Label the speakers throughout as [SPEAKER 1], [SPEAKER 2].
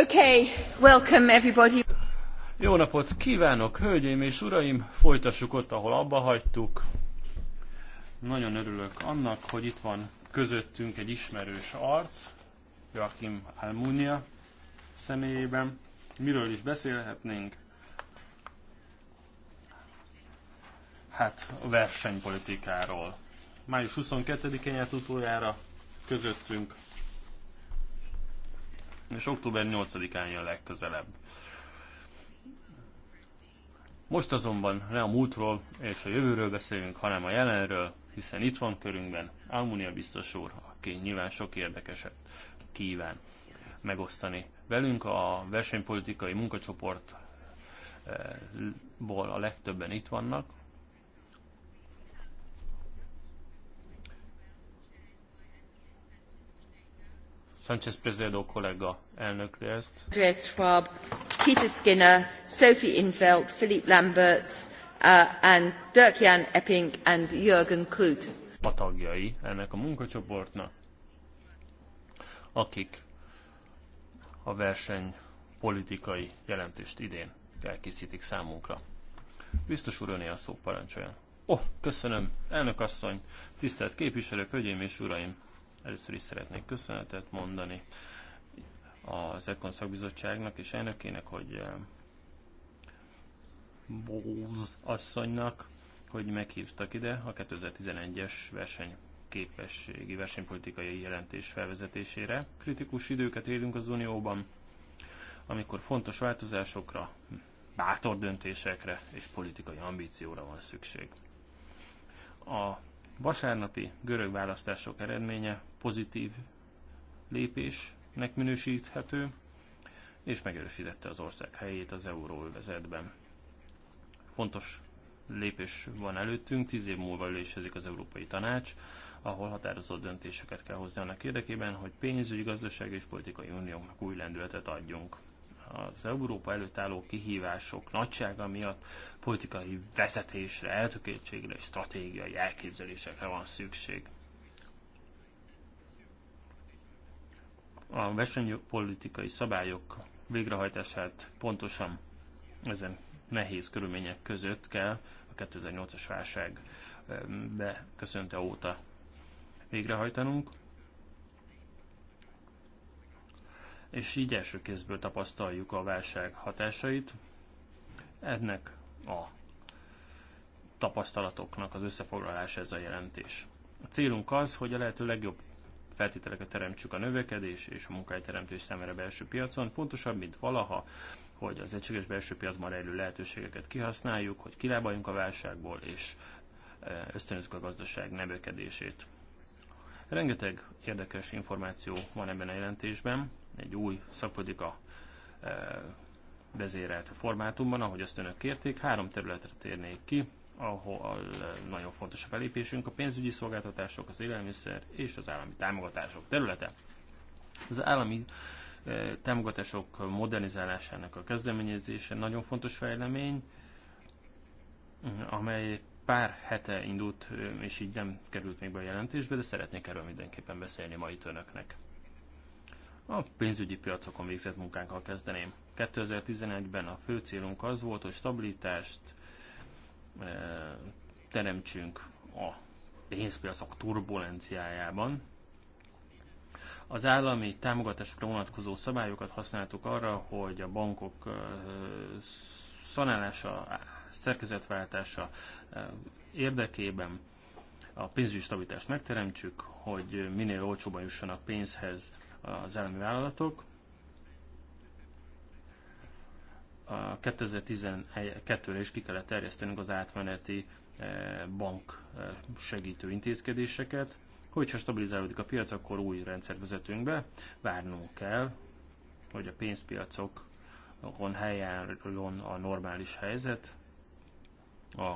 [SPEAKER 1] Okay, welcome everybody.
[SPEAKER 2] Jó napot kívánok, hölgyeim és uraim! Folytassuk ott, ahol abba hagytuk. Nagyon örülök annak, hogy itt van közöttünk egy ismerős arc, Joachim Almunia személyében. Miről is beszélhetnénk? Hát a versenypolitikáról. Május 22-én járt utoljára közöttünk és október 8-án jön legközelebb. Most azonban ne a múltról és a jövőről beszélünk, hanem a jelenről, hiszen itt van körünkben Almunia biztos úr, aki nyilván sok érdekeset kíván megosztani. Velünk a versenypolitikai munkacsoportból eh, a legtöbben itt vannak, Sanchez Prezedo kollega elnökli ezt.
[SPEAKER 1] Andreas Schwab, Peter Skinner, Sophie Infeld, Philip Lamberts, uh, and Dirk-Jan Epping and Jürgen Klut.
[SPEAKER 2] A tagjai ennek a munkacsoportnak, akik a verseny politikai jelentést idén elkészítik számunkra. Biztos úr, öné a szó parancsoljon. Oh, köszönöm, elnök asszony, tisztelt képviselők, hölgyeim és uraim! Először is szeretnék köszönetet mondani az Ekon szakbizottságnak és elnökének, hogy eh, Bóz asszonynak, hogy meghívtak ide a 2011-es verseny képességi versenypolitikai jelentés felvezetésére. Kritikus időket élünk az Unióban, amikor fontos változásokra, bátor döntésekre és politikai ambícióra van szükség. A vasárnapi görög választások eredménye pozitív lépésnek minősíthető, és megerősítette az ország helyét az euróvezetben. Fontos lépés van előttünk, tíz év múlva ülésezik az Európai Tanács, ahol határozott döntéseket kell hozni annak érdekében, hogy pénzügyi, gazdasági és politikai uniónak új lendületet adjunk az Európa előtt álló kihívások nagysága miatt politikai vezetésre, eltökéltségre és stratégiai elképzelésekre van szükség. A versenypolitikai szabályok végrehajtását pontosan ezen nehéz körülmények között kell a 2008-as válság eh, beköszönte óta végrehajtanunk. és így első kézből tapasztaljuk a válság hatásait. Ennek a tapasztalatoknak az összefoglalása ez a jelentés. A célunk az, hogy a lehető legjobb feltételeket teremtsük a növekedés és a munkahelyteremtés számára belső piacon. Fontosabb, mint valaha, hogy az egységes belső piacban rejlő lehetőségeket kihasználjuk, hogy kilábaljunk a válságból és e, ösztönözzük a gazdaság növekedését. Rengeteg érdekes információ van ebben a jelentésben, egy új szakpolitika e, vezérelt formátumban, ahogy azt önök kérték, három területre térnék ki, ahol e, nagyon fontos a felépésünk, a pénzügyi szolgáltatások, az élelmiszer és az állami támogatások területe. Az állami e, támogatások modernizálásának a kezdeményezése nagyon fontos fejlemény, amely pár hete indult, és így nem került még be a jelentésbe, de szeretnék erről mindenképpen beszélni mai önöknek. A pénzügyi piacokon végzett munkánkkal kezdeném. 2011-ben a fő célunk az volt, hogy stabilitást e, teremtsünk a pénzpiacok turbulenciájában. Az állami támogatásokra vonatkozó szabályokat használtuk arra, hogy a bankok e, szanálása, szerkezetváltása e, érdekében a pénzügyi stabilitást megteremtsük, hogy minél olcsóban jussanak pénzhez az elemi vállalatok. 2012-re is ki kellett terjesztenünk az átmeneti eh, bank eh, segítő intézkedéseket. Hogyha stabilizálódik a piac, akkor új rendszert vezetünk be. Várnunk kell, hogy a pénzpiacokon helyálljon a normális helyzet. A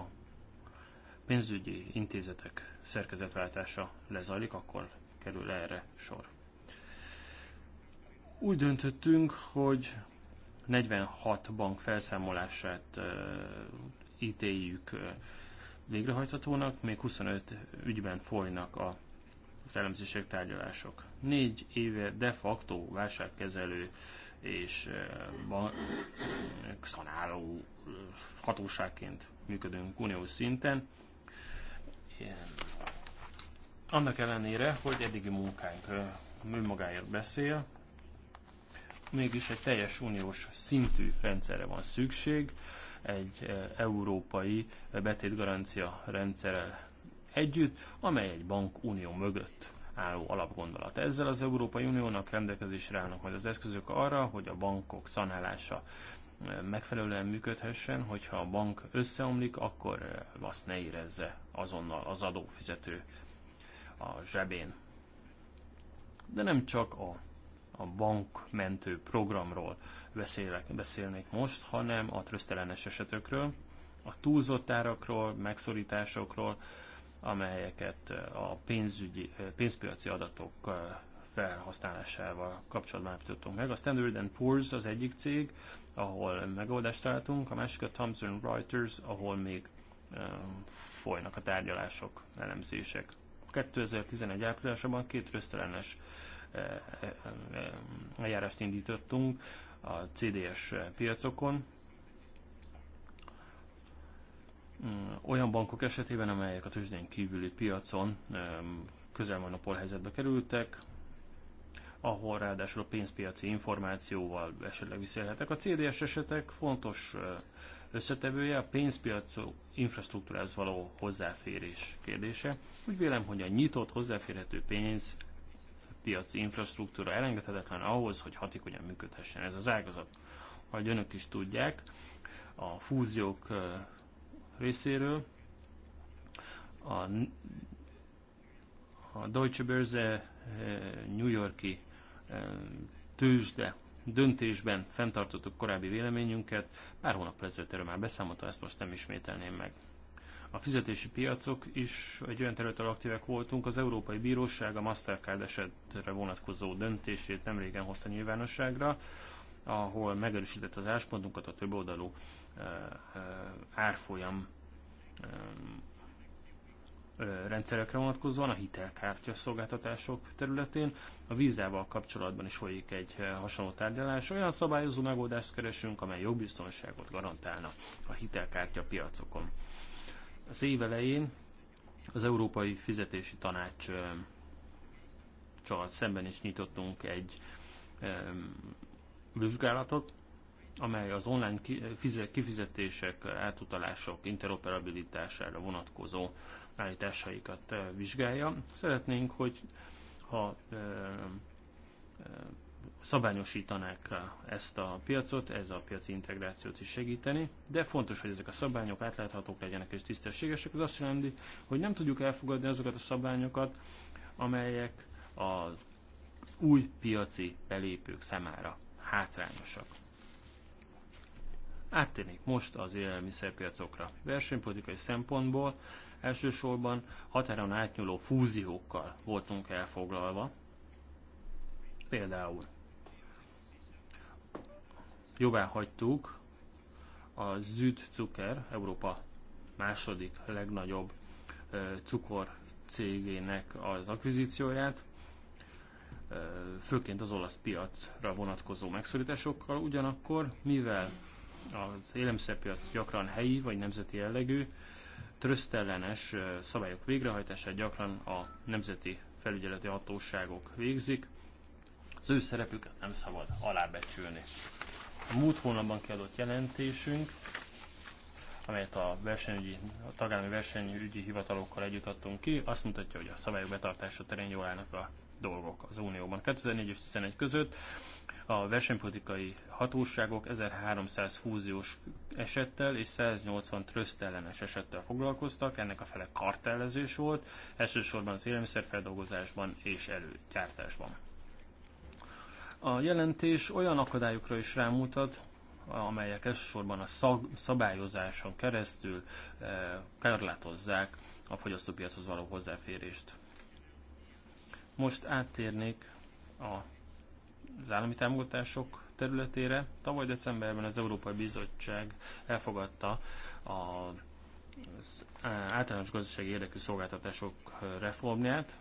[SPEAKER 2] pénzügyi intézetek szerkezetváltása lezajlik, akkor kerül erre sor. Úgy döntöttünk, hogy 46 bank felszámolását ítéljük végrehajthatónak, még 25 ügyben folynak a az elemzések, tárgyalások. Négy éve de facto válságkezelő és szanáló hatóságként működünk uniós szinten. Annak ellenére, hogy eddigi munkánk önmagáért beszél, mégis egy teljes uniós szintű rendszerre van szükség, egy e, európai betétgarancia rendszerrel együtt, amely egy bankunió mögött álló alapgondolat. Ezzel az Európai Uniónak rendelkezésre állnak majd az eszközök arra, hogy a bankok szanálása e, megfelelően működhessen, hogyha a bank összeomlik, akkor e, azt ne érezze azonnal az adófizető a zsebén. De nem csak a a bankmentő programról beszélek, beszélnék most, hanem a trösztelenes esetekről, a túlzott árakról, megszorításokról, amelyeket eh, a pénzügyi, eh, pénzpiaci adatok eh, felhasználásával kapcsolatban állapítottunk meg. A Standard Poor's az egyik cég, ahol megoldást találtunk, a másik a Thomson Reuters, ahol még folynak a tárgyalások, elemzések. 2011 áprilisában két rösztelenes Eh, eljárást indítottunk a CDS piacokon. Mm, olyan bankok esetében, amelyek a tőzsdén kívüli piacon közel a helyzetbe kerültek, ahol ráadásul a pénzpiaci információval esetleg visszaélhetek. A CDS esetek fontos eh, összetevője a pénzpiacok infrastruktúrához való hozzáférés kérdése. Úgy vélem, hogy a nyitott, hozzáférhető pénz piaci infrastruktúra elengedhetetlen ahhoz, hogy hatékonyan működhessen ez az ágazat. Ahogy önök is tudják, a fúziók részéről a, a Deutsche Börse New Yorki tőzsde döntésben fenntartottuk korábbi véleményünket, pár hónap ezelőtt erről már beszámoltam, ezt most nem ismételném meg. A fizetési piacok is egy olyan területen aktívek voltunk, az Európai Bíróság a Mastercard esetre vonatkozó döntését nemrégen hozta nyilvánosságra, ahol megerősített az áspontunkat a több oldalú eh, eh, árfolyam eh, rendszerekre vonatkozóan, a hitelkártya szolgáltatások területén. A vízával kapcsolatban is folyik egy hasonló tárgyalás. Olyan szabályozó megoldást keresünk, amely jogbiztonságot garantálna a hitelkártya piacokon. Az év elején az Európai Fizetési Tanács csal szemben is nyitottunk egy vizsgálatot, amely az online kifizetések, átutalások interoperabilitására vonatkozó állításaikat vizsgálja. Szeretnénk, hogy ha szabályosítanák ezt a piacot, ez a piaci integrációt is segíteni, de fontos, hogy ezek a szabályok átláthatók legyenek és tisztességesek. Ez azt jelenti, hogy nem tudjuk elfogadni azokat a szabályokat, amelyek az új piaci belépők számára hátrányosak. Áttérnék most az élelmiszerpiacokra. Versenypolitikai szempontból elsősorban határon átnyúló fúziókkal voltunk elfoglalva. Például jóvá hagytuk a cuker Európa második legnagyobb cukor cégének az akvizícióját, főként az olasz piacra vonatkozó megszorításokkal. Ugyanakkor, mivel az élelmiszerpiac gyakran helyi vagy nemzeti jellegű, trösztellenes szabályok végrehajtását gyakran a nemzeti felügyeleti hatóságok végzik, az ő szerepüket nem szabad alábecsülni. A múlt hónapban kiadott jelentésünk, amelyet a, versenyügyi, a tagállami versenyügyi hivatalokkal együtt adtunk ki, azt mutatja, hogy a szabályok betartása terén jól állnak a dolgok az Unióban. 2004 és 2011 között a versenypolitikai hatóságok 1300 fúziós esettel és 180 trösztellenes esettel foglalkoztak, ennek a fele kartellezés volt, elsősorban az élelmiszerfeldolgozásban és előgyártásban. A jelentés olyan akadályokra is rámutat, amelyek elsősorban a szag, szabályozáson keresztül e, korlátozzák a fogyasztópiachoz való hozzáférést. Most áttérnék a, az állami támogatások területére. Tavaly decemberben az Európai Bizottság elfogadta a, az eh, általános gazdasági érdekű szolgáltatások eh, reformját,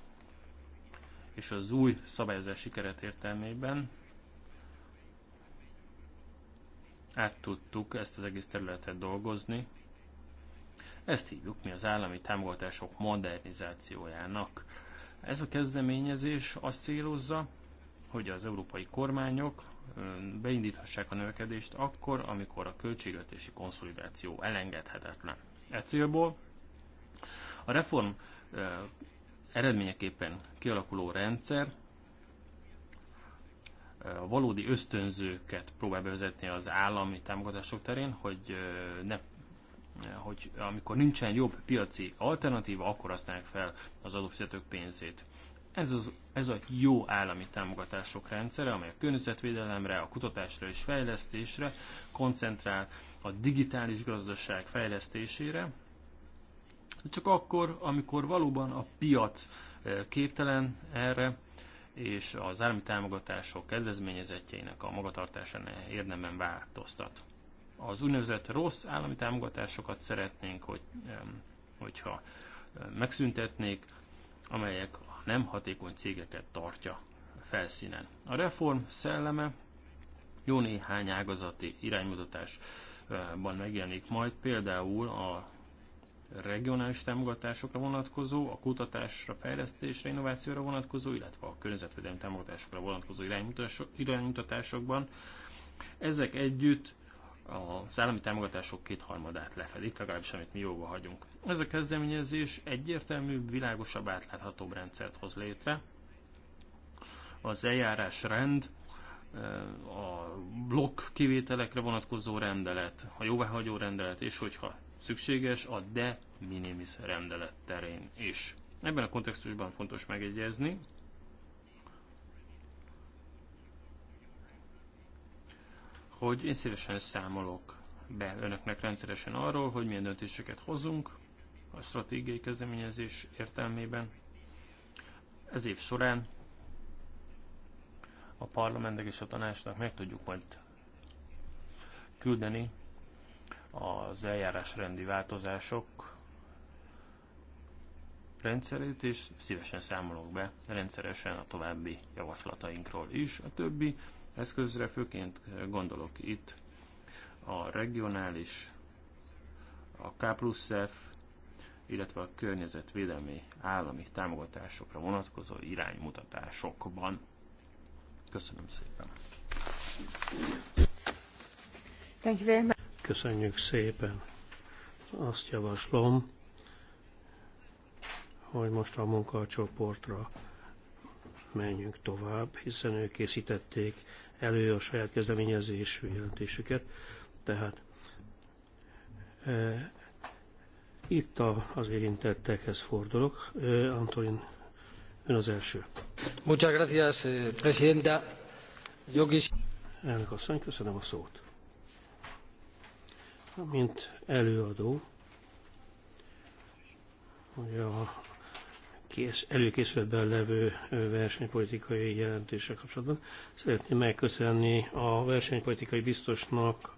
[SPEAKER 2] és az új szabályozási keret értelmében át tudtuk ezt az egész területet dolgozni. Ezt hívjuk mi az állami támogatások modernizációjának. Ez a kezdeményezés azt célozza, hogy az európai kormányok beindíthassák a növekedést akkor, amikor a költségvetési konszolidáció elengedhetetlen. E célból a reform eredményeképpen kialakuló rendszer a valódi ösztönzőket próbál bevezetni az állami támogatások terén, hogy ne hogy amikor nincsen jobb piaci alternatíva, akkor használják fel az adófizetők pénzét. Ez, az, ez a jó állami támogatások rendszere, amely a környezetvédelemre, a kutatásra és fejlesztésre koncentrál, a digitális gazdaság fejlesztésére, csak akkor, amikor valóban a piac eh, képtelen erre, és az állami támogatások kedvezményezetjeinek a magatartása érdemben változtat. Az úgynevezett rossz állami támogatásokat szeretnénk, hogy, hogyha eh, megszüntetnék, amelyek a nem hatékony cégeket tartja felszínen. A reform szelleme jó néhány ágazati iránymutatásban megjelenik majd, például a regionális támogatásokra vonatkozó, a kutatásra, fejlesztésre, innovációra vonatkozó, illetve a környezetvédelmi támogatásokra vonatkozó iránymutatásokban. Ezek együtt az állami támogatások kétharmadát lefedik, legalábbis amit mi jóval hagyunk. Ez a kezdeményezés egyértelműbb, világosabb, átláthatóbb rendszert hoz létre. Az eljárás rend a blokk kivételekre vonatkozó rendelet, a jóváhagyó rendelet, és hogyha szükséges, a de minimis rendelet terén is. Ebben a kontextusban fontos megegyezni, hogy én szívesen számolok be önöknek rendszeresen arról, hogy milyen döntéseket hozunk a stratégiai kezdeményezés értelmében. Ez év során a parlamentnek és a tanácsnak meg tudjuk majd küldeni az eljárásrendi változások rendszerét, és szívesen számolok be rendszeresen a további javaslatainkról is. A többi eszközre főként gondolok itt a regionális, a K plusz F, illetve a környezetvédelmi állami támogatásokra vonatkozó iránymutatásokban. Köszönöm szépen.
[SPEAKER 3] Köszönjük szépen. Azt javaslom, hogy most a munkacsoportra menjünk tovább, hiszen ők készítették elő a saját kezdeményezésű jelentésüket. Tehát e, itt a, az érintettekhez fordulok. E, eh, Antolin Ön az első. Muchas gracias, eh, presidenta. Yo Elnök asszony, köszönöm a szót. Mint előadó, hogy a kész, előkészületben levő versenypolitikai jelentése kapcsolatban. Szeretném megköszönni a versenypolitikai biztosnak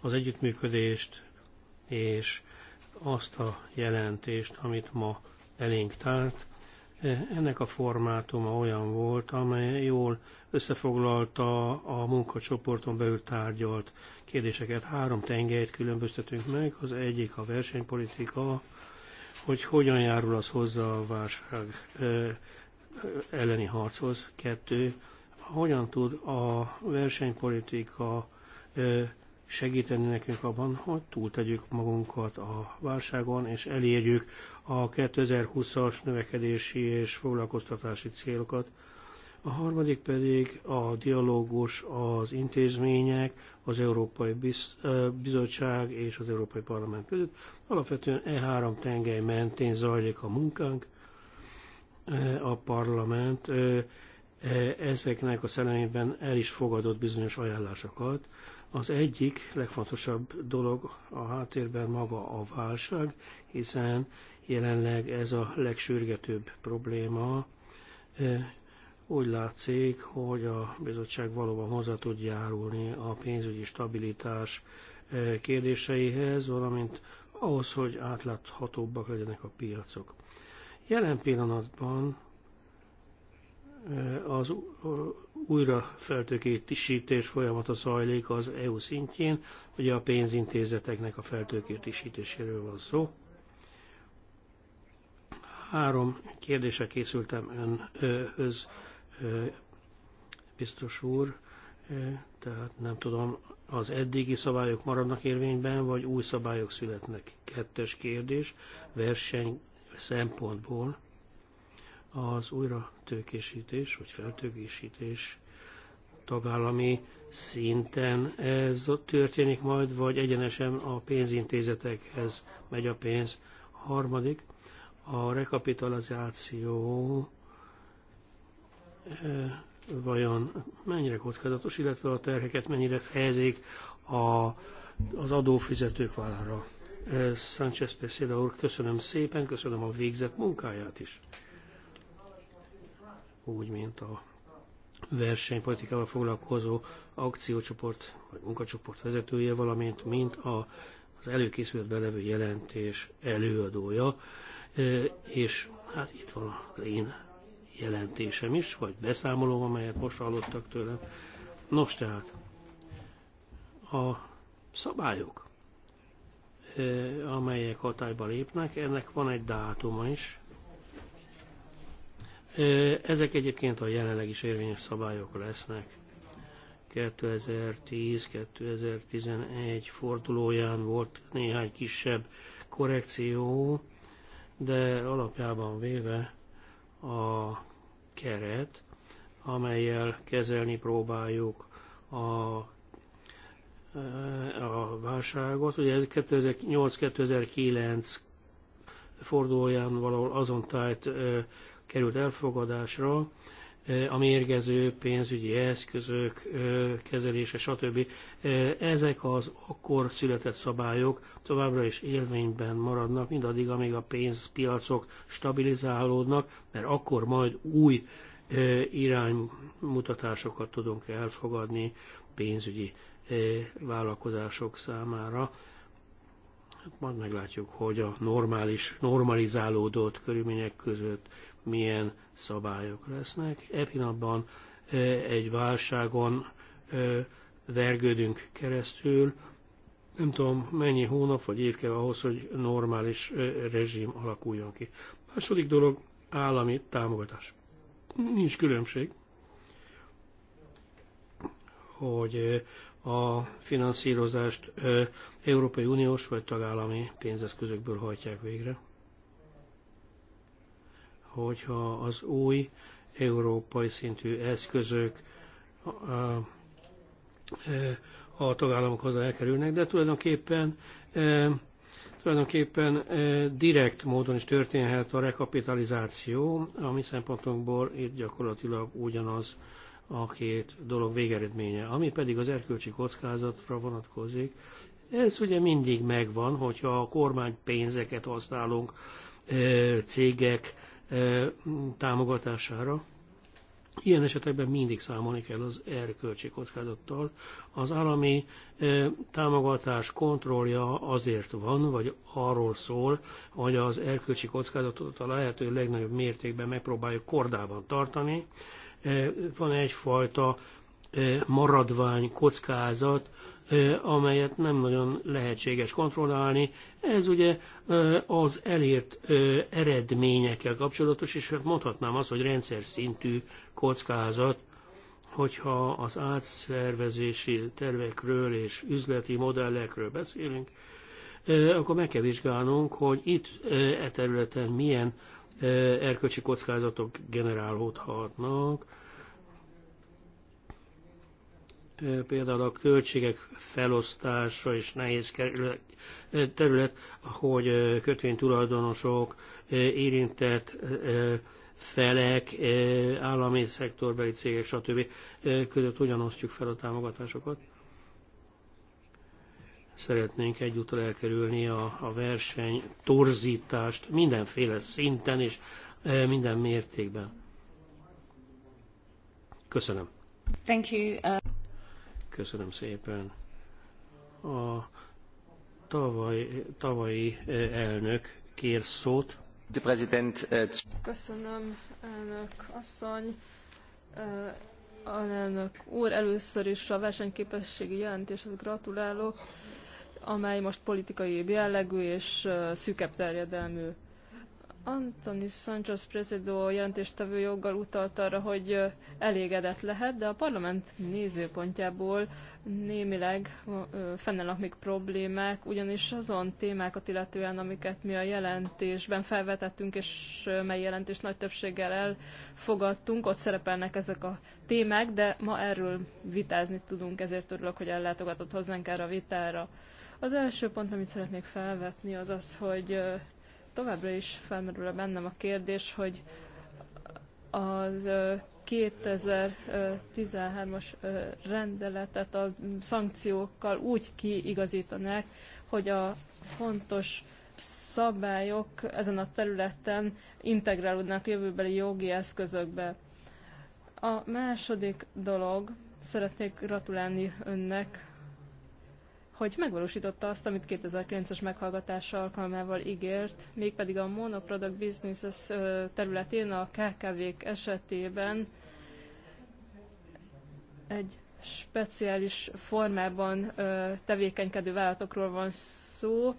[SPEAKER 3] az együttműködést és azt a jelentést, amit ma elénk tárt. E, ennek a formátuma olyan volt, amely jól összefoglalta a munkacsoporton belül tárgyalt kérdéseket. Három tengelyt különböztetünk meg, az egyik a versenypolitika, hogy hogyan járul az hozzá a válság e, elleni harchoz. Kettő, hogyan tud a versenypolitika e, segíteni nekünk abban, hogy túltegyük magunkat a válságon, és elérjük a 2020-as növekedési és foglalkoztatási célokat. A harmadik pedig a dialógus az intézmények, az Európai Bizottság és az Európai Parlament között. Alapvetően e három tengely mentén zajlik a munkánk. A parlament e, ezeknek a szellemében el is fogadott bizonyos ajánlásokat az egyik legfontosabb dolog a háttérben maga a válság, hiszen jelenleg ez a legsürgetőbb probléma. Úgy látszik, hogy a bizottság valóban hozzá tud járulni a pénzügyi stabilitás kérdéseihez, valamint ahhoz, hogy átláthatóbbak legyenek a piacok. Jelen pillanatban az újra feltőkésítés folyamata zajlik az EU szintjén, ugye a pénzintézeteknek a feltőkésítéséről van szó. Három kérdése készültem önhöz, biztos úr, tehát nem tudom, az eddigi szabályok maradnak érvényben, vagy új szabályok születnek? Kettes kérdés, verseny szempontból az újratőkésítés vagy feltőkésítés tagállami szinten ez történik majd, vagy egyenesen a pénzintézetekhez megy a pénz. Harmadik, a rekapitalizáció eh, vajon mennyire kockázatos, illetve a terheket mennyire helyezik a, az adófizetők vállára. Eh, Sánchez Peseda úr, köszönöm szépen, köszönöm a végzett munkáját is úgy, mint a versenypolitikával foglalkozó akciócsoport vagy munkacsoport vezetője, valamint mint a, az előkészületben levő jelentés előadója, e, és hát itt van az én jelentésem is, vagy beszámolom, amelyet most hallottak tőlem. Nos tehát, a szabályok, e, amelyek hatályba lépnek, ennek van egy dátuma is, ezek egyébként a jelenleg is érvényes szabályok lesznek. 2010-2011 fordulóján volt néhány kisebb korrekció, de alapjában véve a keret, amelyel kezelni próbáljuk a, a válságot. Ugye ez 2008-2009 fordulóján valahol azon tájt került elfogadásra, a mérgező pénzügyi eszközök kezelése, stb. Ezek az akkor született szabályok továbbra is élvényben maradnak, mindaddig, amíg a pénzpiacok stabilizálódnak, mert akkor majd új iránymutatásokat tudunk elfogadni pénzügyi vállalkozások számára. Hát majd meglátjuk, hogy a normális, normalizálódott körülmények között milyen szabályok lesznek. E pillanatban e, egy válságon e, vergődünk keresztül. Nem tudom, mennyi hónap vagy év kell ahhoz, hogy normális e, rezsim alakuljon ki. Második dolog, állami támogatás. Nincs különbség, hogy a finanszírozást Európai Uniós vagy tagállami pénzeszközökből hajtják végre hogyha az új európai szintű eszközök a tagállamokhoz elkerülnek, de tulajdonképpen e, tulajdonképpen e, direkt módon is történhet a rekapitalizáció, ami szempontokból szempontunkból itt gyakorlatilag ugyanaz a két dolog végeredménye. Ami pedig az erkölcsi kockázatra vonatkozik, ez ugye mindig megvan, hogyha a kormány pénzeket használunk, e, cégek támogatására. Ilyen esetekben mindig számolni kell az erkölcsi kockázattal. Az állami támogatás kontrollja azért van, vagy arról szól, hogy az erkölcsi kockázatot a lehető legnagyobb mértékben megpróbáljuk kordában tartani. van egyfajta maradvány kockázat, amelyet nem nagyon lehetséges kontrollálni. Ez ugye az elért eredményekkel kapcsolatos, és hát mondhatnám azt, hogy rendszer szintű kockázat, hogyha az átszervezési tervekről és üzleti modellekről beszélünk, akkor meg kell vizsgálnunk, hogy itt e területen milyen erkölcsi kockázatok generálódhatnak, például a költségek felosztása is nehéz terület, hogy kötvénytulajdonosok, érintett felek, állami szektorbeli cégek, stb. között hogyan osztjuk fel a támogatásokat. Szeretnénk egyúttal elkerülni a, a verseny torzítást mindenféle szinten és minden mértékben. Köszönöm.
[SPEAKER 1] Thank you. Uh,
[SPEAKER 3] Köszönöm szépen. A tavaly, tavalyi e, elnök kér szót.
[SPEAKER 4] E, Köszönöm, elnök asszony. E, alelnök úr, először is a versenyképességi jelentéshez gratulálok, amely most politikai jellegű és szűkebb terjedelmű. Antoni Sanchez Presidó jelentéstevő joggal utalt arra, hogy elégedett lehet, de a parlament nézőpontjából némileg fennállnak még problémák, ugyanis azon témákat illetően, amiket mi a jelentésben felvetettünk, és mely jelentést nagy többséggel elfogadtunk, ott szerepelnek ezek a témák, de ma erről vitázni tudunk, ezért örülök, hogy ellátogatott hozzánk erre a vitára. Az első pont, amit szeretnék felvetni, az az, hogy továbbra is felmerül a bennem a kérdés, hogy az 2013-as rendeletet a szankciókkal úgy kiigazítanák, hogy a fontos szabályok ezen a területen integrálódnak jövőbeli jogi eszközökbe. A második dolog, szeretnék gratulálni önnek hogy megvalósította azt, amit 2009-es meghallgatása alkalmával ígért, mégpedig a monoproduct businesses területén a KKV-k esetében egy speciális formában tevékenykedő vállalatokról van szó,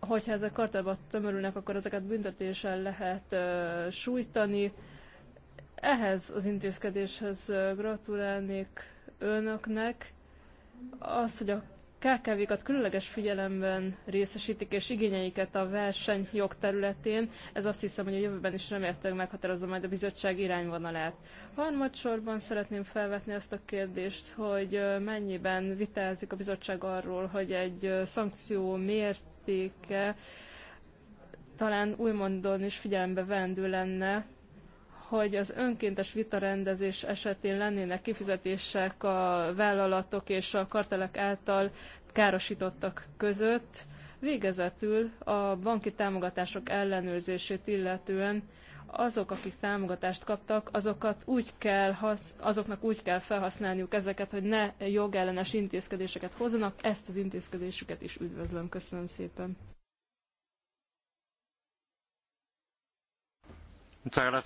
[SPEAKER 4] hogyha ezek kartába tömörülnek, akkor ezeket büntetéssel lehet sújtani. Ehhez az intézkedéshez gratulálnék önöknek, az, hogy a KKV-kat különleges figyelemben részesítik, és igényeiket a verseny jogterületén, ez azt hiszem, hogy a jövőben is remélhetőleg meghatározza majd a bizottság irányvonalát. Harmadsorban szeretném felvetni azt a kérdést, hogy mennyiben vitázik a bizottság arról, hogy egy szankció mértéke talán új újmondon is figyelembe vendő lenne, hogy az önkéntes vitarendezés esetén lennének kifizetések a vállalatok és a kartelek által károsítottak között. Végezetül a banki támogatások ellenőrzését illetően azok, akik támogatást kaptak, azokat úgy kell hasz, azoknak úgy kell felhasználniuk ezeket, hogy ne jogellenes intézkedéseket hozzanak. Ezt az intézkedésüket is üdvözlöm. Köszönöm szépen.
[SPEAKER 2] Köszönöm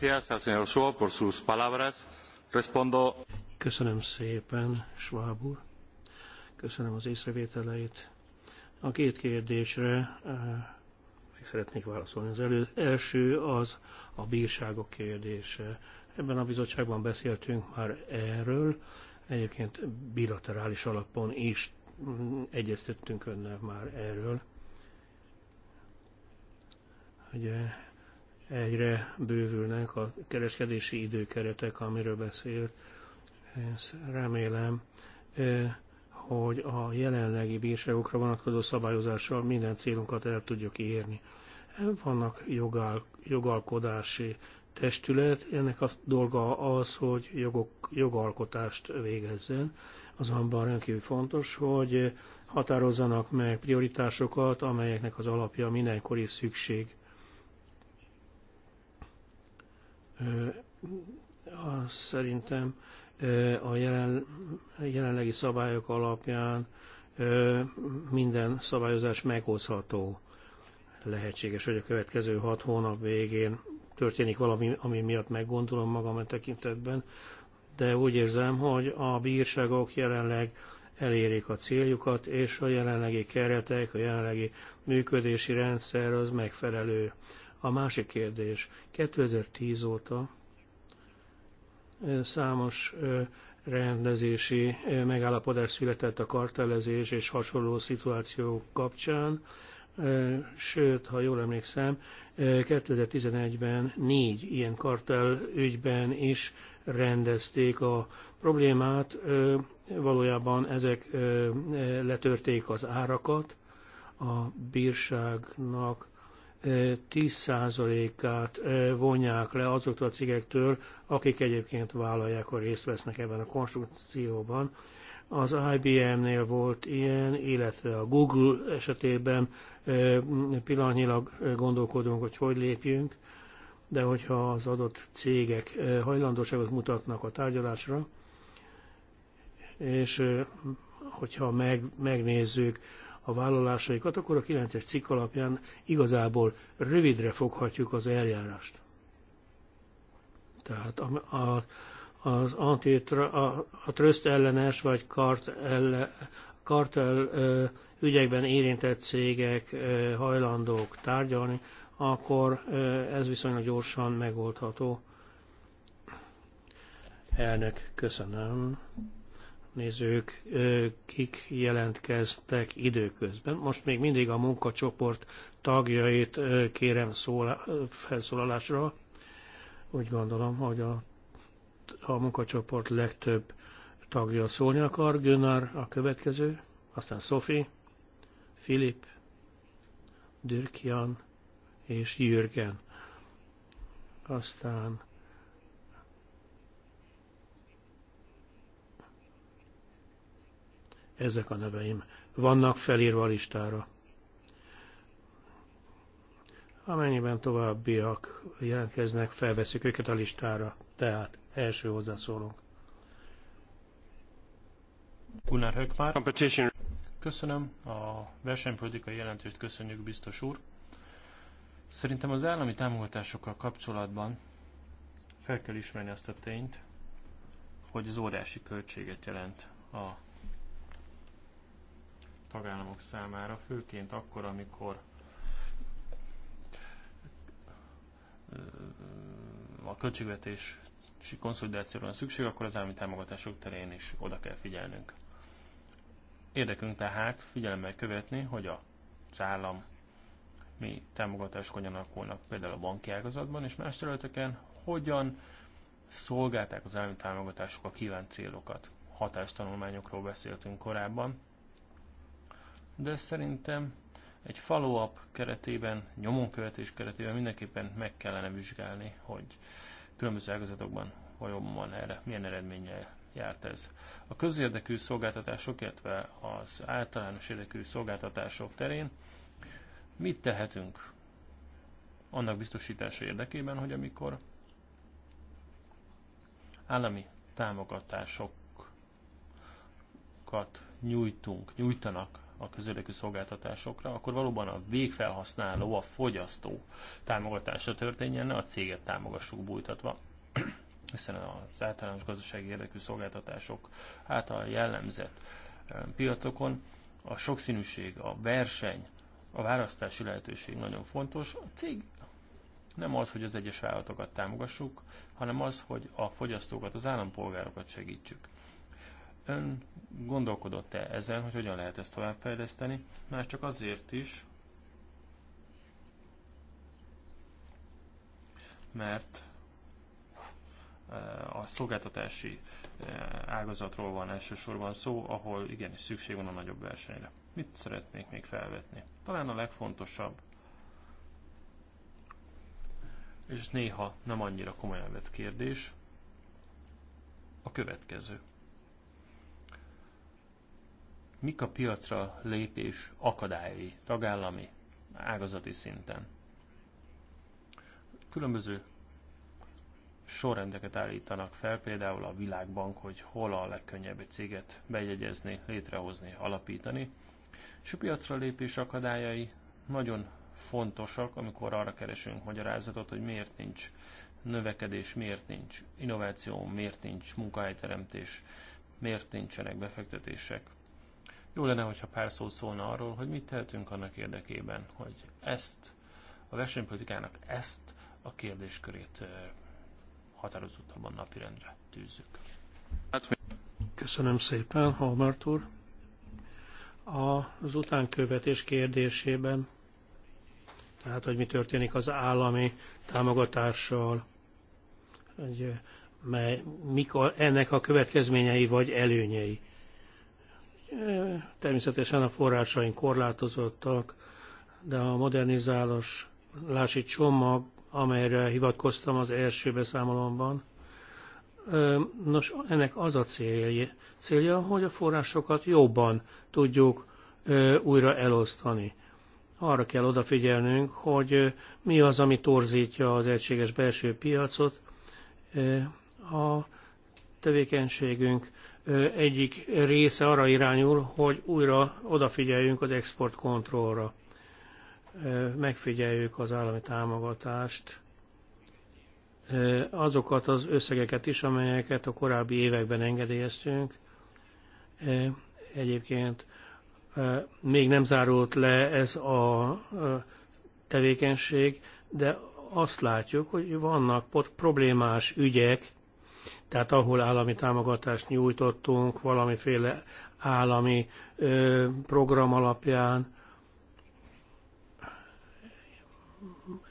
[SPEAKER 3] szépen, Schwab úr. Köszönöm az észrevételeit. A két kérdésre eh, meg szeretnék válaszolni. Az elő, első az a bírságok kérdése. Ebben a bizottságban beszéltünk már erről, egyébként bilaterális alapon is mm, egyeztettünk önnel már erről. Ugye egyre bővülnek a kereskedési időkeretek, amiről beszél. Ezt remélem, hogy a jelenlegi bírságokra vonatkozó szabályozással minden célunkat el tudjuk érni. Vannak jogál, jogalkodási testület, ennek a dolga az, hogy jogok, jogalkotást végezzen, azonban rendkívül fontos, hogy határozzanak meg prioritásokat, amelyeknek az alapja mindenkori szükség az szerintem a jelen, jelenlegi szabályok alapján minden szabályozás meghozható. Lehetséges, hogy a következő hat hónap végén történik valami, ami miatt meggondolom magam a tekintetben, de úgy érzem, hogy a bírságok jelenleg elérik a céljukat, és a jelenlegi keretek, a jelenlegi működési rendszer az megfelelő. A másik kérdés, 2010 óta számos rendezési megállapodás született a kartelezés és hasonló szituációk kapcsán, sőt, ha jól emlékszem, 2011-ben négy ilyen kartel ügyben is rendezték a problémát, valójában ezek letörték az árakat, a bírságnak 10%-át vonják le azoktól a cégektől, akik egyébként vállalják, hogy részt vesznek ebben a konstrukcióban. Az IBM-nél volt ilyen, illetve a Google esetében pillanatnyilag gondolkodunk, hogy hogy lépjünk, de hogyha az adott cégek hajlandóságot mutatnak a tárgyalásra, és hogyha meg, megnézzük, a vállalásaikat, akkor a 9-es cikk alapján igazából rövidre foghatjuk az eljárást. Tehát a, a, az anti a, a tröszt ellenes vagy kart elle, kartel ö, ügyekben érintett cégek ö, hajlandók tárgyalni, akkor ö, ez viszonylag gyorsan megoldható. Elnök, köszönöm nézők, kik jelentkeztek időközben. Most még mindig a munkacsoport tagjait kérem szól felszólalásra. Úgy gondolom, hogy a, a munkacsoport legtöbb tagja szólni akar. Gönnár a következő, aztán Sofi, Filip, Dürkian és Jürgen. Aztán ezek a neveim vannak felírva listára. Amennyiben továbbiak jelentkeznek, felveszik őket a listára, tehát első hozzászólunk.
[SPEAKER 2] Gunnar Competition. Köszönöm a versenypolitikai jelentést, köszönjük biztos úr. Szerintem az állami támogatásokkal kapcsolatban fel kell ismerni azt a tényt, hogy az órási költséget jelent a tagállamok számára, főként akkor, amikor a költségvetési konszolidációra van szükség, akkor az állami támogatások terén is oda kell figyelnünk. Érdekünk tehát figyelemmel követni, hogy az állam mi támogatások hogyan alakulnak például a banki ágazatban, és más területeken hogyan szolgálták az állami támogatások a kívánt célokat. Hatástanulmányokról beszéltünk korábban, de szerintem egy follow-up keretében, nyomonkövetés keretében mindenképpen meg kellene vizsgálni, hogy különböző ágazatokban vajon van erre, milyen eredménnyel járt ez. A közérdekű szolgáltatások, illetve az általános érdekű szolgáltatások terén mit tehetünk annak biztosítása érdekében, hogy amikor állami támogatásokat nyújtunk, nyújtanak a közérdekű szolgáltatásokra, akkor valóban a végfelhasználó, a fogyasztó támogatása történjen, ne a céget támogassuk bújtatva hiszen az általános gazdasági érdekű szolgáltatások által jellemzett eh, piacokon a sokszínűség, a verseny, a választási lehetőség nagyon fontos. A cég nem az, hogy az egyes vállalatokat támogassuk, hanem az, hogy a fogyasztókat, az állampolgárokat segítsük. Ön gondolkodott-e ezen, hogy hogyan lehet ezt továbbfejleszteni? Már csak azért is, mert eh, a szolgáltatási eh, ágazatról van elsősorban szó, ahol igenis szükség van a nagyobb versenyre. Mit szeretnék még felvetni? Talán a legfontosabb, és néha nem annyira komolyan vett kérdés, a következő. Mik a piacra lépés akadályai tagállami, ágazati szinten? Különböző sorrendeket állítanak fel, például a Világbank, hogy hol a legkönnyebb egy céget bejegyezni, létrehozni, alapítani. És a piacra lépés akadályai nagyon fontosak, amikor arra keresünk magyarázatot, hogy miért nincs növekedés, miért nincs innováció, miért nincs munkahelyteremtés, miért nincsenek befektetések. Jó lenne, hogyha pár szót szólna arról, hogy mit tehetünk annak érdekében, hogy ezt a versenypolitikának ezt a kérdéskörét határozottabban napirendre tűzzük.
[SPEAKER 3] Köszönöm szépen, Halmart úr. Az utánkövetés kérdésében, tehát hogy mi történik az állami támogatással, hogy mely, ennek a következményei vagy előnyei. Természetesen a forrásaink korlátozottak, de a modernizálás lási csomag, amelyre hivatkoztam az első beszámolomban, nos, ennek az a célja, célja, hogy a forrásokat jobban tudjuk újra elosztani. Arra kell odafigyelnünk, hogy mi az, ami torzítja az egységes belső piacot. A tevékenységünk egyik része arra irányul, hogy újra odafigyeljünk az exportkontrollra. Megfigyeljük az állami támogatást, azokat az összegeket is, amelyeket a korábbi években engedélyeztünk. Egyébként még nem zárult le ez a tevékenység, de azt látjuk, hogy vannak problémás ügyek, tehát ahol állami támogatást nyújtottunk valamiféle állami ö, program alapján,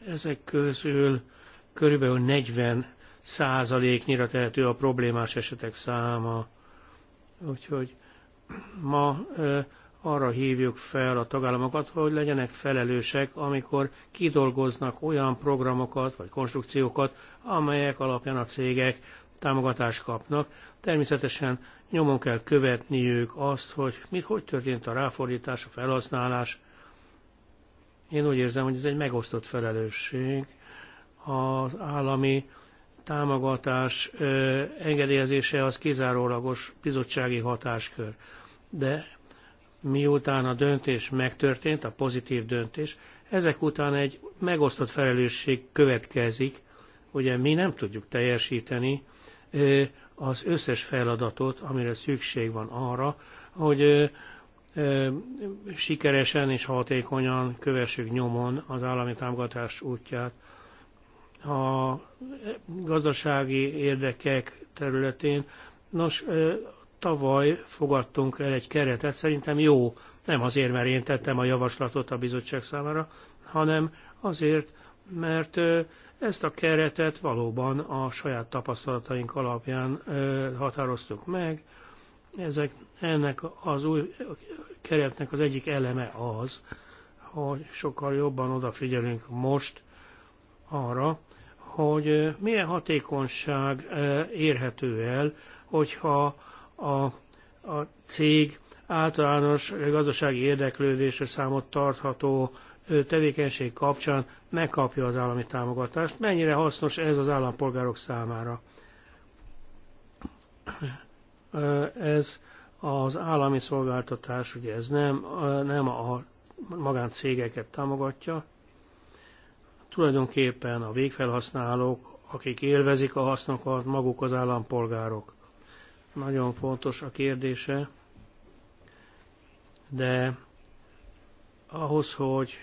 [SPEAKER 3] ezek közül körülbelül 40 százaléknyira tehető a problémás esetek száma. Úgyhogy ma ö, arra hívjuk fel a tagállamokat, hogy legyenek felelősek, amikor kidolgoznak olyan programokat vagy konstrukciókat, amelyek alapján a cégek támogatást kapnak. Természetesen nyomon kell követniük azt, hogy mit, hogy történt a ráfordítás, a felhasználás. Én úgy érzem, hogy ez egy megosztott felelősség. Az állami támogatás engedélyezése az kizárólagos bizottsági hatáskör. De miután a döntés megtörtént, a pozitív döntés, ezek után egy megosztott felelősség következik, ugye mi nem tudjuk teljesíteni az összes feladatot, amire szükség van arra, hogy sikeresen és hatékonyan kövessük nyomon az állami támogatás útját. A gazdasági érdekek területén, nos, tavaly fogadtunk el egy keretet, szerintem jó, nem azért, mert én tettem a javaslatot a bizottság számára, hanem azért, mert ezt a keretet valóban a saját tapasztalataink alapján határoztuk meg. Ezek, ennek az új keretnek az egyik eleme az, hogy sokkal jobban odafigyelünk most arra, hogy milyen hatékonyság érhető el, hogyha a, a cég általános gazdasági érdeklődésre számot tartható tevékenység kapcsán megkapja az állami támogatást. Mennyire hasznos ez az állampolgárok számára? Ez az állami szolgáltatás, ugye ez nem, nem a magáncégeket támogatja, tulajdonképpen a végfelhasználók, akik élvezik a hasznokat, maguk az állampolgárok. Nagyon fontos a kérdése, de ahhoz, hogy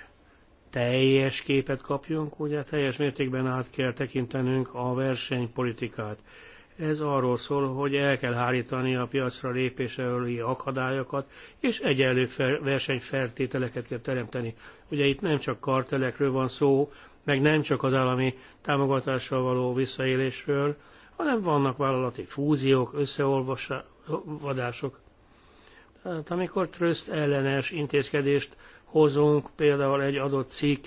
[SPEAKER 3] teljes képet kapjunk, ugye teljes mértékben át kell tekintenünk a versenypolitikát. Ez arról szól, hogy el kell hárítani a piacra lépés akadályokat, és egyenlő versenyfeltételeket kell teremteni. Ugye itt nem csak kartelekről van szó, meg nem csak az állami támogatással való visszaélésről, hanem vannak vállalati fúziók, összeolvasások. Tehát amikor tröszt ellenes intézkedést hozunk például egy adott cikk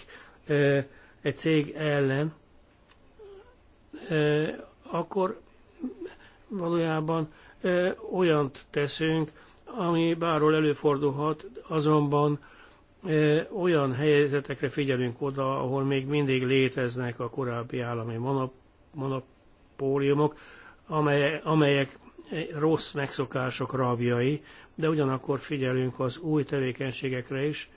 [SPEAKER 3] egy cég ellen, akkor valójában olyant teszünk, ami bárhol előfordulhat, azonban olyan helyzetekre figyelünk oda, ahol még mindig léteznek a korábbi állami monopóliumok, amelyek rossz megszokások rabjai, de ugyanakkor figyelünk az új tevékenységekre is,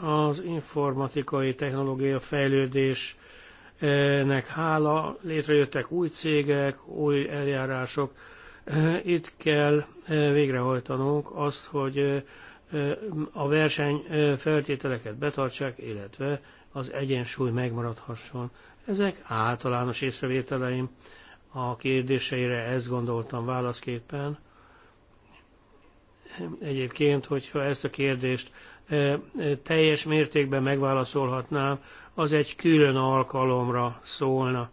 [SPEAKER 3] az informatikai technológia fejlődésnek hála létrejöttek új cégek, új eljárások. Itt kell eh, végrehajtanunk azt, hogy eh, a verseny eh, feltételeket betartsák, illetve az egyensúly megmaradhasson. Ezek általános észrevételeim a kérdéseire, ezt gondoltam válaszképpen. Egyébként, hogyha ezt a kérdést teljes mértékben megválaszolhatnám, az egy külön alkalomra szólna.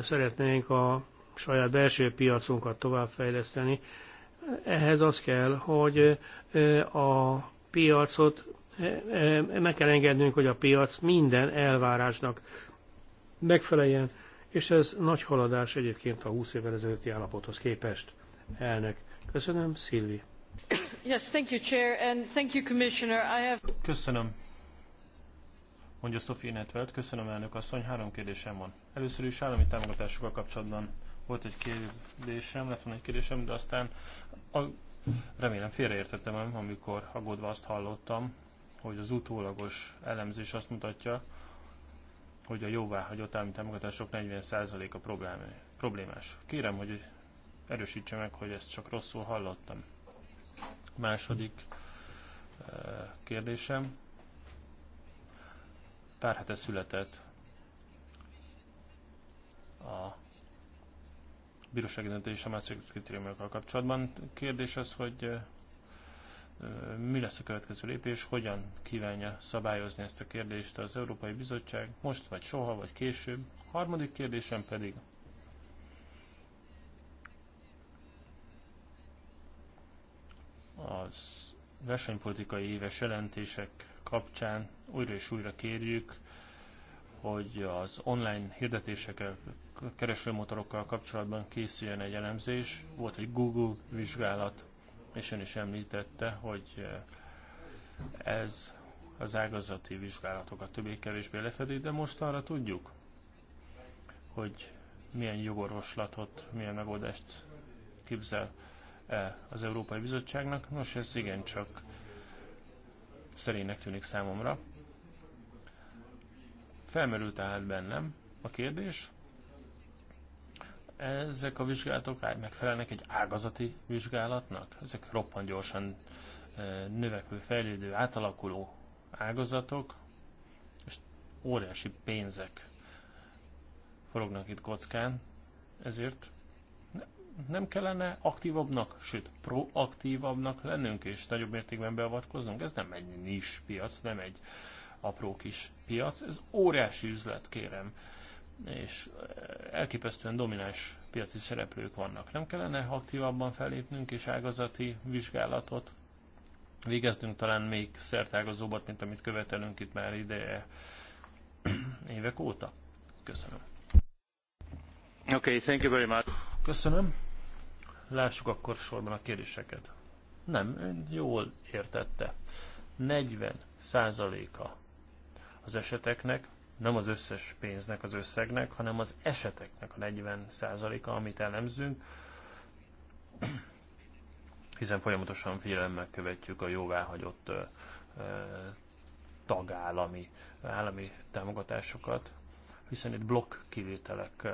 [SPEAKER 3] Szeretnénk a saját belső piacunkat továbbfejleszteni. Ehhez az kell, hogy a piacot meg kell engednünk, hogy a piac minden elvárásnak megfeleljen, és ez nagy haladás egyébként a 20 évvel ezelőtti állapothoz képest. Elnök, köszönöm,
[SPEAKER 2] Szilvi. Köszönöm. Mondja Sophie Netvelt. Köszönöm, elnök asszony. Három kérdésem van. Először is állami támogatásokkal kapcsolatban volt egy kérdésem, lett volna egy kérdésem, de aztán a, remélem félreértettem, amikor aggódva azt hallottam, hogy az utólagos elemzés azt mutatja, hogy a jóváhagyott állami támogatások 40%-a problémás. Kérem, hogy erősítse meg, hogy ezt csak rosszul hallottam. Második eh, kérdésem. Pár hete született a bírósági döntés a Maastricht kritériumokkal kapcsolatban. Kérdés az, hogy eh, mi lesz a következő lépés, hogyan kívánja szabályozni ezt a kérdést az Európai Bizottság, most vagy soha, vagy később. Harmadik kérdésem pedig az versenypolitikai éves jelentések kapcsán újra és újra kérjük, hogy az online hirdetésekkel, keresőmotorokkal kapcsolatban készüljön egy elemzés. Volt egy Google vizsgálat, és ön is említette, hogy eh, ez az ágazati vizsgálatokat többé-kevésbé lefedi, de most arra tudjuk, hogy milyen jogorvoslatot, milyen megoldást képzel -e az Európai Bizottságnak. Nos, ez igencsak szerénynek tűnik számomra. Felmerült tehát bennem a kérdés, ezek a vizsgálatok megfelelnek egy ágazati vizsgálatnak? Ezek roppant gyorsan e, növekvő, fejlődő, átalakuló ágazatok, és óriási pénzek forognak itt kockán, ezért nem kellene aktívabbnak, sőt proaktívabbnak lennünk és nagyobb mértékben beavatkoznunk? Ez nem egy nis piac, nem egy apró kis piac, ez óriási üzlet, kérem és eh, elképesztően domináns piaci szereplők vannak. Nem kellene aktívabban felépnünk és ágazati vizsgálatot végezdünk talán még szertágazóbbat, mint amit követelünk itt már ideje évek óta. Köszönöm. Okay, thank you very much. Köszönöm. Lássuk akkor sorban a kérdéseket. Nem, ön jól értette. 40 százaléka az eseteknek, nem az összes pénznek, az összegnek, hanem az eseteknek a 40 százaléka, amit elemzünk, hiszen folyamatosan figyelemmel követjük a jóváhagyott ö, ö, tagállami állami támogatásokat, hiszen itt blokk kivételek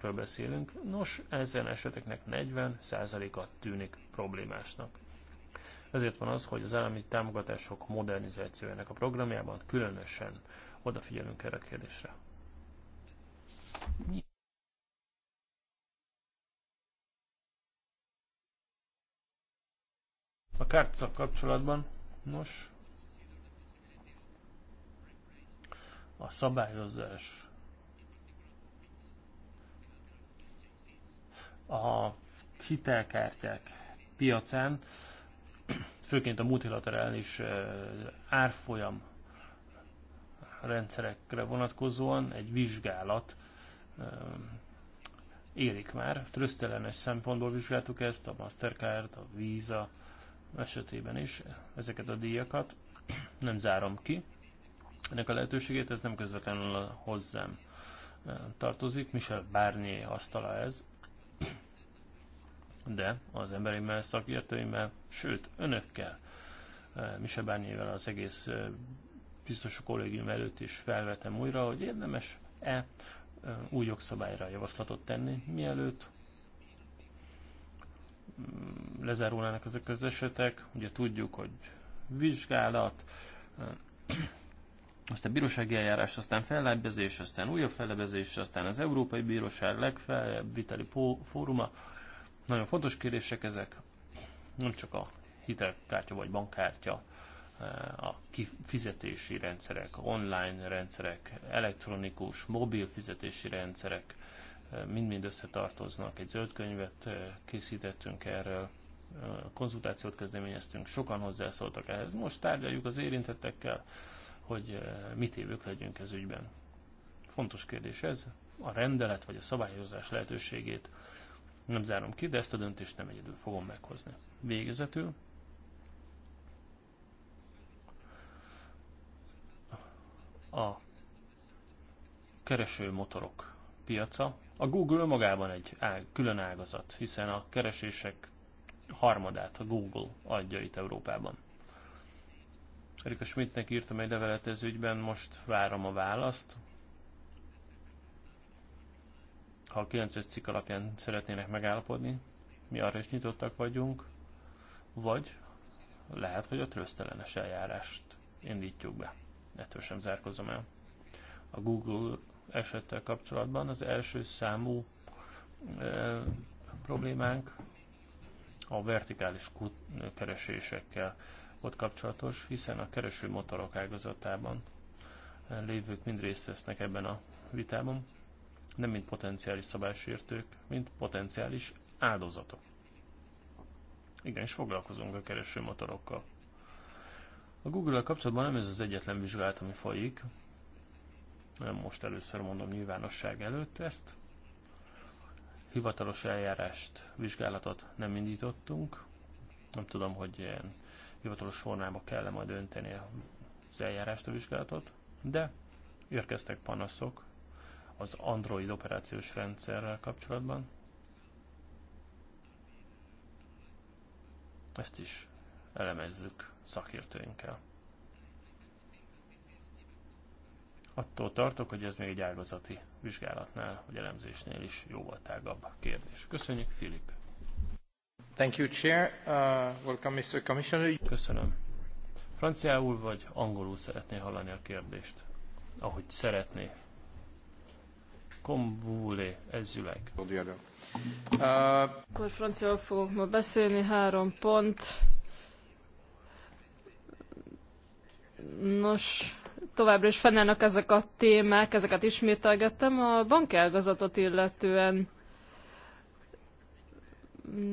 [SPEAKER 2] ről beszélünk. Nos, ezen eseteknek 40%-a tűnik problémásnak. Ezért van az, hogy az állami támogatások modernizációjának a programjában különösen odafigyelünk erre a kérdésre. A kártszak kapcsolatban, nos, a szabályozás a hitelkártyák piacán, főként a multilaterális eh, árfolyam rendszerekre vonatkozóan egy vizsgálat eh, érik már. Trösztelenes szempontból vizsgáltuk ezt, a Mastercard, a Visa esetében is ezeket a díjakat. Nem zárom ki ennek a lehetőségét, ez nem közvetlenül hozzám eh, tartozik. Michel Barnier asztala ez de az emberimmel, szakértőimmel, sőt, önökkel, eh, Misebányével az egész eh, biztos a kollégium előtt is felvetem újra, hogy érdemes-e eh, új jogszabályra javaslatot tenni, mielőtt mm, lezárulnának ezek az esetek. Ugye tudjuk, hogy vizsgálat, aztán bírósági eljárás, aztán fellebbezés, aztán újabb fellebbezés, aztán az Európai Bíróság legfeljebb viteli fóruma, nagyon fontos kérdések ezek, nem csak a hitelkártya vagy bankkártya, eh, a kifizetési rendszerek, online rendszerek, elektronikus, mobil fizetési rendszerek eh, mind-mind összetartoznak. Egy zöld könyvet eh, készítettünk erről, konzultációt kezdeményeztünk, sokan hozzászóltak ehhez. Most tárgyaljuk az érintettekkel, hogy mit évők legyünk ez ügyben. Fontos kérdés ez, a rendelet vagy a szabályozás lehetőségét nem zárom ki, de ezt a döntést nem egyedül fogom meghozni. Végezetül. A kereső motorok piaca. A Google magában egy ág, külön ágazat, hiszen a keresések harmadát a Google adja itt Európában. Erika Schmidtnek írtam egy levelet ez ügyben, most várom a választ ha a 9-es cikk alapján szeretnének megállapodni, mi arra is nyitottak vagyunk, vagy lehet, hogy a trösztelenes eljárást indítjuk be. Ettől sem zárkozom el. A Google esettel kapcsolatban az első számú e, problémánk a vertikális kut, keresésekkel ott kapcsolatos, hiszen a kereső motorok ágazatában lévők mind részt vesznek ebben a vitában nem mint potenciális szabálysértők, mint potenciális áldozatok. Igen, és foglalkozunk a keresőmotorokkal. A google a kapcsolatban nem ez az egyetlen vizsgálat, ami folyik. Nem most először mondom nyilvánosság előtt ezt. Hivatalos eljárást, vizsgálatot nem indítottunk. Nem tudom, hogy ilyen hivatalos formába kell -e majd önteni az eljárást, a vizsgálatot. De érkeztek panaszok, az Android operációs rendszerrel kapcsolatban. Ezt is elemezzük szakértőinkkel. Attól tartok, hogy ez még egy ágazati vizsgálatnál, vagy elemzésnél is jóval tágabb kérdés. Köszönjük, Filip! Thank you, Chair. Uh, welcome, Mr. Commissioner. Köszönöm. Franciául vagy angolul szeretné hallani a kérdést? Ahogy szeretné comme vous voulez, like. üleg. Akkor
[SPEAKER 4] franciául fogunk ma beszélni, három pont. Nos, továbbra is fennállnak ezek a témák, ezeket ismételgettem. A bankágazatot illetően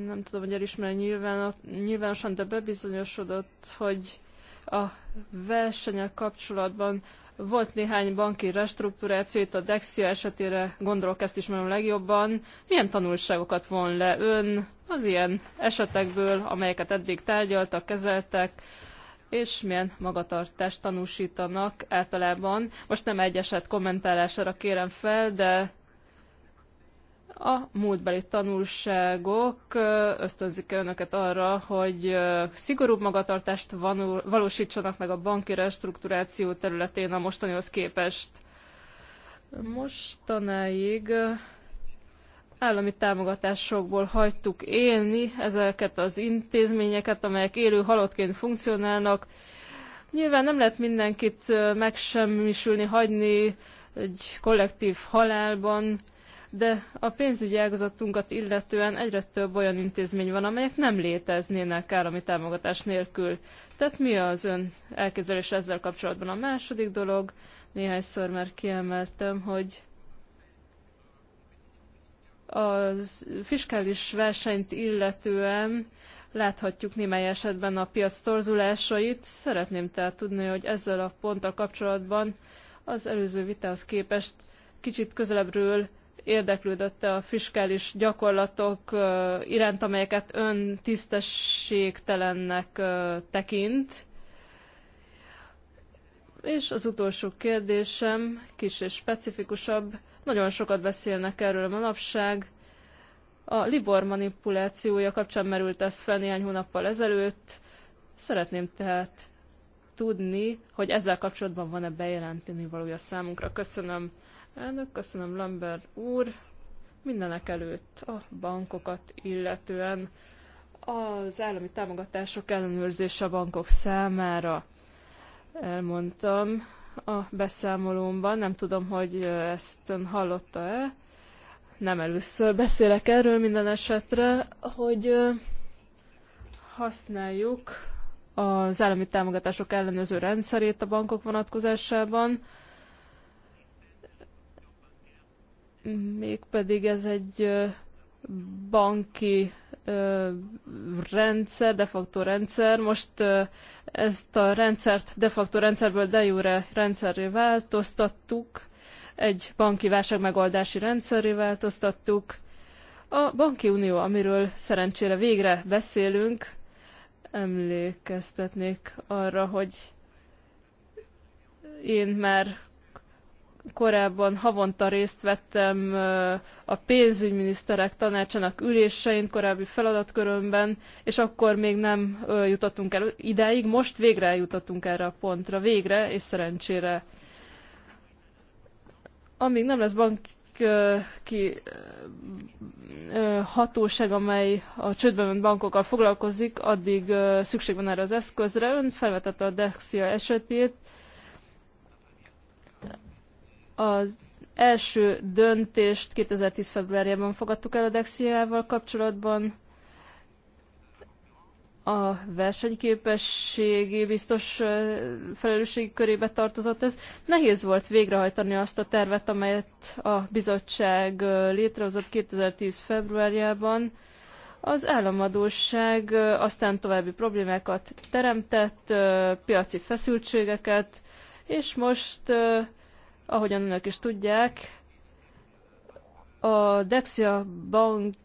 [SPEAKER 4] nem tudom, hogy elismeri nyilván, nyilvánosan, de bebizonyosodott, hogy a versenyek kapcsolatban volt néhány banki restrukturáció, itt a Dexia esetére gondolok, ezt ismerem legjobban. Milyen tanulságokat von le ön az ilyen esetekből, amelyeket eddig tárgyaltak, kezeltek, és milyen magatartást tanúsítanak általában. Most nem egy eset kommentálására kérem fel, de a múltbeli tanulságok ösztönzik önöket arra, hogy szigorúbb magatartást valósítsanak meg a banki restruktúráció területén a mostanihoz képest. Mostanáig állami támogatásokból hagytuk élni ezeket az intézményeket, amelyek élő halottként funkcionálnak. Nyilván nem lehet mindenkit megsemmisülni, hagyni egy kollektív halálban, de a pénzügyi ágazatunkat illetően egyre több olyan intézmény van, amelyek nem léteznének állami támogatás nélkül. Tehát mi az ön elképzelés ezzel kapcsolatban? A második dolog, néhányszor már kiemeltem, hogy a fiskális versenyt illetően láthatjuk némely esetben a piac torzulásait. Szeretném tehát tudni, hogy ezzel a ponttal kapcsolatban az előző vitához képest kicsit közelebbről Érdeklődött a fiskális gyakorlatok iránt, amelyeket ön tisztességtelennek tekint. És az utolsó kérdésem, kis és specifikusabb, nagyon sokat beszélnek erről a manapság. A Libor manipulációja kapcsán merült ez fel néhány hónappal ezelőtt. Szeretném tehát tudni, hogy ezzel kapcsolatban van-e bejelenteni valója számunkra. Köszönöm. Elnök, köszönöm Lambert úr. Mindenek előtt a bankokat illetően az állami támogatások ellenőrzése a bankok számára elmondtam a beszámolómban, nem tudom, hogy ezt ön hallotta-e, nem először beszélek erről minden esetre, hogy használjuk az állami támogatások ellenőrző rendszerét a bankok vonatkozásában, mégpedig ez egy banki rendszer, de facto rendszer. Most ezt a rendszert de facto rendszerből de jure rendszerré változtattuk, egy banki válságmegoldási rendszerré változtattuk. A banki unió, amiről szerencsére végre beszélünk, emlékeztetnék arra, hogy én már korábban havonta részt vettem a pénzügyminiszterek tanácsának ülésein, korábbi feladatkörömben, és akkor még nem jutottunk el ideig, most végre jutottunk erre a pontra, végre és szerencsére. Amíg nem lesz bank ki hatóság, amely a csődbe ment bankokkal foglalkozik, addig szükség van erre az eszközre. Ön felvetette a Dexia esetét, az első döntést 2010. februárjában fogadtuk el a Dexiával kapcsolatban. A versenyképességi biztos felelősségi körébe tartozott ez. Nehéz volt végrehajtani azt a tervet, amelyet a bizottság létrehozott 2010. februárjában. Az államadóság aztán további problémákat teremtett, piaci feszültségeket, és most Ahogyan önök is tudják, a Dexia Bank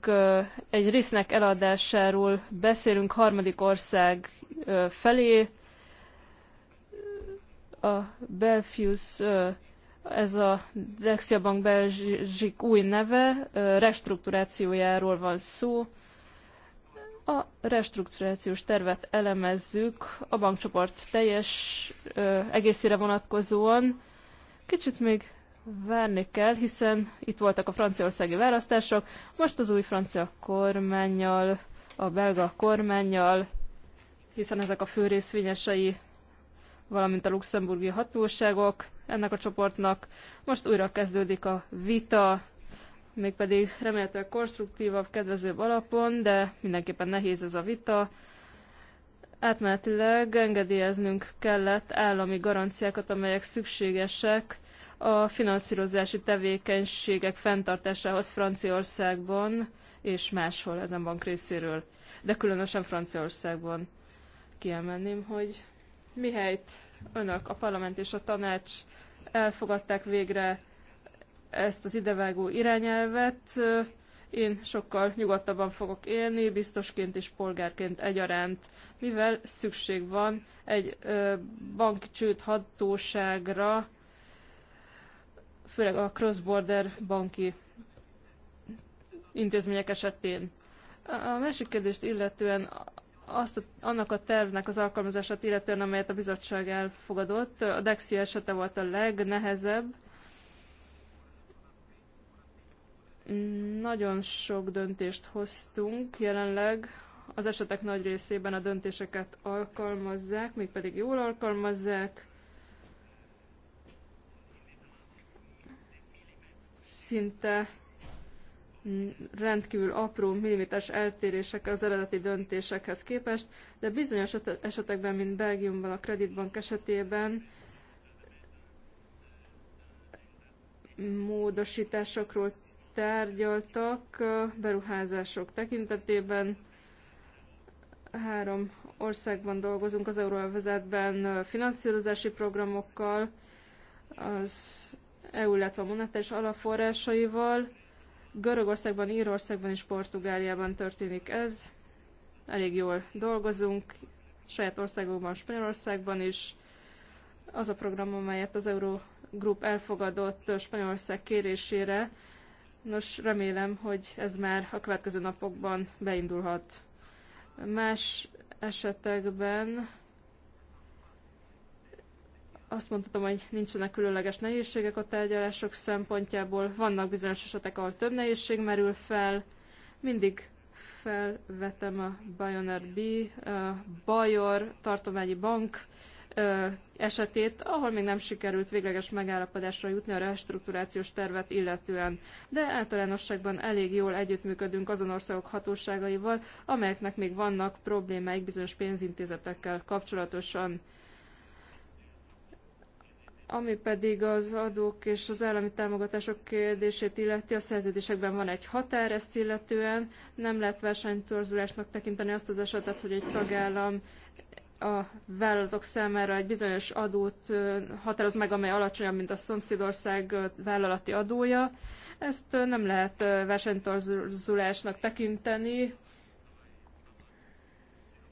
[SPEAKER 4] egy résznek eladásáról beszélünk harmadik ország felé. A Belfius ez a Dexia Bank Belzsik új neve, restrukturációjáról van szó. A restrukturációs tervet elemezzük a bankcsoport teljes egészére vonatkozóan, Kicsit még várni kell, hiszen itt voltak a franciaországi választások, most az új francia kormányjal, a belga kormányjal, hiszen ezek a fő részvényesei, valamint a luxemburgi hatóságok ennek a csoportnak. Most újra kezdődik a vita, mégpedig remélhetőleg konstruktívabb, kedvezőbb alapon, de mindenképpen nehéz ez a vita. Átmenetileg engedélyeznünk kellett állami garanciákat, amelyek szükségesek a finanszírozási tevékenységek fenntartásához Franciaországban és máshol ezen bank részéről, de különösen Franciaországban. Kiemelném, hogy mihelyt önök, a parlament és a tanács elfogadták végre ezt az idevágó irányelvet, én sokkal nyugodtabban fogok élni, biztosként és polgárként egyaránt, mivel szükség van egy banki csőd hatóságra, főleg a cross-border banki intézmények esetén. A másik kérdést illetően azt, annak a tervnek az alkalmazását illetően, amelyet a bizottság elfogadott, a Dexia esete volt a legnehezebb, Nagyon sok döntést hoztunk jelenleg. Az esetek nagy részében a döntéseket alkalmazzák, mégpedig jól alkalmazzák. Szinte rendkívül apró milliméteres eltérések az eredeti döntésekhez képest, de bizonyos esetekben, mint Belgiumban a kreditbank esetében, módosításokról tárgyaltak beruházások tekintetében. Három országban dolgozunk az euróvezetben finanszírozási programokkal, az EU, illetve a monetáris alapforrásaival. Görögországban, Írországban és Portugáliában történik ez. Elég jól dolgozunk, saját országokban, Spanyolországban is. Az a program, amelyet az Eurogroup elfogadott Spanyolország kérésére, Nos, remélem, hogy ez már a következő napokban beindulhat. Más esetekben azt mondhatom, hogy nincsenek különleges nehézségek a tárgyalások szempontjából. Vannak bizonyos esetek, ahol több nehézség merül fel. Mindig felvetem a Bajoner B, a Bajor tartományi bank esetét, ahol még nem sikerült végleges megállapodásra jutni a restrukturációs tervet illetően, de általánosságban elég jól együttműködünk azon országok hatóságaival, amelyeknek még vannak problémáik bizonyos pénzintézetekkel kapcsolatosan ami pedig az adók és az állami támogatások kérdését illeti, a szerződésekben van egy határ ezt illetően, nem lehet versenytorzulásnak tekinteni azt az esetet, hogy egy tagállam a vállalatok számára egy bizonyos adót határoz meg, amely alacsonyabb, mint a szomszédország vállalati adója. Ezt nem lehet versenytorzulásnak tekinteni.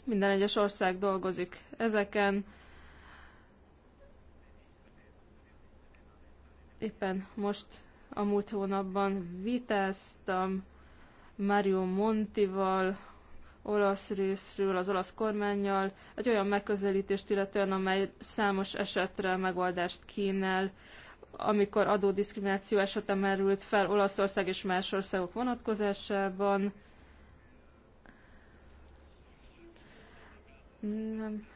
[SPEAKER 4] Minden egyes ország dolgozik ezeken. Éppen most a múlt hónapban vitáztam Mario Montival, olasz részről, az olasz kormányjal, egy olyan megközelítést illetően, amely számos esetre megoldást kínál, amikor adódiszkrimináció esete merült fel Olaszország és más országok vonatkozásában. Nem.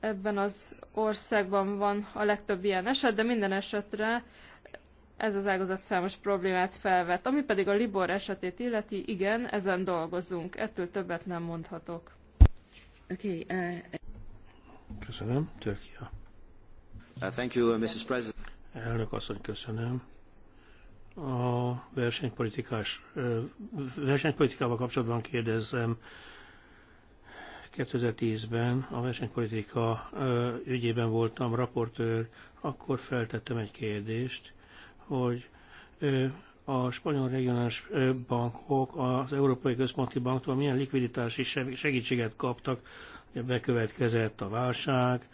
[SPEAKER 4] Ebben az országban van a legtöbb ilyen eset, de minden esetre ez az ágazat számos problémát felvet. Ami pedig a Libor esetét illeti, igen, ezen dolgozunk. Ettől többet nem mondhatok. Okay, uh...
[SPEAKER 3] Köszönöm. Türkia. Uh, thank you, uh, Mrs. President. Elnök asszony, köszönöm. A versenypolitikás, versenypolitikával kapcsolatban kérdezem, 2010-ben a versenypolitika ügyében voltam raportőr, akkor feltettem egy kérdést hogy a spanyol regionális bankok az Európai Központi Banktól milyen likviditási segítséget kaptak, bekövetkezett a válság,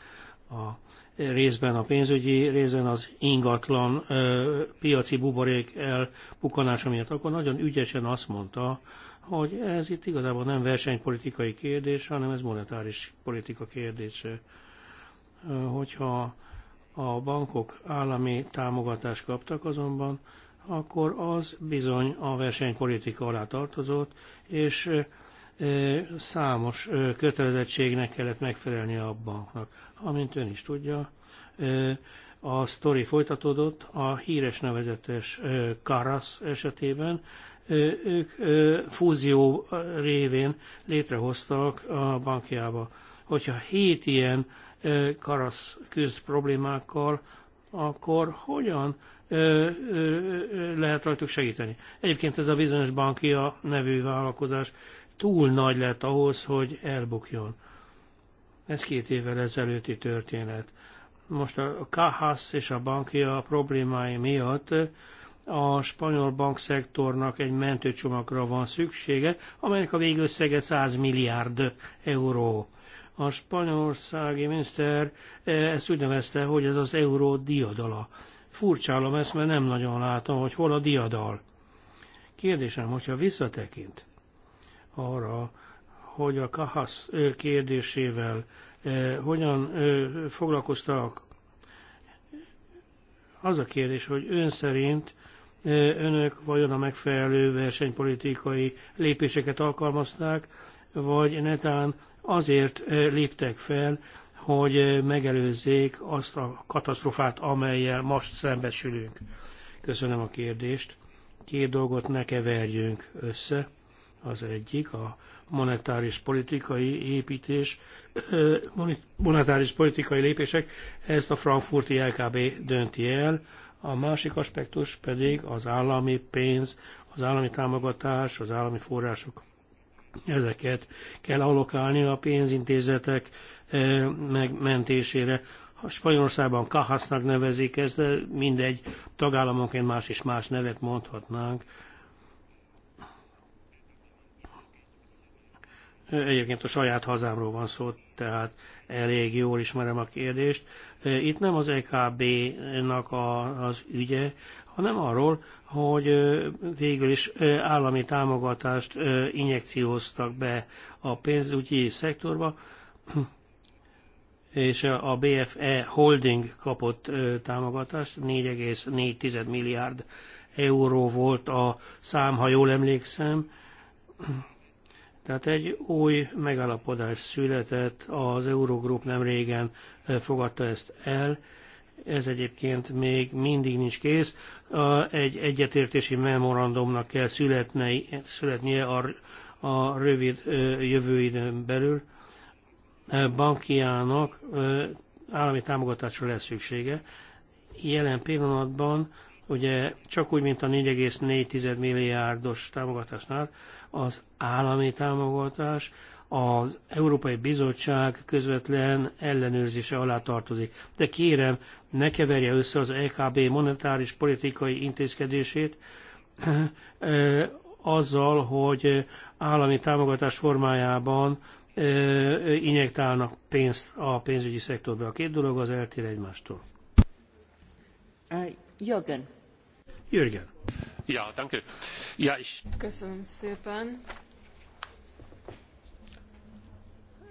[SPEAKER 3] a részben a pénzügyi, részben az ingatlan ö, piaci buborék elpukanása miatt, akkor nagyon ügyesen azt mondta, hogy ez itt igazából nem versenypolitikai kérdés, hanem ez monetáris politika kérdése. Hogyha a bankok állami támogatást kaptak azonban, akkor az bizony a versenypolitika alá tartozott, és számos kötelezettségnek kellett megfelelni a banknak. Amint ön is tudja, a sztori folytatódott a híres nevezetes Karasz esetében. Ők fúzió révén létrehoztak a bankjába. Hogyha hét ilyen Karasz küzd problémákkal, akkor hogyan lehet rajtuk segíteni? Egyébként ez a bizonyos bankia nevű vállalkozás túl nagy lett ahhoz, hogy elbukjon. Ez két évvel ezelőtti történet. Most a KHS és a bankia problémái miatt a spanyol bankszektornak egy mentőcsomagra van szüksége, amelynek a végösszege 100 milliárd euró. A spanyolországi miniszter eh, ezt úgy nevezte, hogy ez az euró diadala. Furcsálom ezt, mert nem nagyon látom, hogy hol a diadal. Kérdésem, hogyha visszatekint arra, hogy a Kahasz eh, kérdésével eh, hogyan foglalkoztak, az a kérdés, hogy ön szerint önök vajon a megfelelő versenypolitikai lépéseket alkalmazták, vagy netán azért léptek fel, hogy megelőzzék azt a katasztrofát, amelyel most szembesülünk. Köszönöm a kérdést. Két dolgot ne keverjünk össze. Az egyik a monetáris politikai építés, monetáris politikai lépések, ezt a frankfurti LKB dönti el, a másik aspektus pedig az állami pénz, az állami támogatás, az állami források ezeket kell alokálni a pénzintézetek eh, megmentésére. A Spanyolországban kahasznak nevezik ezt, de mindegy, tagállamonként más és más nevet mondhatnánk. Egyébként a saját hazámról van szó, tehát elég jól ismerem a kérdést. Eh, itt nem az EKB-nak a, az ügye, hanem arról, hogy végül is állami támogatást injekcióztak be a pénzügyi szektorba, és a BFE Holding kapott támogatást, 4,4 milliárd euró volt a szám, ha jól emlékszem. Tehát egy új megállapodás született, az Eurogroup nem régen fogadta ezt el, ez egyébként még mindig nincs kész, egy egyetértési memorandumnak kell születne, születnie a, a rövid jövőidőn belül. Bankiának állami támogatásra lesz szüksége. Jelen pillanatban ugye csak úgy, mint a 4,4 milliárdos támogatásnál, az állami támogatás az Európai Bizottság közvetlen ellenőrzése alá tartozik. De kérem, ne keverje össze az EKB monetáris politikai intézkedését azzal, hogy állami támogatás formájában injektálnak pénzt a pénzügyi szektorba. A két dolog az eltér egymástól. Jürgen. Jürgen.
[SPEAKER 2] Ja, danke. Ja, ich...
[SPEAKER 4] Köszönöm szépen.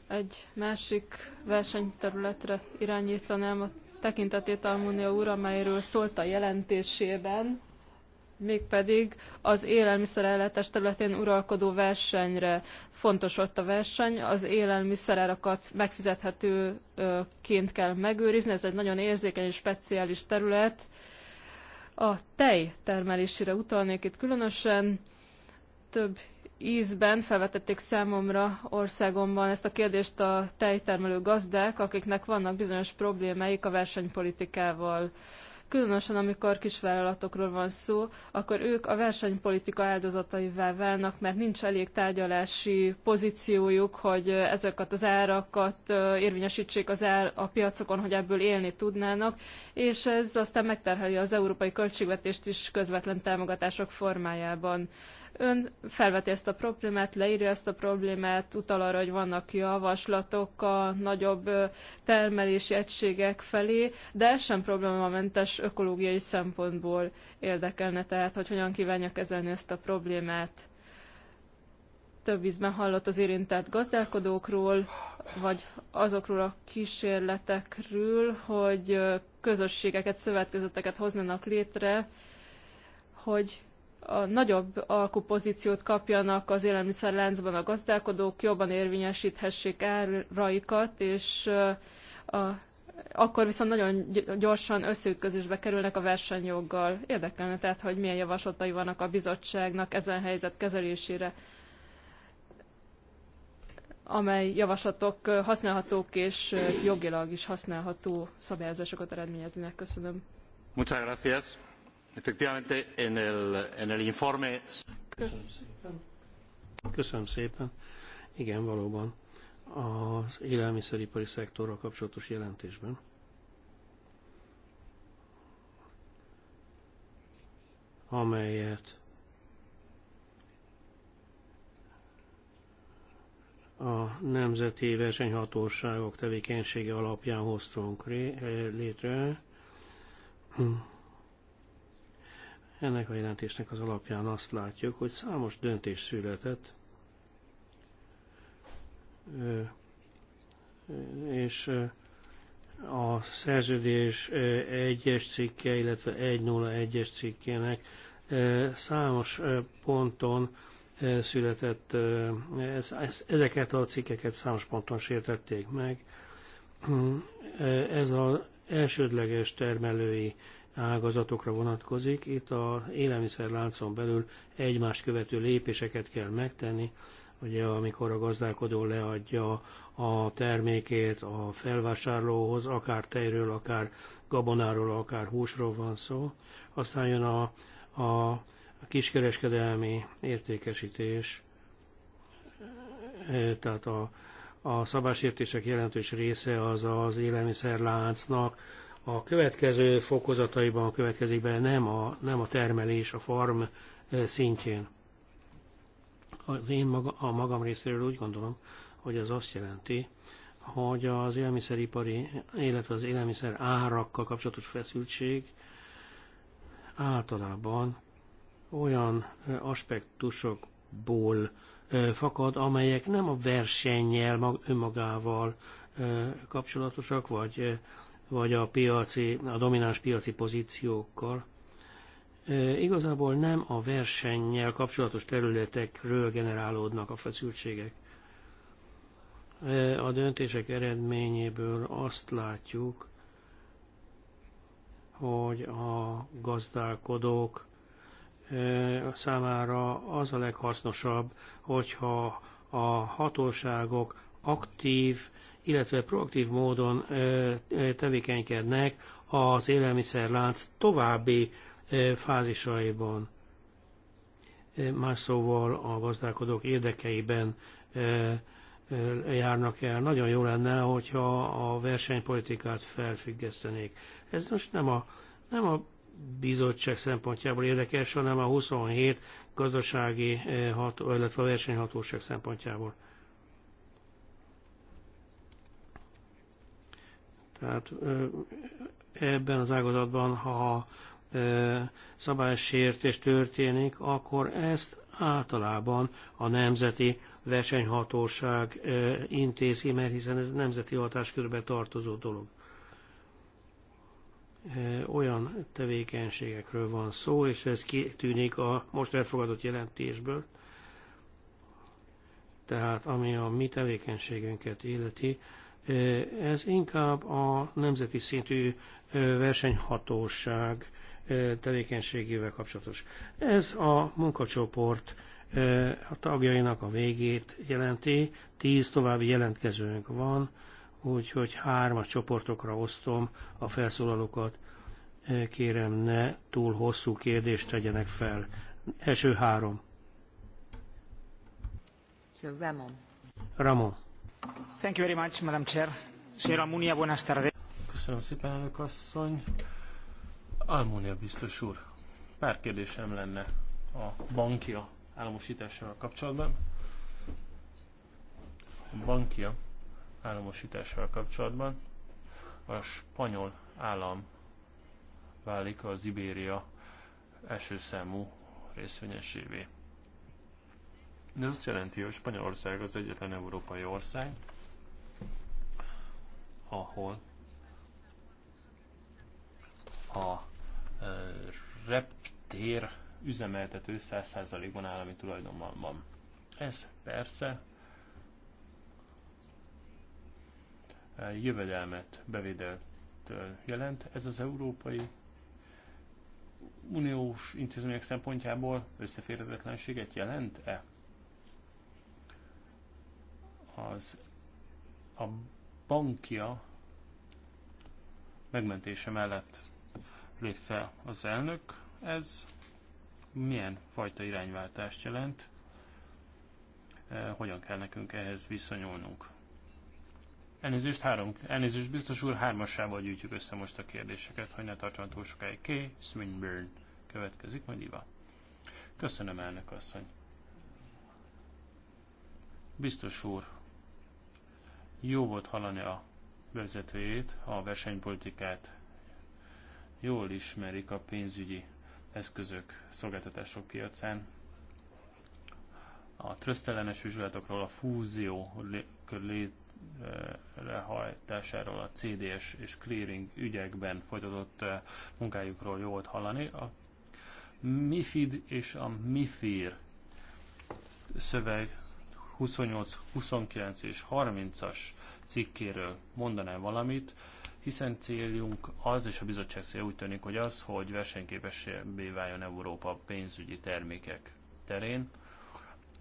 [SPEAKER 4] Egy másik versenyterületre irányítanám a tekintetét Almunia úr, amelyről szólt a jelentésében, mégpedig az élelmiszerellátás területén uralkodó versenyre. Fontos ott a verseny, az élelmiszerárakat megfizethetőként kell megőrizni, ez egy nagyon érzékeny és speciális terület. A tej termelésére utalnék itt különösen, több ízben felvetették számomra országomban ezt a kérdést a tejtermelő gazdák, akiknek vannak bizonyos problémáik a versenypolitikával. Különösen, amikor kisvállalatokról van szó, akkor ők a versenypolitika áldozataivá válnak, mert nincs elég tárgyalási pozíciójuk, hogy ezeket az árakat érvényesítsék az ár a piacokon, hogy ebből élni tudnának, és ez aztán megterheli az európai költségvetést is közvetlen támogatások formájában. Ön felveti ezt a problémát, leírja ezt a problémát, utal arra, hogy vannak javaslatok a nagyobb termelési egységek felé, de ez sem problémamentes ökológiai szempontból érdekelne, tehát hogy hogyan kívánja kezelni ezt a problémát több ízben hallott az érintett gazdálkodókról, vagy azokról a kísérletekről, hogy közösségeket, szövetkezeteket hoznának létre, hogy a nagyobb alkupozíciót kapjanak az élelmiszerláncban a gazdálkodók, jobban érvényesíthessék áraikat, és a, akkor viszont nagyon gyorsan összeütközésbe kerülnek a versenyjoggal. Érdekelne tehát, hogy milyen javaslatai vannak a bizottságnak ezen helyzet kezelésére amely javaslatok használhatók és jogilag is használható szabályozásokat eredményeznek. Köszönöm.
[SPEAKER 2] Muchas gracias efektivamente en el, informe... Köszönöm
[SPEAKER 4] szépen.
[SPEAKER 3] Köszönöm szépen. Igen, valóban. Az élelmiszeripari szektorral kapcsolatos jelentésben. amelyet a nemzeti versenyhatóságok tevékenysége alapján hoztunk eh, létre. Ennek a jelentésnek az alapján azt látjuk, hogy számos döntés született, és a szerződés 1-es cikke, illetve 101-es cikkének számos ponton született, ezeket a cikkeket számos ponton sértették meg. Ez az elsődleges termelői ágazatokra vonatkozik. Itt a élelmiszerláncon belül egymást követő lépéseket kell megtenni, ugye amikor a gazdálkodó leadja a termékét a felvásárlóhoz, akár tejről, akár gabonáról, akár húsról van szó. Aztán jön a, a kiskereskedelmi értékesítés, e, tehát a, a szabásértések jelentős része az az élelmiszerláncnak a következő fokozataiban következik be nem a, nem a termelés a farm eh, szintjén. Az én maga, a magam részéről úgy gondolom, hogy ez azt jelenti, hogy az élelmiszeripari, illetve az élelmiszer árakkal kapcsolatos feszültség általában olyan eh, aspektusokból eh, fakad, amelyek nem a versennyel önmagával kapcsolatosak, vagy vagy a, piaci, a domináns piaci pozíciókkal. Igazából nem a versennyel kapcsolatos területekről generálódnak a feszültségek. A döntések eredményéből azt látjuk, hogy a gazdálkodók számára az a leghasznosabb, hogyha a hatóságok aktív illetve proaktív módon tevékenykednek az élelmiszerlánc további fázisaiban. Más szóval a gazdálkodók érdekeiben járnak el. Nagyon jó lenne, hogyha a versenypolitikát felfüggesztenék. Ez most nem a, nem a bizottság szempontjából érdekes, hanem a 27 gazdasági, hat, illetve a versenyhatóság szempontjából. Tehát ebben az ágazatban, ha szabálysértés történik, akkor ezt általában a nemzeti versenyhatóság intézi, mert hiszen ez nemzeti hatáskörbe tartozó dolog. Olyan tevékenységekről van szó, és ez kitűnik a most elfogadott jelentésből. Tehát ami a mi tevékenységünket illeti, Eh, ez inkább a nemzeti szintű eh, versenyhatóság eh, tevékenységével kapcsolatos. Ez a munkacsoport a tagjainak a végét jelenti, tíz további jelentkezőnk van, úgyhogy hármas csoportokra osztom a felszólalókat. Kérem, ne túl hosszú kérdést tegyenek fel. Első három. So Ramon. Ramon. Thank you very much, Madam Chair. Señora Munia, buenas tardes.
[SPEAKER 2] Köszönöm szépen, elnök asszony. Almunia biztos úr, pár kérdésem lenne a bankia államosítással kapcsolatban. A bankia államosítással kapcsolatban a spanyol állam válik az Ibéria első számú részvényesévé. Ez azt jelenti, hogy Spanyolország az egyetlen európai ország, ahol a e, reptér üzemeltető 100%-ban állami tulajdonban van. Ez persze jövedelmet, bevételt jelent. Ez az Európai Uniós intézmények szempontjából összeférhetetlenséget jelent-e? az a bankja megmentése mellett lép fel az elnök. Ez milyen fajta irányváltást jelent? Eh, hogyan kell nekünk ehhez viszonyulnunk? Elnézést, három, elnézést biztos úr, hármasával gyűjtjük össze most a kérdéseket, hogy ne tartson túl sokáig. K. Swinburne következik, majd Iva. Köszönöm, elnök asszony. Biztos úr, jó volt hallani a vezetőjét, a versenypolitikát jól ismerik a pénzügyi eszközök szolgáltatások piacán. A trösztelenes vizsgálatokról, a fúzió eh, lehajtásáról, a CDS és clearing ügyekben folytatott eh, munkájukról jó volt hallani. A MIFID és a MIFIR szöveg 28, 29 és 30-as cikkéről mondaná valamit, hiszen céljunk az, és a bizottság célja úgy tűnik, hogy az, hogy versenyképesebbé váljon Európa pénzügyi termékek terén.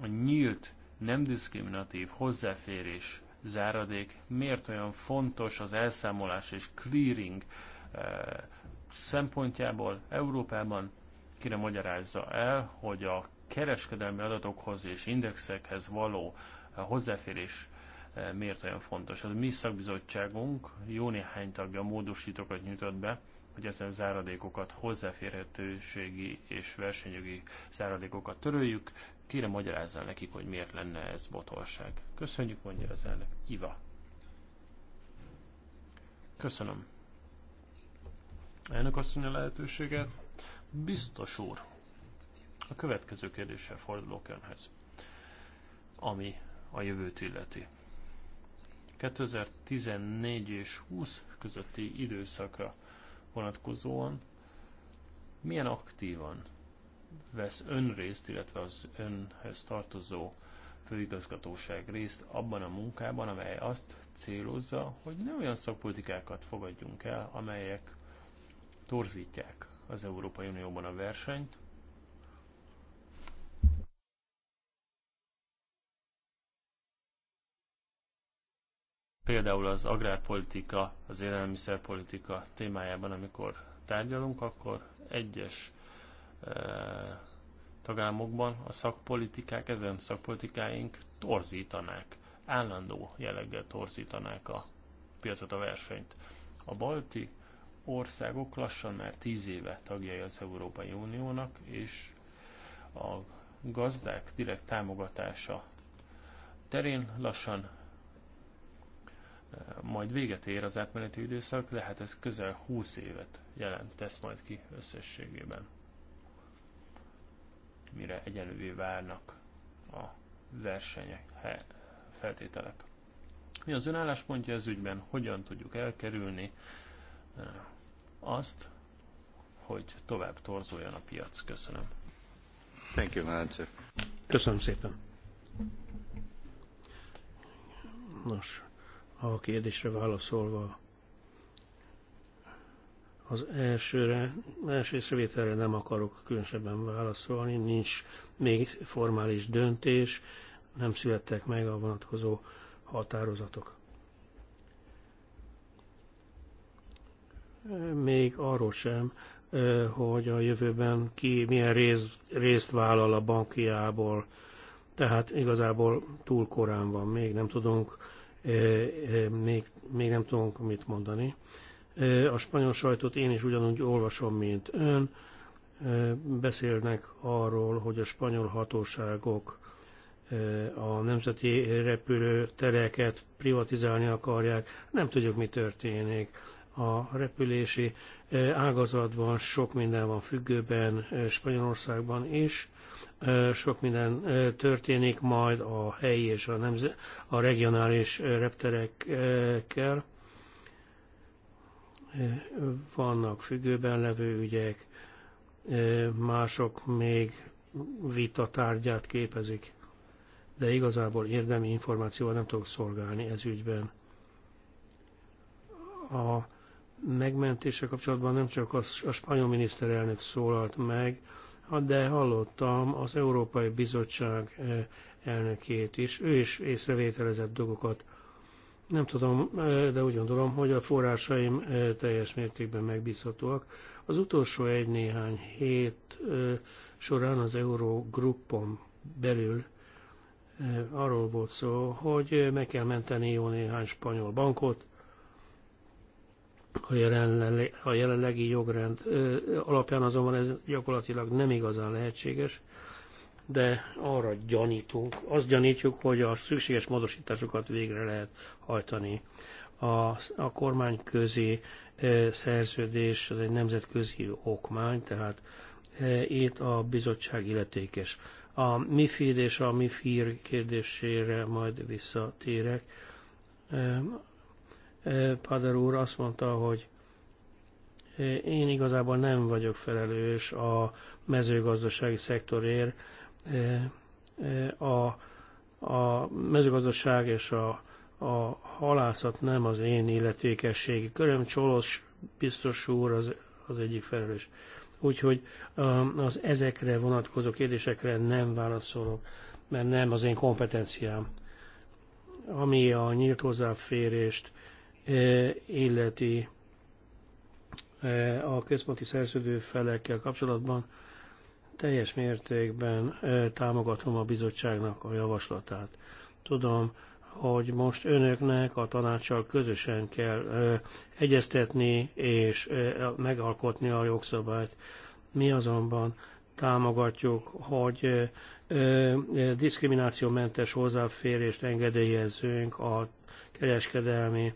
[SPEAKER 2] A nyílt, nem diszkriminatív hozzáférés záradék miért olyan fontos az elszámolás és clearing eh, szempontjából Európában, kire magyarázza el, hogy a kereskedelmi adatokhoz és indexekhez való eh, hozzáférés eh, miért olyan fontos. A mi szakbizottságunk jó néhány tagja módosítókat nyújtott be, hogy ezen záradékokat, hozzáférhetőségi és versenyjogi záradékokat töröljük. Kérem magyarázzál nekik, hogy miért lenne ez botolság. Köszönjük, mondja az elnök. Iva. Köszönöm. Elnök asszony a lehetőséget. Biztos úr, a következő kérdéssel fordulok önhöz, ami a jövőt illeti. 2014 és 20 közötti időszakra vonatkozóan milyen aktívan vesz ön részt, illetve az önhöz tartozó főigazgatóság részt abban a munkában, amely azt célozza, hogy ne olyan szakpolitikákat fogadjunk el, amelyek torzítják az Európai Unióban a versenyt, például az agrárpolitika, az élelmiszerpolitika témájában, amikor tárgyalunk, akkor egyes eh, tagállamokban a szakpolitikák, ezen szakpolitikáink torzítanák, állandó jelleggel torzítanák a piacot, a versenyt. A balti országok lassan már tíz éve tagjai az Európai Uniónak, és a gazdák direkt támogatása terén lassan majd véget ér az átmeneti időszak, de hát ez közel 20 évet jelent, tesz majd ki összességében. Mire egyenlővé válnak a versenyek, feltételek. Mi az önálláspontja ez ügyben? Hogyan tudjuk elkerülni azt, hogy tovább torzoljon a piac? Köszönöm. Thank you,
[SPEAKER 3] Köszönöm szépen. Nos, a kérdésre válaszolva. Az elsőre, első észrevételre nem akarok különösebben válaszolni, nincs még formális döntés, nem születtek meg a vonatkozó határozatok. Még arról sem, hogy a jövőben ki milyen részt, részt vállal a bankiából, tehát igazából túl korán van még, nem tudunk még, még nem tudunk mit mondani. A spanyol sajtót én is ugyanúgy olvasom, mint ön. Beszélnek arról, hogy a spanyol hatóságok a nemzeti repülőtereket privatizálni akarják. Nem tudjuk, mi történik. A repülési ágazatban sok minden van függőben Spanyolországban is sok minden történik majd a helyi és a, nemze- a regionális repterekkel. Vannak függőben levő ügyek, mások még vita tárgyát képezik, de igazából érdemi információval nem tudok szolgálni ez ügyben. A megmentése kapcsolatban nem csak a, a spanyol miniszterelnök szólalt meg, Ah, de hallottam az Európai Bizottság eh, elnökét is, ő is észrevételezett dolgokat. Nem tudom, eh, de úgy gondolom, hogy a forrásaim eh, teljes mértékben megbízhatóak. Az utolsó egy-néhány hét során az Eurogruppon belül arról volt szó, hogy meg kell menteni jó néhány spanyol bankot, a, jelenleg, a jelenlegi jogrend alapján azonban ez gyakorlatilag nem igazán lehetséges, de arra gyanítunk, azt gyanítjuk, hogy a szükséges módosításokat végre lehet hajtani. A, a kormányközi szerződés az egy nemzetközi okmány, tehát itt a bizottság illetékes. A MIFID és a MIFIR kérdésére majd visszatérek. Pader úr azt mondta, hogy én igazából nem vagyok felelős a mezőgazdasági szektorért. A, a mezőgazdaság és a, a halászat nem az én illetékességi köröm. Csolos biztos úr az, az egyik felelős. Úgyhogy az ezekre vonatkozó kérdésekre nem válaszolok, mert nem az én kompetenciám. Ami a nyílt hozzáférést E, illeti e, a központi szerződő felekkel kapcsolatban teljes mértékben e, támogatom a bizottságnak a javaslatát. Tudom, hogy most önöknek a tanácssal közösen kell egyeztetni és megalkotni a jogszabályt. Mi azonban támogatjuk, hogy diszkriminációmentes hozzáférést engedélyezzünk a kereskedelmi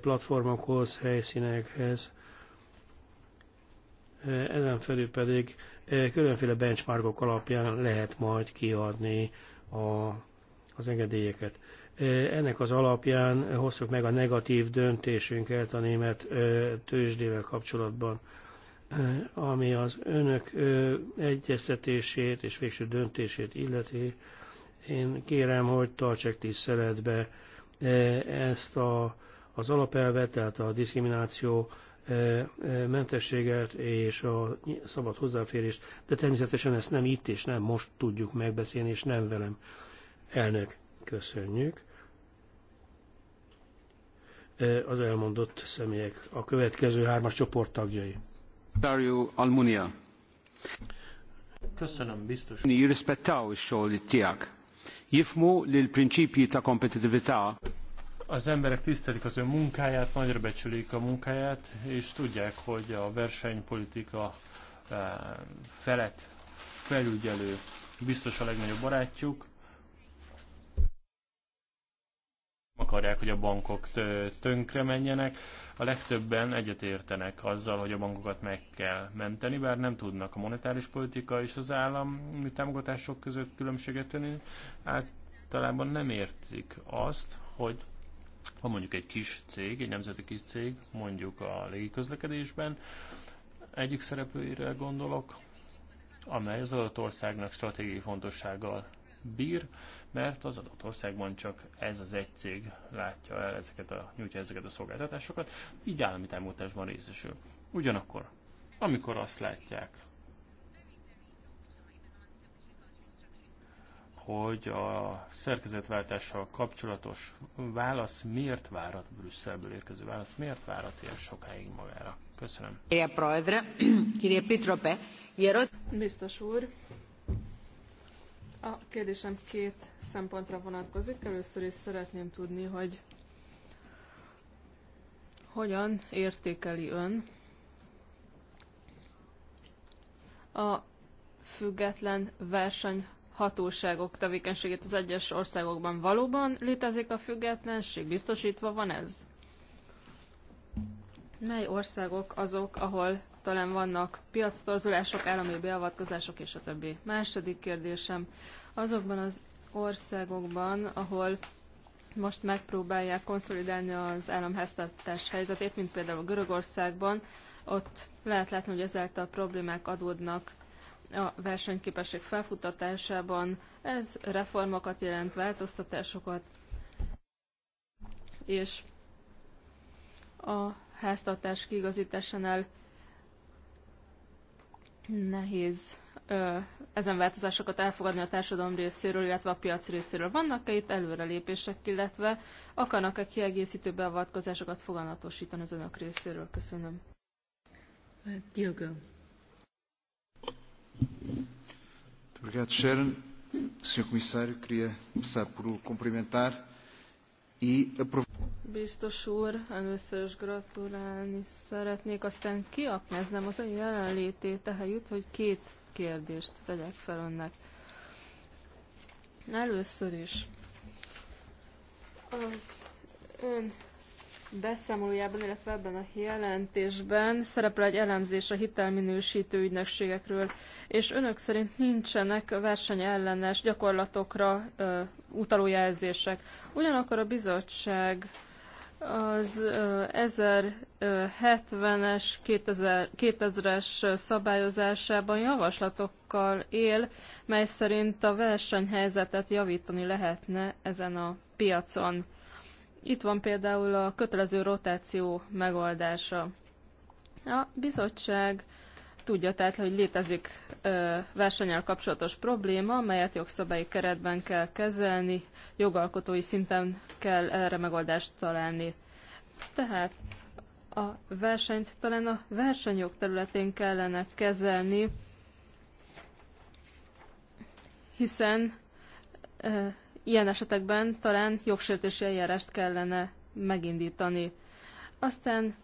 [SPEAKER 3] platformokhoz, helyszínekhez. Ezen felül pedig különféle benchmarkok alapján lehet majd kiadni a, az engedélyeket. Ennek az alapján hoztuk meg a negatív döntésünket a német tőzsdével kapcsolatban, ami az önök egyeztetését és végső döntését illeti. Én kérem, hogy tartsák tiszteletbe ezt a az alapelvet, tehát a diszkrimináció eh, eh, mentességet és a szabad hozzáférést, de természetesen ezt nem itt és nem most tudjuk megbeszélni, és nem velem. Elnök, köszönjük. Eh, az elmondott személyek a következő hármas csoport tagjai.
[SPEAKER 2] Dario Almunia. Köszönöm, biztos.
[SPEAKER 3] Jirrispettaw ix-xogħol tiegħek. Jifmu lil l-prinċipji ta' kompetitività
[SPEAKER 2] az emberek tisztelik az ő munkáját, nagyra becsülik a munkáját, és tudják, hogy a versenypolitika eh, felett felügyelő biztos a legnagyobb barátjuk. akarják, hogy a bankok tönkre menjenek. A legtöbben egyetértenek azzal, hogy a bankokat meg kell menteni, bár nem tudnak a monetáris politika és az állami támogatások között különbséget tenni. Általában nem értik azt, hogy ha mondjuk egy kis cég, egy nemzeti kis cég, mondjuk a légiközlekedésben, egyik szereplőire gondolok, amely az adott országnak stratégiai fontossággal bír, mert az adott országban csak ez az egy cég látja el ezeket a, nyújtja ezeket a szolgáltatásokat, így állami támogatásban részesül. Ugyanakkor, amikor azt látják, hogy a szerkezetváltással kapcsolatos válasz miért várat, Brüsszelből érkező válasz miért várat ilyen sokáig magára? Köszönöm.
[SPEAKER 4] Biztos úr, a kérdésem két szempontra vonatkozik. Először is szeretném tudni, hogy hogyan értékeli ön a független verseny hatóságok tevékenységét az egyes országokban valóban létezik a függetlenség? Biztosítva van ez? Mely országok azok, ahol talán vannak piactorzulások, állami beavatkozások és a többi? Második kérdésem. Azokban az országokban, ahol most megpróbálják konszolidálni az államháztartás helyzetét, mint például Görögországban, ott lehet látni, hogy ezáltal problémák adódnak a versenyképesség felfutatásában. Ez reformokat jelent, változtatásokat, és a háztartás kiigazításánál nehéz ö, ezen változásokat elfogadni a társadalom részéről, illetve a piac részéről. Vannak-e itt előrelépések, illetve akarnak-e kiegészítő beavatkozásokat foganatosítani az önök részéről? Köszönöm. Dilgő.
[SPEAKER 3] Muito
[SPEAKER 1] obrigado, Sharon. Comissário, queria começar por o cumprimentar e
[SPEAKER 4] Biztos úr, először is gratulálni szeretnék, aztán kiaknáznám az ön jelenlétét ehelyütt, hogy két kérdést tegyek fel önnek. Először is az ön beszámolójában, illetve ebben a jelentésben szerepel egy elemzés a hitelminősítő ügynökségekről, és önök szerint nincsenek versenyellenes gyakorlatokra ö, utaló jelzések. Ugyanakkor a bizottság az 1070-es, 2000-es szabályozásában javaslatokkal él, mely szerint a versenyhelyzetet javítani lehetne ezen a piacon. Itt van például a kötelező rotáció megoldása. A bizottság tudja tehát, hogy létezik ö, versenyel kapcsolatos probléma, amelyet jogszabályi keretben kell kezelni, jogalkotói szinten kell erre megoldást találni. Tehát a versenyt talán a versenyjog területén kellene kezelni, hiszen Ilyen esetekben talán jogsértési eljárást kellene megindítani. Aztán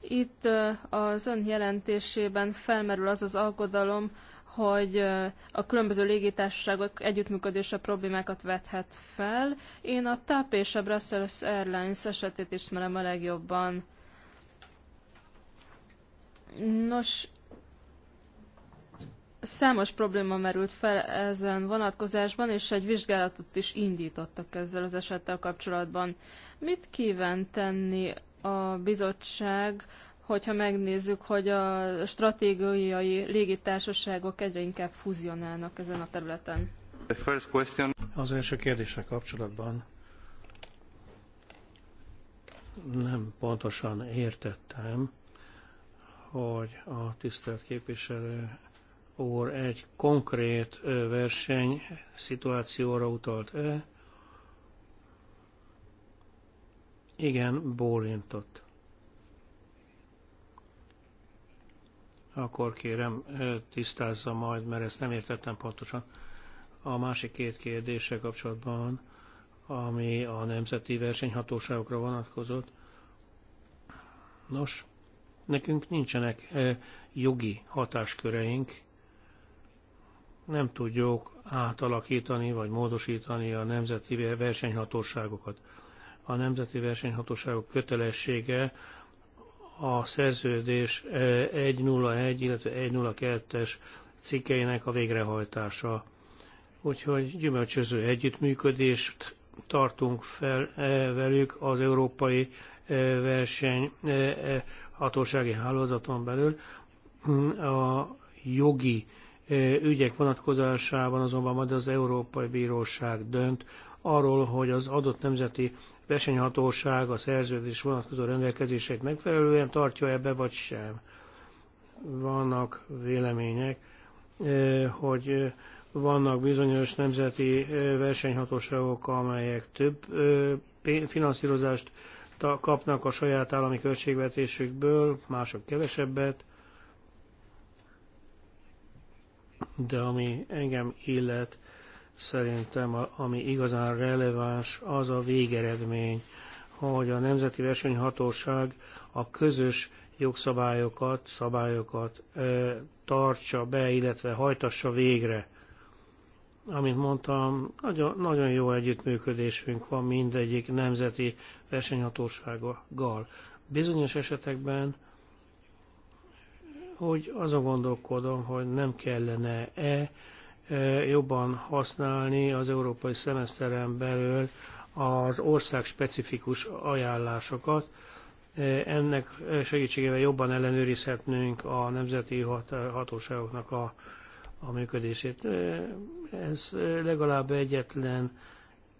[SPEAKER 4] itt az ön jelentésében felmerül az az aggodalom, hogy a különböző légitársaságok együttműködése problémákat vethet fel. Én a TAP és a Brussels Airlines esetét ismerem a legjobban. Nos, Számos probléma merült fel ezen vonatkozásban, és egy vizsgálatot is indítottak ezzel az esettel kapcsolatban. Mit kíván tenni a bizottság, hogyha megnézzük, hogy a stratégiai légitársaságok egyre inkább fúzionálnak ezen a területen?
[SPEAKER 3] Az első kérdéssel kapcsolatban nem pontosan értettem, hogy a tisztelt képviselő úr egy konkrét verseny szituációra utalt-e? Igen, bólintott. Akkor kérem, tisztázza majd, mert ezt nem értettem pontosan. A másik két kérdése kapcsolatban, ami a nemzeti versenyhatóságokra vonatkozott. Nos, nekünk nincsenek jogi hatásköreink, nem tudjuk átalakítani vagy módosítani a nemzeti versenyhatóságokat. A nemzeti versenyhatóságok kötelessége a szerződés 101, eh, illetve 102-es cikkeinek a végrehajtása. Úgyhogy gyümölcsöző együttműködést tartunk fel eh, velük az európai eh, verseny hatósági hálózaton belül. A jogi ügyek vonatkozásában azonban majd az Európai Bíróság dönt arról, hogy az adott nemzeti versenyhatóság a szerződés vonatkozó rendelkezések megfelelően tartja-e vagy sem. Vannak vélemények, hogy vannak bizonyos nemzeti versenyhatóságok, amelyek több finanszírozást kapnak a saját állami költségvetésükből, mások kevesebbet. de ami engem illet, szerintem a, ami igazán releváns, az a végeredmény, hogy a Nemzeti Versenyhatóság a közös jogszabályokat, szabályokat ö, tartsa be, illetve hajtassa végre. Amint mondtam, nagyon, nagyon jó együttműködésünk van mindegyik nemzeti versenyhatósággal. Bizonyos esetekben hogy azon gondolkodom, hogy nem kellene-e e, jobban használni az európai szemeszteren belül az ország specifikus ajánlásokat. E, ennek segítségével jobban ellenőrizhetnénk a nemzeti hat hatóságoknak a, a működését. E, ez legalább egyetlen,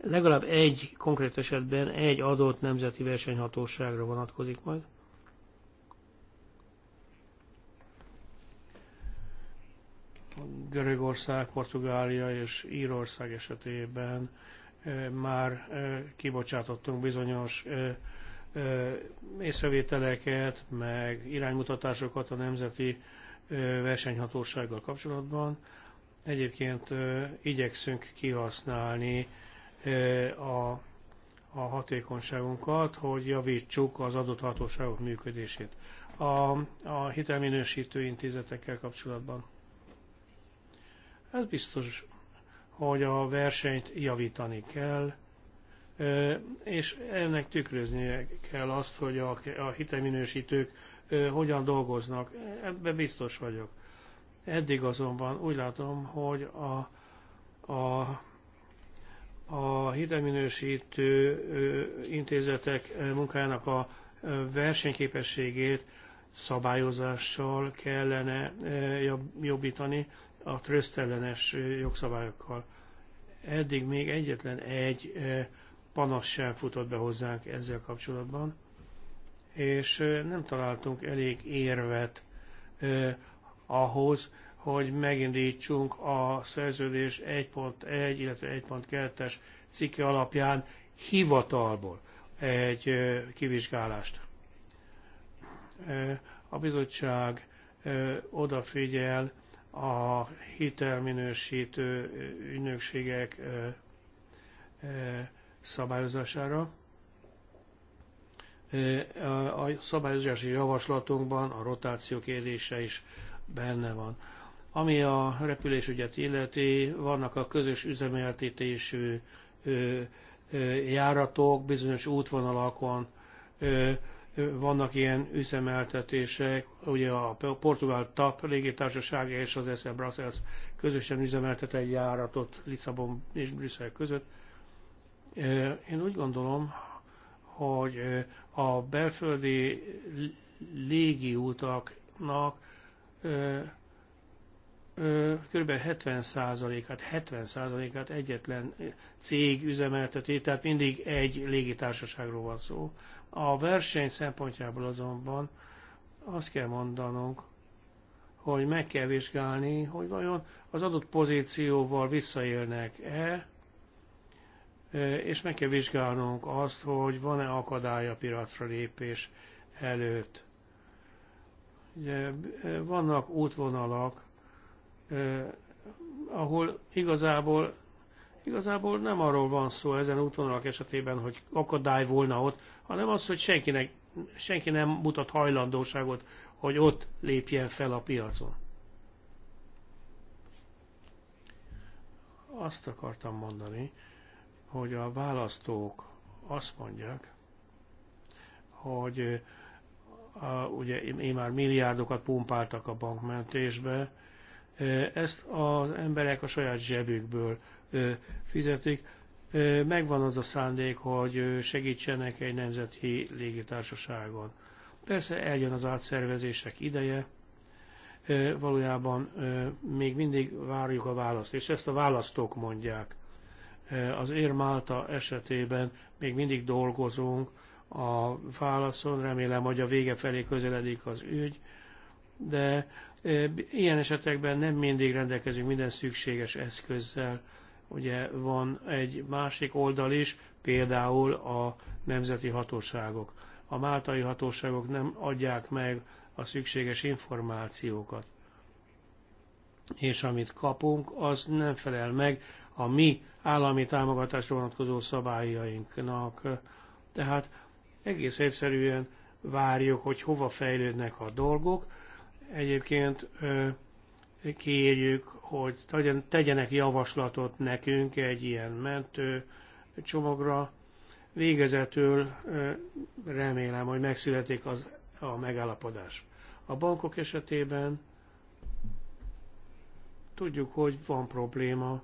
[SPEAKER 3] legalább egy konkrét esetben egy adott nemzeti versenyhatóságra vonatkozik majd. Görögország, Portugália és Írország esetében eh, már eh, kibocsátottunk bizonyos eh, észrevételeket, meg iránymutatásokat a nemzeti versenyhatósággal kapcsolatban. Egyébként igyekszünk kihasználni a, a hatékonyságunkat, hogy javítsuk az adott hatóságok működését. A, a hitelminősítő intézetekkel kapcsolatban ez biztos, hogy a versenyt javítani kell, és ennek tükröznie kell azt, hogy a hiteminősítők hogyan dolgoznak. Ebben biztos vagyok. Eddig azonban úgy látom, hogy a, a, a hiteminősítő intézetek munkájának a versenyképességét szabályozással kellene jobbítani, a trösztellenes jogszabályokkal. Eddig még egyetlen egy panasz sem futott be hozzánk ezzel kapcsolatban, és nem találtunk elég érvet ahhoz, hogy megindítsunk a szerződés 1.1, illetve 1.2-es cikke alapján hivatalból egy kivizsgálást. A bizottság odafigyel a hitelminősítő ügynökségek szabályozására. A szabályozási javaslatunkban a rotáció kérdése is benne van. Ami a repülésügyet illeti, vannak a közös üzemeltetésű járatok bizonyos útvonalakon, vannak ilyen üzemeltetések, ugye a Portugál TAP légitársaság és az SL Brussels közösen üzemeltet egy járatot Lisszabon és Brüsszel között. Én úgy gondolom, hogy a belföldi légiutaknak kb. 70%-át, 70%-át egyetlen cég üzemelteti, tehát mindig egy légitársaságról van szó. A verseny szempontjából azonban azt kell mondanunk, hogy meg kell vizsgálni, hogy vajon az adott pozícióval visszaélnek-e, és meg kell vizsgálnunk azt, hogy van-e akadály a piracra lépés előtt. Ugye, vannak útvonalak, ahol igazából, igazából nem arról van szó ezen útvonalak esetében, hogy akadály volna ott, hanem az, hogy senkinek, senki nem mutat hajlandóságot, hogy ott lépjen fel a piacon. Azt akartam mondani, hogy a választók azt mondják, hogy a, ugye én már milliárdokat pumpáltak a bankmentésbe, e, ezt az emberek a saját zsebükből e, fizetik megvan az a szándék, hogy segítsenek egy nemzeti légitársaságon. Persze eljön az átszervezések ideje, valójában még mindig várjuk a választ, és ezt a választók mondják. Az Érmálta esetében még mindig dolgozunk a válaszon, remélem, hogy a vége felé közeledik az ügy, de ilyen esetekben nem mindig rendelkezünk minden szükséges eszközzel, ugye van egy másik oldal is, például a nemzeti hatóságok. A máltai hatóságok nem adják meg a szükséges információkat. És amit kapunk, az nem felel meg a mi állami támogatásra vonatkozó szabályainknak. Tehát egész egyszerűen várjuk, hogy hova fejlődnek a dolgok. Egyébként kérjük, hogy tegyenek javaslatot nekünk egy ilyen mentő csomagra. Végezetül remélem, hogy megszületik az, a megállapodás. A bankok esetében tudjuk, hogy van probléma.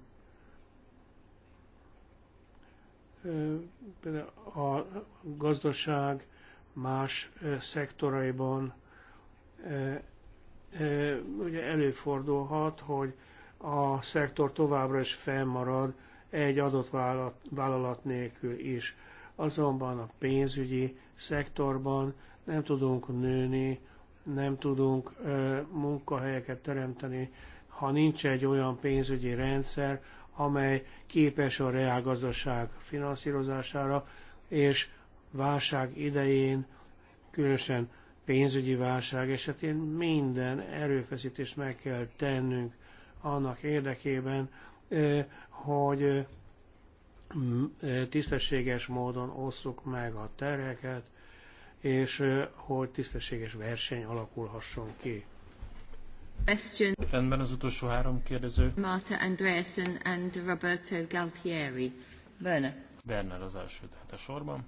[SPEAKER 3] A gazdaság más szektoraiban ugye előfordulhat, hogy a szektor továbbra is fennmarad egy adott vállalat, vállalat nélkül is. Azonban a pénzügyi szektorban nem tudunk nőni, nem tudunk ö, munkahelyeket teremteni, ha nincs egy olyan pénzügyi rendszer, amely képes a reálgazdaság finanszírozására, és válság idején, különösen pénzügyi válság esetén minden erőfeszítést meg kell tennünk annak érdekében, hogy tisztességes módon osszuk meg a tereket, és hogy tisztességes verseny alakulhasson ki.
[SPEAKER 1] Question.
[SPEAKER 2] Rendben az utolsó három kérdező.
[SPEAKER 1] Marta Andreasen and Roberto Galtieri. Werner.
[SPEAKER 2] Werner az első, tehát a sorban.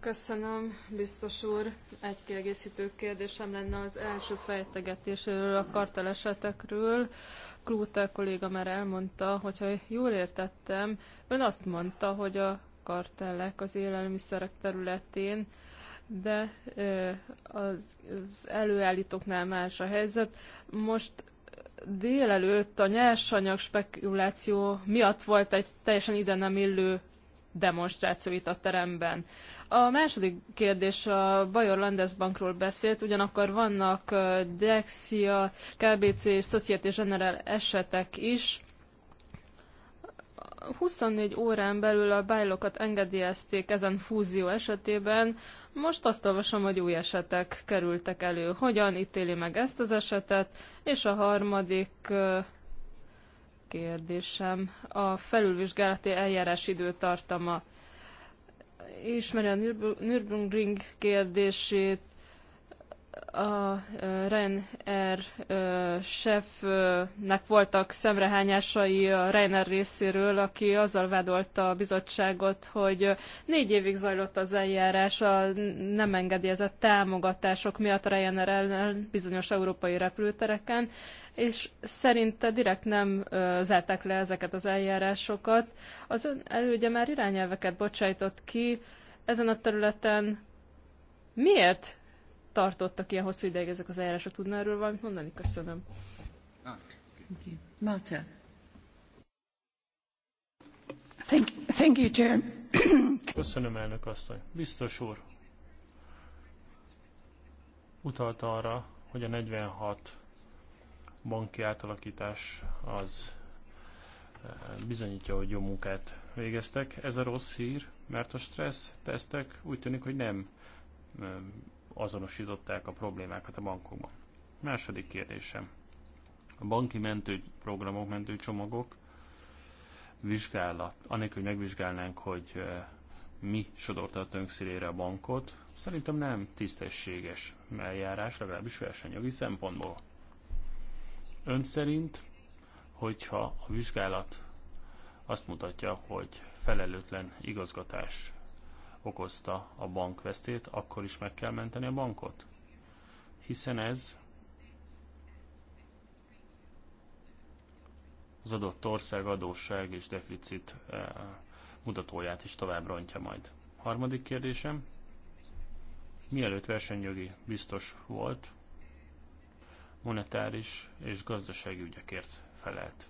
[SPEAKER 4] Köszönöm, biztos úr. Egy kiegészítő kérdésem lenne az első fejtegetéséről, a kartelesetekről. Klúte kolléga már elmondta, hogyha jól értettem, ön azt mondta, hogy a kartellek az élelmiszerek területén, de az, az előállítóknál más a helyzet. Most délelőtt a nyersanyag spekuláció miatt volt egy teljesen ide nem illő demonstrációit a teremben. A második kérdés a Bajor Landesbankról beszélt, ugyanakkor vannak Dexia, KBC és Société General esetek is. 24 órán belül a bájlokat engedélyezték ezen fúzió esetében. Most azt olvasom, hogy új esetek kerültek elő. Hogyan ítéli meg ezt az esetet? És a harmadik kérdésem a felülvizsgálati eljárás időtartama. Ismeri a Nürburgring kérdését, a Reiner sefnek voltak szemrehányásai a Reiner részéről, aki azzal vádolta a bizottságot, hogy négy évig zajlott az eljárás a nem engedélyezett támogatások miatt Reiner ellen bizonyos európai repülőtereken, és szerinte direkt nem ö, zárták le ezeket az eljárásokat. Az ön elődje már irányelveket bocsájtott ki ezen a területen. Miért tartottak ilyen hosszú ideig ezek az eljárások? Tudna erről valamit mondani? Köszönöm. Marta. Thank, thank you, Chair.
[SPEAKER 2] Köszönöm, elnök asszony. Biztos úr. Utalta arra, hogy a 46 banki átalakítás az eh, bizonyítja, hogy jó munkát végeztek. Ez a rossz hír, mert a stressz tesztek úgy tűnik, hogy nem azonosították a problémákat a bankokban. Második kérdésem. A banki mentőprogramok, mentőcsomagok vizsgálat, anélkül, hogy megvizsgálnánk, hogy eh, mi a szélére a bankot, szerintem nem tisztességes eljárás, legalábbis versenyjogi szempontból. Ön szerint, hogyha a vizsgálat azt mutatja, hogy felelőtlen igazgatás okozta a bank vesztét, akkor is meg kell menteni a bankot? Hiszen ez az adott ország adósság és deficit eh, mutatóját is tovább rontja majd. Harmadik kérdésem. Mielőtt versenyjogi biztos volt, monetáris és gazdasági ügyekért felelt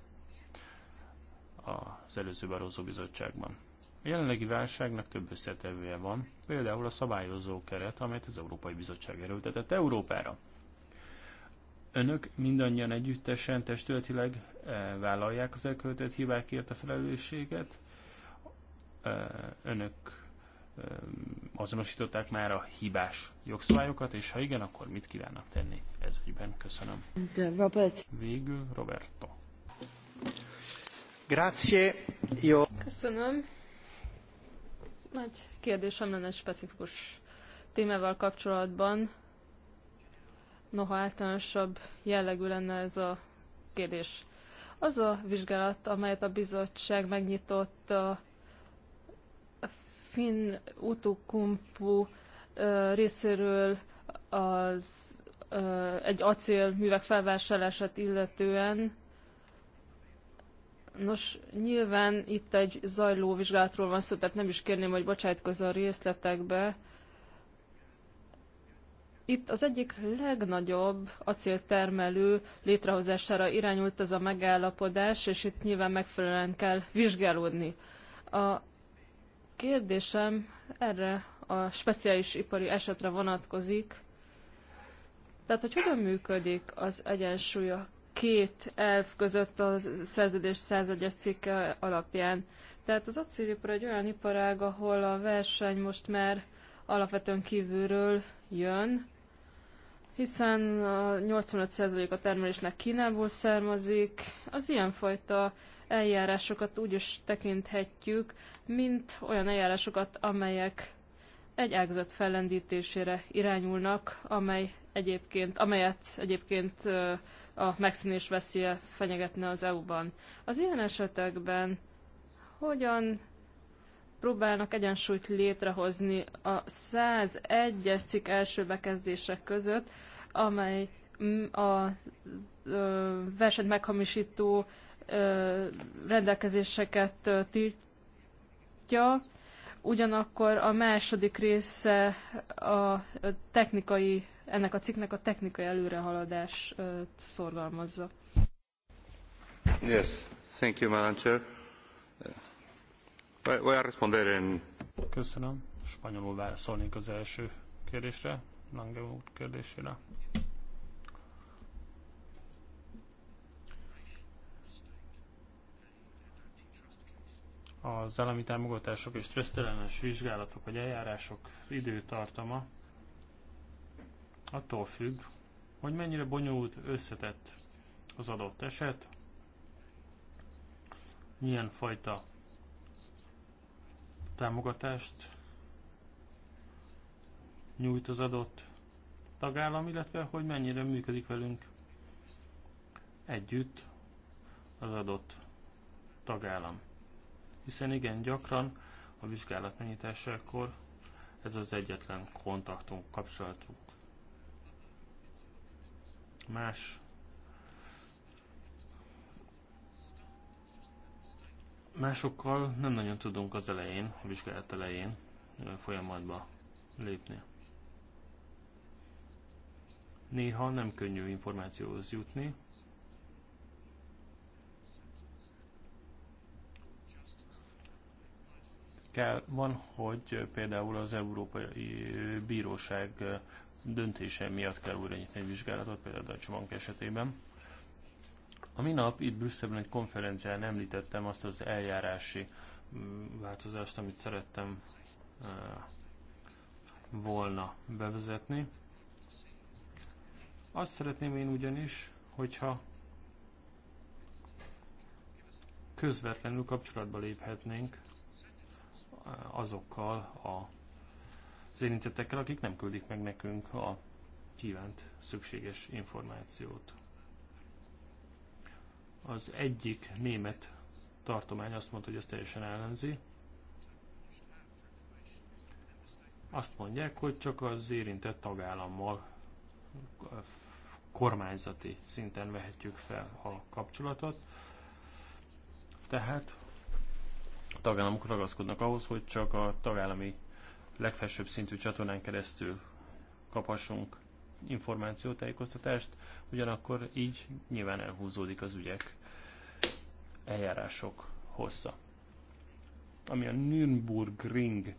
[SPEAKER 2] az előző Barózó Bizottságban. A jelenlegi válságnak több összetevője van, például a szabályozó keret, amelyet az Európai Bizottság erőltetett Európára. Önök mindannyian együttesen, testületileg eh, vállalják az elköltött hibákért a felelősséget. Eh, önök azonosították már a hibás jogszabályokat, és ha igen, akkor mit kívánnak tenni ez ügyben? Köszönöm. De Robert. Végül Roberto. Grazie. Jó.
[SPEAKER 4] Köszönöm. Nagy kérdésem lenne egy specifikus témával kapcsolatban. Noha általánosabb jellegű lenne ez a kérdés. Az a vizsgálat, amelyet a bizottság megnyitott a Finn Utukumpu részéről az, egy művek felvásárlását illetően. Nos, nyilván itt egy zajló vizsgálatról van szó, tehát nem is kérném, hogy bocsájtkozz a részletekbe. Itt az egyik legnagyobb acéltermelő létrehozására irányult ez a megállapodás, és itt nyilván megfelelően kell vizsgálódni. A kérdésem erre a speciális ipari esetre vonatkozik. Tehát, hogy hogyan működik az egyensúly a két elv között a szerződés 101-es cikke alapján. Tehát az acélipar egy olyan iparág, ahol a verseny most már alapvetően kívülről jön, hiszen 85% a termelésnek Kínából származik. Az ilyenfajta eljárásokat úgy is tekinthetjük, mint olyan eljárásokat, amelyek egy ágazat fellendítésére irányulnak, amely egyébként, amelyet egyébként a megszűnés veszélye fenyegetne az EU-ban. Az ilyen esetekben hogyan próbálnak egyensúlyt létrehozni a 101-es cikk első bekezdések között, amely a versenyt meghamisító rendelkezéseket tiltja, ugyanakkor a második része a technikai, ennek a cikknek a technikai előrehaladást szorgalmazza.
[SPEAKER 3] Yes, thank you, Madam Chair.
[SPEAKER 2] Voy a responder en... Köszönöm. Spanyolul válaszolnék az első kérdésre, Lange úr kérdésére. az állami támogatások és stressztelenes vizsgálatok vagy eljárások időtartama attól függ, hogy mennyire bonyolult, összetett az adott eset, milyen fajta támogatást nyújt az adott tagállam, illetve hogy mennyire működik velünk együtt az adott tagállam hiszen igen gyakran a vizsgálat megnyitásakor ez az egyetlen kontaktunk, kapcsolatunk. Más másokkal nem nagyon tudunk az elején, a vizsgálat elején folyamatba lépni. Néha nem könnyű információhoz jutni, kell, van, hogy például az Európai Bíróság döntése miatt kell újra nyitni egy vizsgálatot, például a Deutsche esetében. A minap itt Brüsszelben egy konferencián említettem azt az eljárási mm, változást, amit szerettem volna bevezetni. Azt szeretném én ugyanis, hogyha közvetlenül kapcsolatba léphetnénk azokkal a, az érintettekkel, akik nem küldik meg nekünk a kívánt szükséges információt. Az egyik német tartomány azt mondta, hogy ezt teljesen ellenzi. Azt mondják, hogy csak az érintett tagállammal kormányzati szinten vehetjük fel a kapcsolatot. Tehát tagállamok ragaszkodnak ahhoz, hogy csak a tagállami legfelsőbb szintű csatornán keresztül kaphassunk információtájékoztatást, ugyanakkor így nyilván elhúzódik az ügyek eljárások hossza. Ami a Nürburgring eh,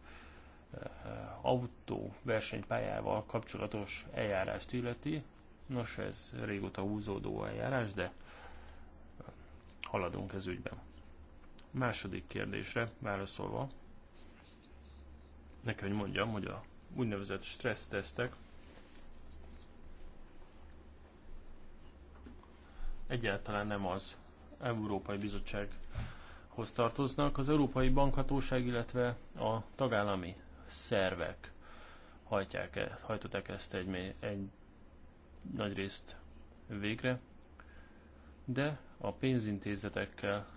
[SPEAKER 2] autó versenypályával kapcsolatos eljárást illeti, nos ez régóta húzódó eljárás, de haladunk ez ügyben. Második kérdésre válaszolva, nekem hogy mondjam, hogy a úgynevezett stressztesztek egyáltalán nem az Európai Bizottsághoz tartoznak. Az Európai Bankhatóság, illetve a tagállami szervek hajtják -e, hajtották ezt egy, egy nagy részt végre, de a pénzintézetekkel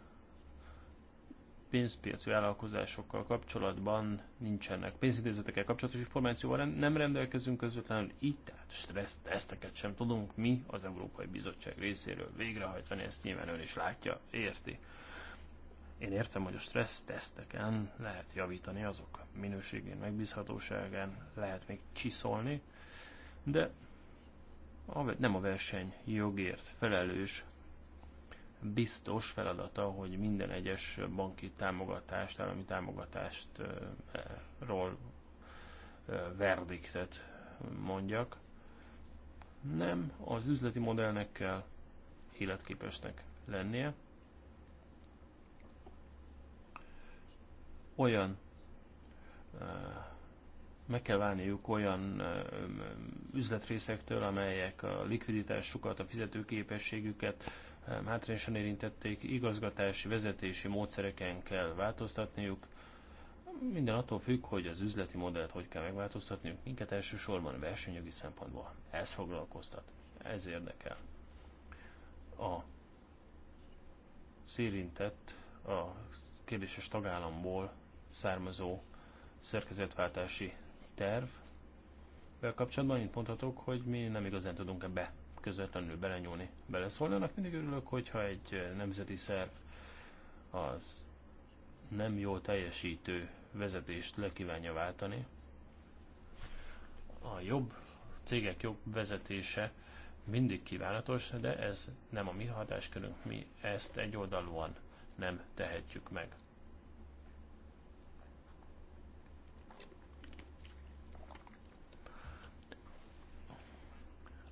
[SPEAKER 2] pénzpiaci vállalkozásokkal kapcsolatban nincsenek pénzintézetekkel kapcsolatos információval nem, nem rendelkezünk közvetlenül, így tehát stressz teszteket sem tudunk mi az Európai Bizottság részéről végrehajtani, ezt nyilván ön is látja, érti. Én értem, hogy a stressz teszteken lehet javítani azok minőségén, megbízhatóságán, lehet még csiszolni, de a, nem a verseny jogért felelős biztos feladata, hogy minden egyes banki támogatást, állami támogatást e, ról verdiktet mondjak. Nem, az üzleti modellnek kell életképesnek lennie. Olyan meg kell válniuk olyan üzletrészektől, amelyek a likviditásukat, a fizetőképességüket, hátrányosan érintették, igazgatási, vezetési módszereken kell változtatniuk. Minden attól függ, hogy az üzleti modellt hogy kell megváltoztatniuk. Minket elsősorban versenyjogi szempontból ez foglalkoztat. Ez érdekel. A szérintett, a kérdéses tagállamból származó szerkezetváltási terv kapcsolatban annyit mondhatok, hogy mi nem igazán tudunk ebbe közvetlenül belenyúlni, beleszólnának. Mindig örülök, hogyha egy nemzeti szerv az nem jól teljesítő vezetést lekívánja váltani. A jobb cégek jobb vezetése mindig kívánatos, de ez nem a mi hatáskörünk, mi ezt egyoldalúan nem tehetjük meg.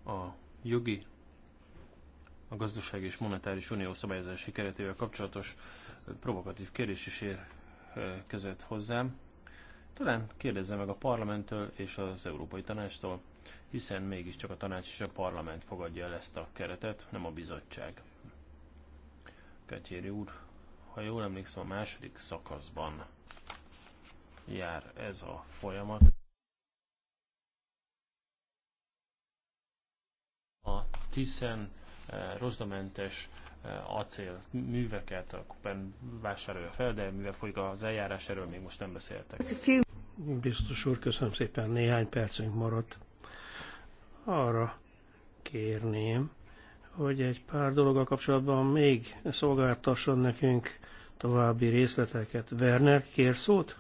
[SPEAKER 2] A jogi, a gazdaság és monetáris unió szabályozási keretével kapcsolatos provokatív kérdés is érkezett hozzám. Talán kérdezze meg a parlamenttől és az Európai Tanácstól, hiszen mégiscsak a tanács és a parlament fogadja el ezt a keretet, nem a bizottság. Ketyéri úr, ha jól emlékszem, a második szakaszban jár ez a folyamat. Tiszen eh, rozdamentes eh, acél műveket a Kupen vásárolja fel, de mivel folyik az eljárás, erről még most nem beszéltek.
[SPEAKER 3] Biztos úr, köszönöm szépen, néhány percünk maradt. Arra kérném, hogy egy pár a kapcsolatban még szolgáltasson nekünk további részleteket. Werner, kér szót?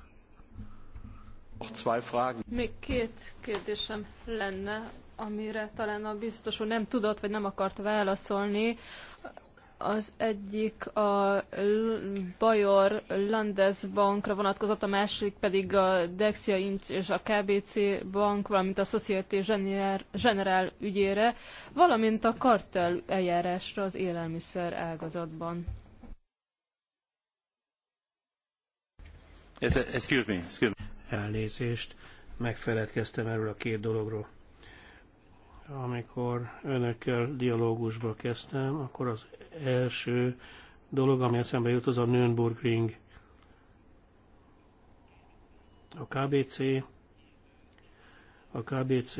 [SPEAKER 4] Még két kérdésem lenne amire talán a biztos úr nem tudott, vagy nem akart válaszolni. Az egyik a Bajor Landesbankra vonatkozott, a másik pedig a Dexia Inc. és a KBC Bank, valamint a Société General ügyére, valamint a kartel eljárásra az élelmiszer ágazatban.
[SPEAKER 2] Excuse me, excuse
[SPEAKER 3] me. Elnézést, megfeledkeztem erről a két dologról amikor önökkel dialógusba kezdtem, akkor az első dolog, ami eszembe jut, az a Nürnbergring. A KBC, a KBC,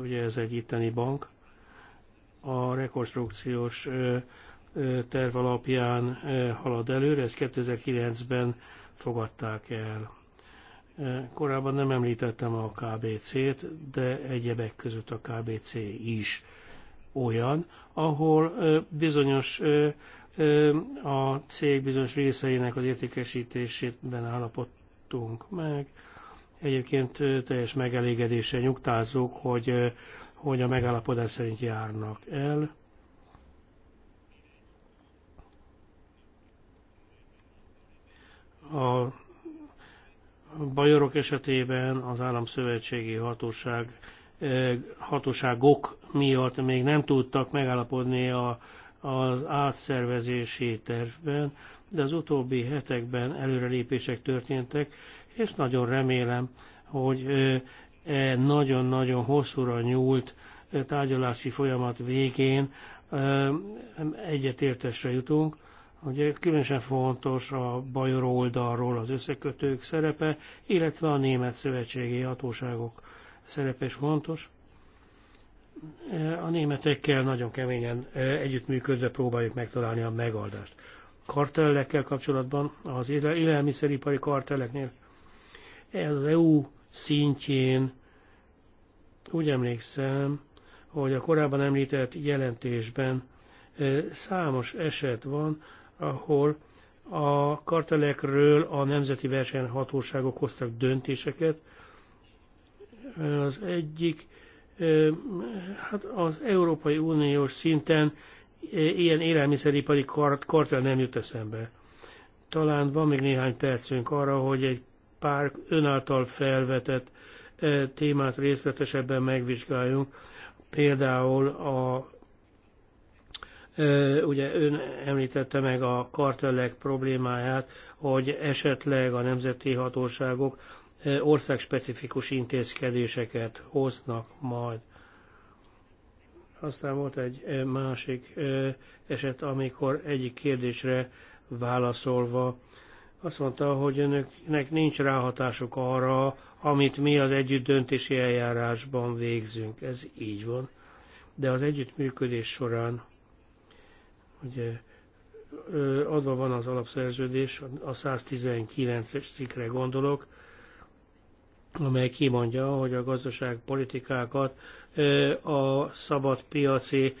[SPEAKER 3] ugye ez egy itteni bank, a rekonstrukciós terv alapján halad előre, ezt 2009-ben fogadták el. Korábban nem említettem a KBC-t, de egyebek között a KBC is olyan, ahol bizonyos a cég bizonyos részeinek az értékesítésében állapodtunk meg. Egyébként teljes megelégedéssel nyugtázzuk, hogy, hogy a megállapodás szerint járnak el. A Bajorok esetében az államszövetségi hatóság, eh, hatóságok miatt még nem tudtak megállapodni a, az átszervezési tervben, de az utóbbi hetekben előrelépések történtek, és nagyon remélem, hogy eh, e nagyon-nagyon hosszúra nyúlt eh, tárgyalási folyamat végén egyetértésre jutunk. Ugye különösen fontos a bajor oldalról az összekötők szerepe, illetve a német szövetségi hatóságok szerepe is fontos. E, a németekkel nagyon keményen e, együttműködve próbáljuk megtalálni a megoldást. Kartellekkel kapcsolatban, az élelmiszeripari kartelleknél, az EU szintjén úgy emlékszem, hogy a korábban említett jelentésben e, számos eset van, ahol a kartelekről a nemzeti versenyhatóságok hoztak döntéseket. Az egyik, hát az Európai Uniós szinten ilyen élelmiszeripari kartel nem jut eszembe. Talán van még néhány percünk arra, hogy egy pár önáltal felvetett témát részletesebben megvizsgáljunk, például a Ugye ön említette meg a kartellek problémáját, hogy esetleg a nemzeti hatóságok országspecifikus intézkedéseket hoznak majd. Aztán volt egy másik eset, amikor egyik kérdésre válaszolva azt mondta, hogy önöknek nincs ráhatásuk arra, amit mi az együtt döntési eljárásban végzünk. Ez így van. De az együttműködés során Ugye adva van az alapszerződés, a 119-es cikre gondolok, amely kimondja, hogy a gazdaságpolitikákat a szabad piaci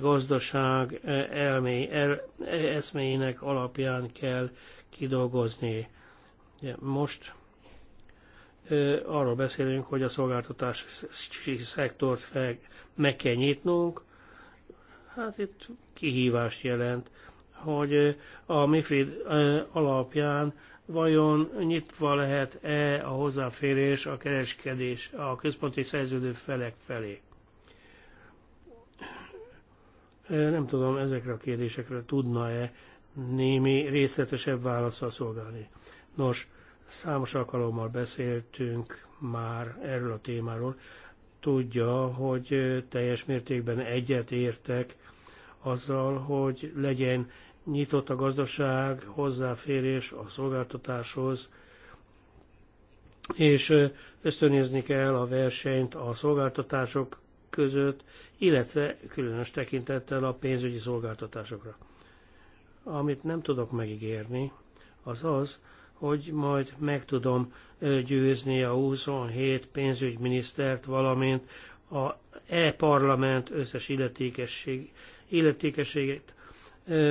[SPEAKER 3] gazdaság elmény, el, eszméinek alapján kell kidolgozni. Most arról beszélünk, hogy a szolgáltatási szektort fel, meg kell nyitnunk, Hát itt kihívást jelent, hogy a MIFID alapján vajon nyitva lehet-e a hozzáférés, a kereskedés a központi szerződő felek felé. Nem tudom, ezekre a kérdésekre tudna-e némi részletesebb válaszsal szolgálni. Nos, számos alkalommal beszéltünk már erről a témáról tudja, hogy teljes mértékben egyet értek azzal, hogy legyen nyitott a gazdaság, hozzáférés a szolgáltatáshoz, és ösztönözni kell a versenyt a szolgáltatások között, illetve különös tekintettel a pénzügyi szolgáltatásokra. Amit nem tudok megígérni, az az, hogy majd meg tudom győzni a 27 pénzügyminisztert, valamint a e-parlament összes illetékesség, illetékességét,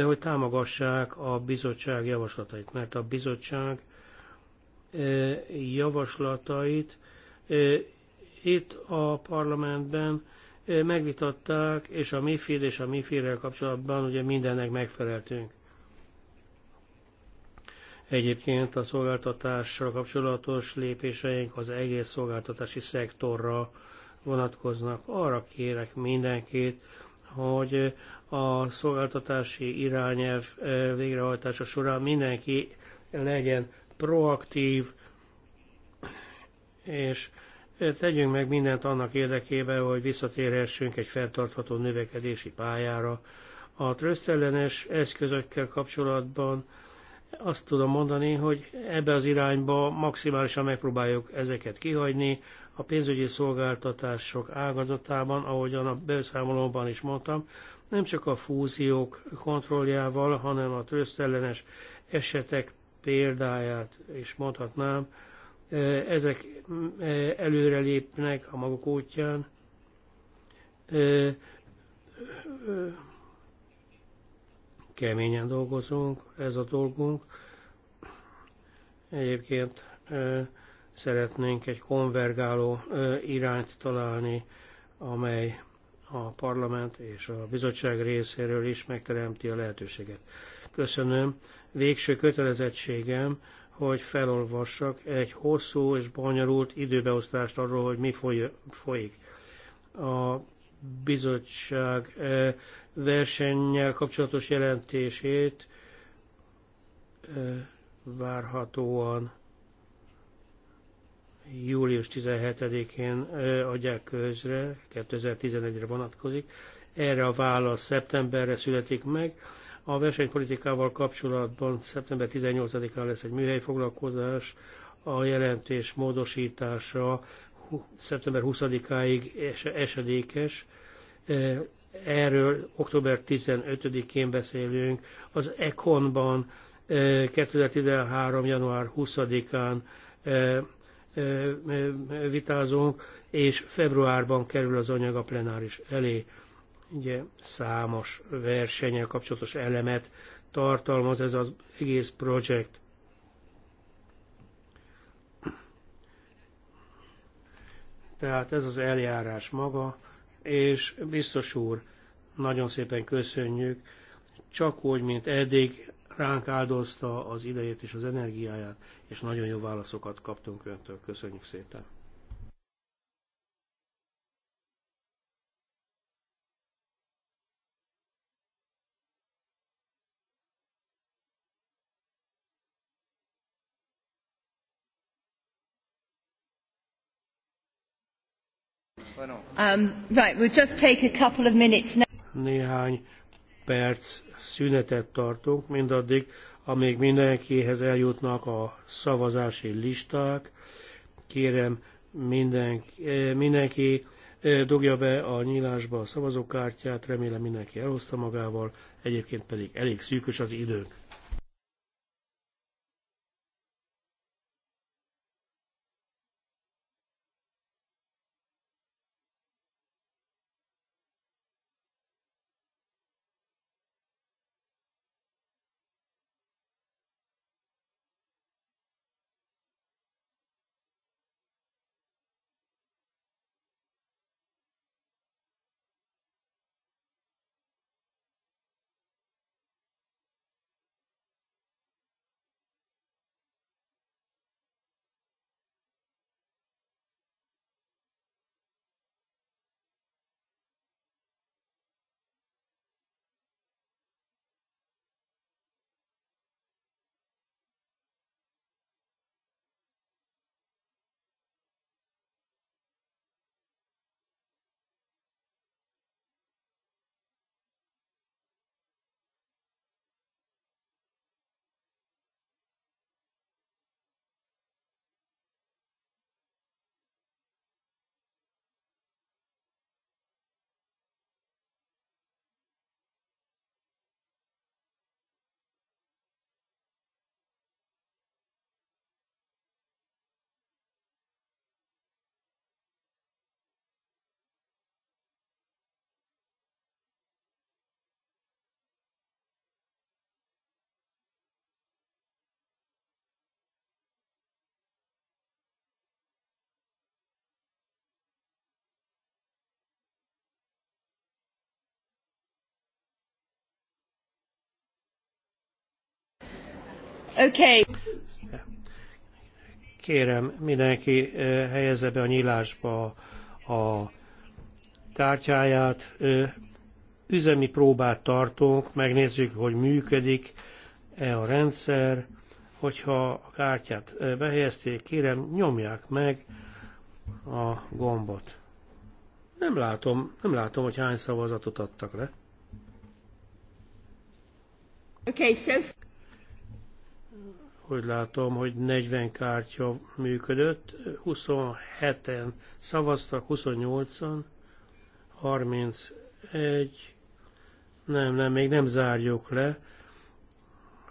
[SPEAKER 3] hogy támogassák a bizottság javaslatait, mert a bizottság javaslatait itt a parlamentben megvitatták, és a MIFID és a MIFIR-rel kapcsolatban ugye mindennek megfeleltünk. Egyébként a szolgáltatásra kapcsolatos lépéseink az egész szolgáltatási szektorra vonatkoznak. Arra kérek mindenkit, hogy a szolgáltatási irányelv eh, végrehajtása során mindenki legyen proaktív, és eh, tegyünk meg mindent annak érdekében, hogy visszatérhessünk egy fenntartható növekedési pályára. A trösztellenes eszközökkel kapcsolatban azt tudom mondani, hogy ebbe az irányba maximálisan megpróbáljuk ezeket kihagyni. A pénzügyi szolgáltatások ágazatában, ahogyan a beszámolóban is mondtam, nem csak a fúziók kontrolljával, hanem a trösztellenes esetek példáját is mondhatnám, ezek előrelépnek a maguk útján keményen dolgozunk, ez a dolgunk. Egyébként szeretnénk egy konvergáló irányt találni, amely a parlament és a bizottság részéről is megteremti a lehetőséget. Köszönöm. Végső kötelezettségem, hogy felolvassak egy hosszú és bonyolult időbeosztást arról, hogy mi folyik. A bizottság versennyel kapcsolatos jelentését várhatóan július 17-én adják közre, 2011-re vonatkozik. Erre a válasz szeptemberre születik meg. A versenypolitikával kapcsolatban szeptember 18-án lesz egy műhelyfoglalkozás, a jelentés módosítása szeptember 20-áig esedékes. Erről október 15-én beszélünk. Az Econban 2013. január 20-án vitázunk, és februárban kerül az anyag a plenáris elé. Ugye számos versenyel kapcsolatos elemet tartalmaz ez az egész projekt. Tehát ez az eljárás maga, és biztos úr, nagyon szépen köszönjük, csak úgy, mint eddig ránk áldozta az idejét és az energiáját, és nagyon jó válaszokat kaptunk öntől. Köszönjük szépen!
[SPEAKER 1] Um,
[SPEAKER 3] Néhány perc szünetet tartunk, mindaddig, amíg mindenkihez eljutnak a szavazási listák. Kérem, eh, mindenki, mindenki eh, dugja be a nyílásba a szavazókártyát, remélem mindenki elhozta magával, egyébként pedig elég szűkös az időnk. Okay. Kérem, mindenki eh, helyezze be a nyílásba a tárgyáját. Eh, üzemi próbát tartunk, megnézzük, hogy működik-e a rendszer. Hogyha a kártyát eh, behelyezték, kérem, nyomják meg a gombot. Nem látom, nem látom, hogy hány szavazatot adtak le. Okay, so hogy látom, hogy 40 kártya működött, 27-en szavaztak, 28-an, 31, nem, nem, még nem zárjuk le,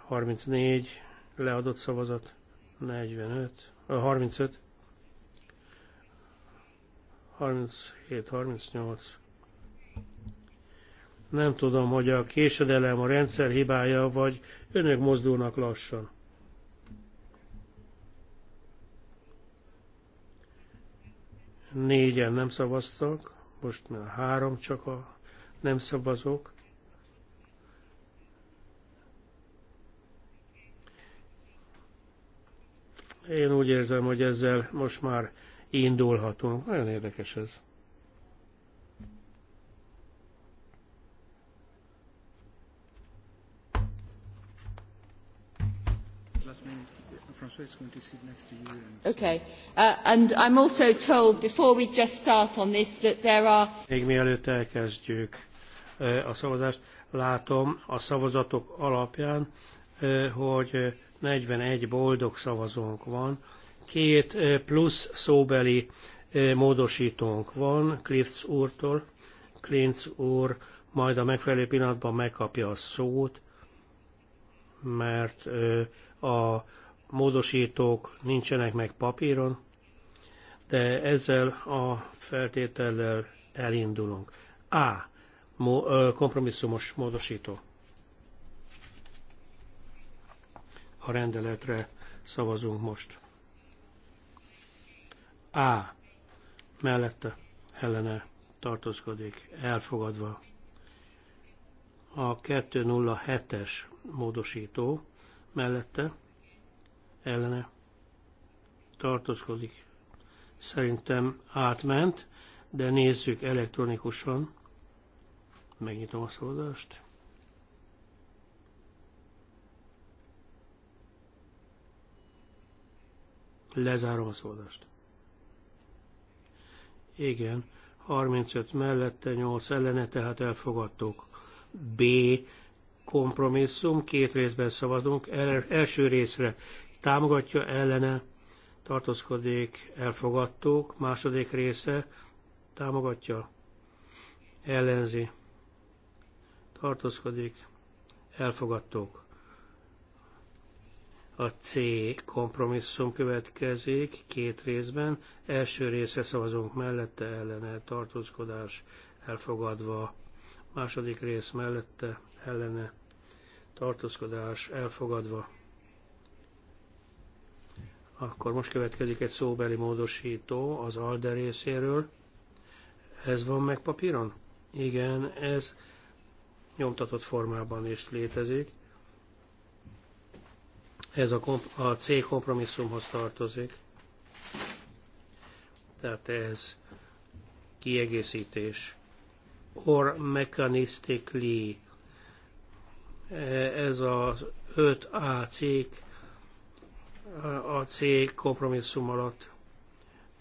[SPEAKER 3] 34 leadott szavazat, 45, 35, 37, 38. Nem tudom, hogy a késedelem a rendszer hibája, vagy önök mozdulnak lassan. Négyen nem szavaztak, most már három csak a nem szavazók. Én úgy érzem, hogy ezzel most már indulhatunk. Nagyon érdekes ez.
[SPEAKER 1] Francois is going to sit next to you. And... Okay. Uh, and I'm also told, before we just start on this, that there are...
[SPEAKER 3] Még mielőtt elkezdjük uh, a szavazást, látom a szavazatok alapján, uh, hogy 41 uh, boldog szavazónk van, két plusz szóbeli módosítónk van Klintz úrtól. Klintz úr majd a megfelelő pillanatban megkapja a szót, mert a módosítók nincsenek meg papíron, de ezzel a feltétellel elindulunk. A. Kompromisszumos módosító. A rendeletre szavazunk most. A. Mellette ellene tartózkodik, elfogadva. A 207-es módosító mellette ellene tartózkodik. Szerintem átment, de nézzük elektronikusan. Megnyitom a szavazást. Lezárom a szavazást. Igen, 35 mellette, 8 ellene, tehát elfogadtuk. B kompromisszum, két részben szavazunk. El, első részre támogatja ellene, tartózkodik, elfogadtuk, második része, támogatja, ellenzi, tartózkodik, elfogadtuk. A C kompromisszum következik két részben. Első része szavazunk mellette ellene tartózkodás elfogadva. Második rész mellette ellene tartózkodás elfogadva. Akkor most következik egy szóbeli módosító az ALDE részéről. Ez van meg papíron? Igen, ez nyomtatott formában is létezik. Ez a, komp- a C kompromisszumhoz tartozik. Tehát ez kiegészítés. Or mechanistically. E- ez az 5A cikk a C kompromisszum alatt.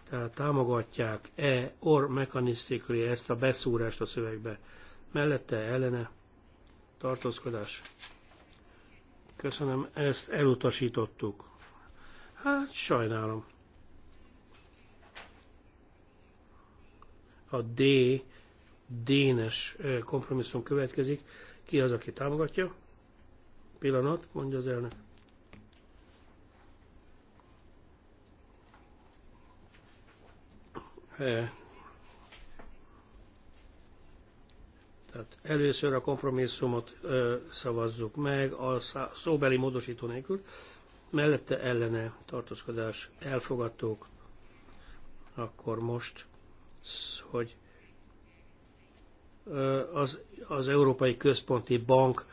[SPEAKER 3] Tehát támogatják-e or mechanistically ezt a beszúrást a szövegbe. Mellette ellene tartózkodás. Köszönöm, ezt elutasítottuk. Hát sajnálom. A D dénes kompromisszum következik. Ki az, aki támogatja? Pillanat, mondja az elnök. Tehát először a kompromisszumot szavazzuk meg a szóbeli módosító nélkül, mellette ellene tartózkodás elfogadtuk, akkor most, hogy az, az Európai Központi Bank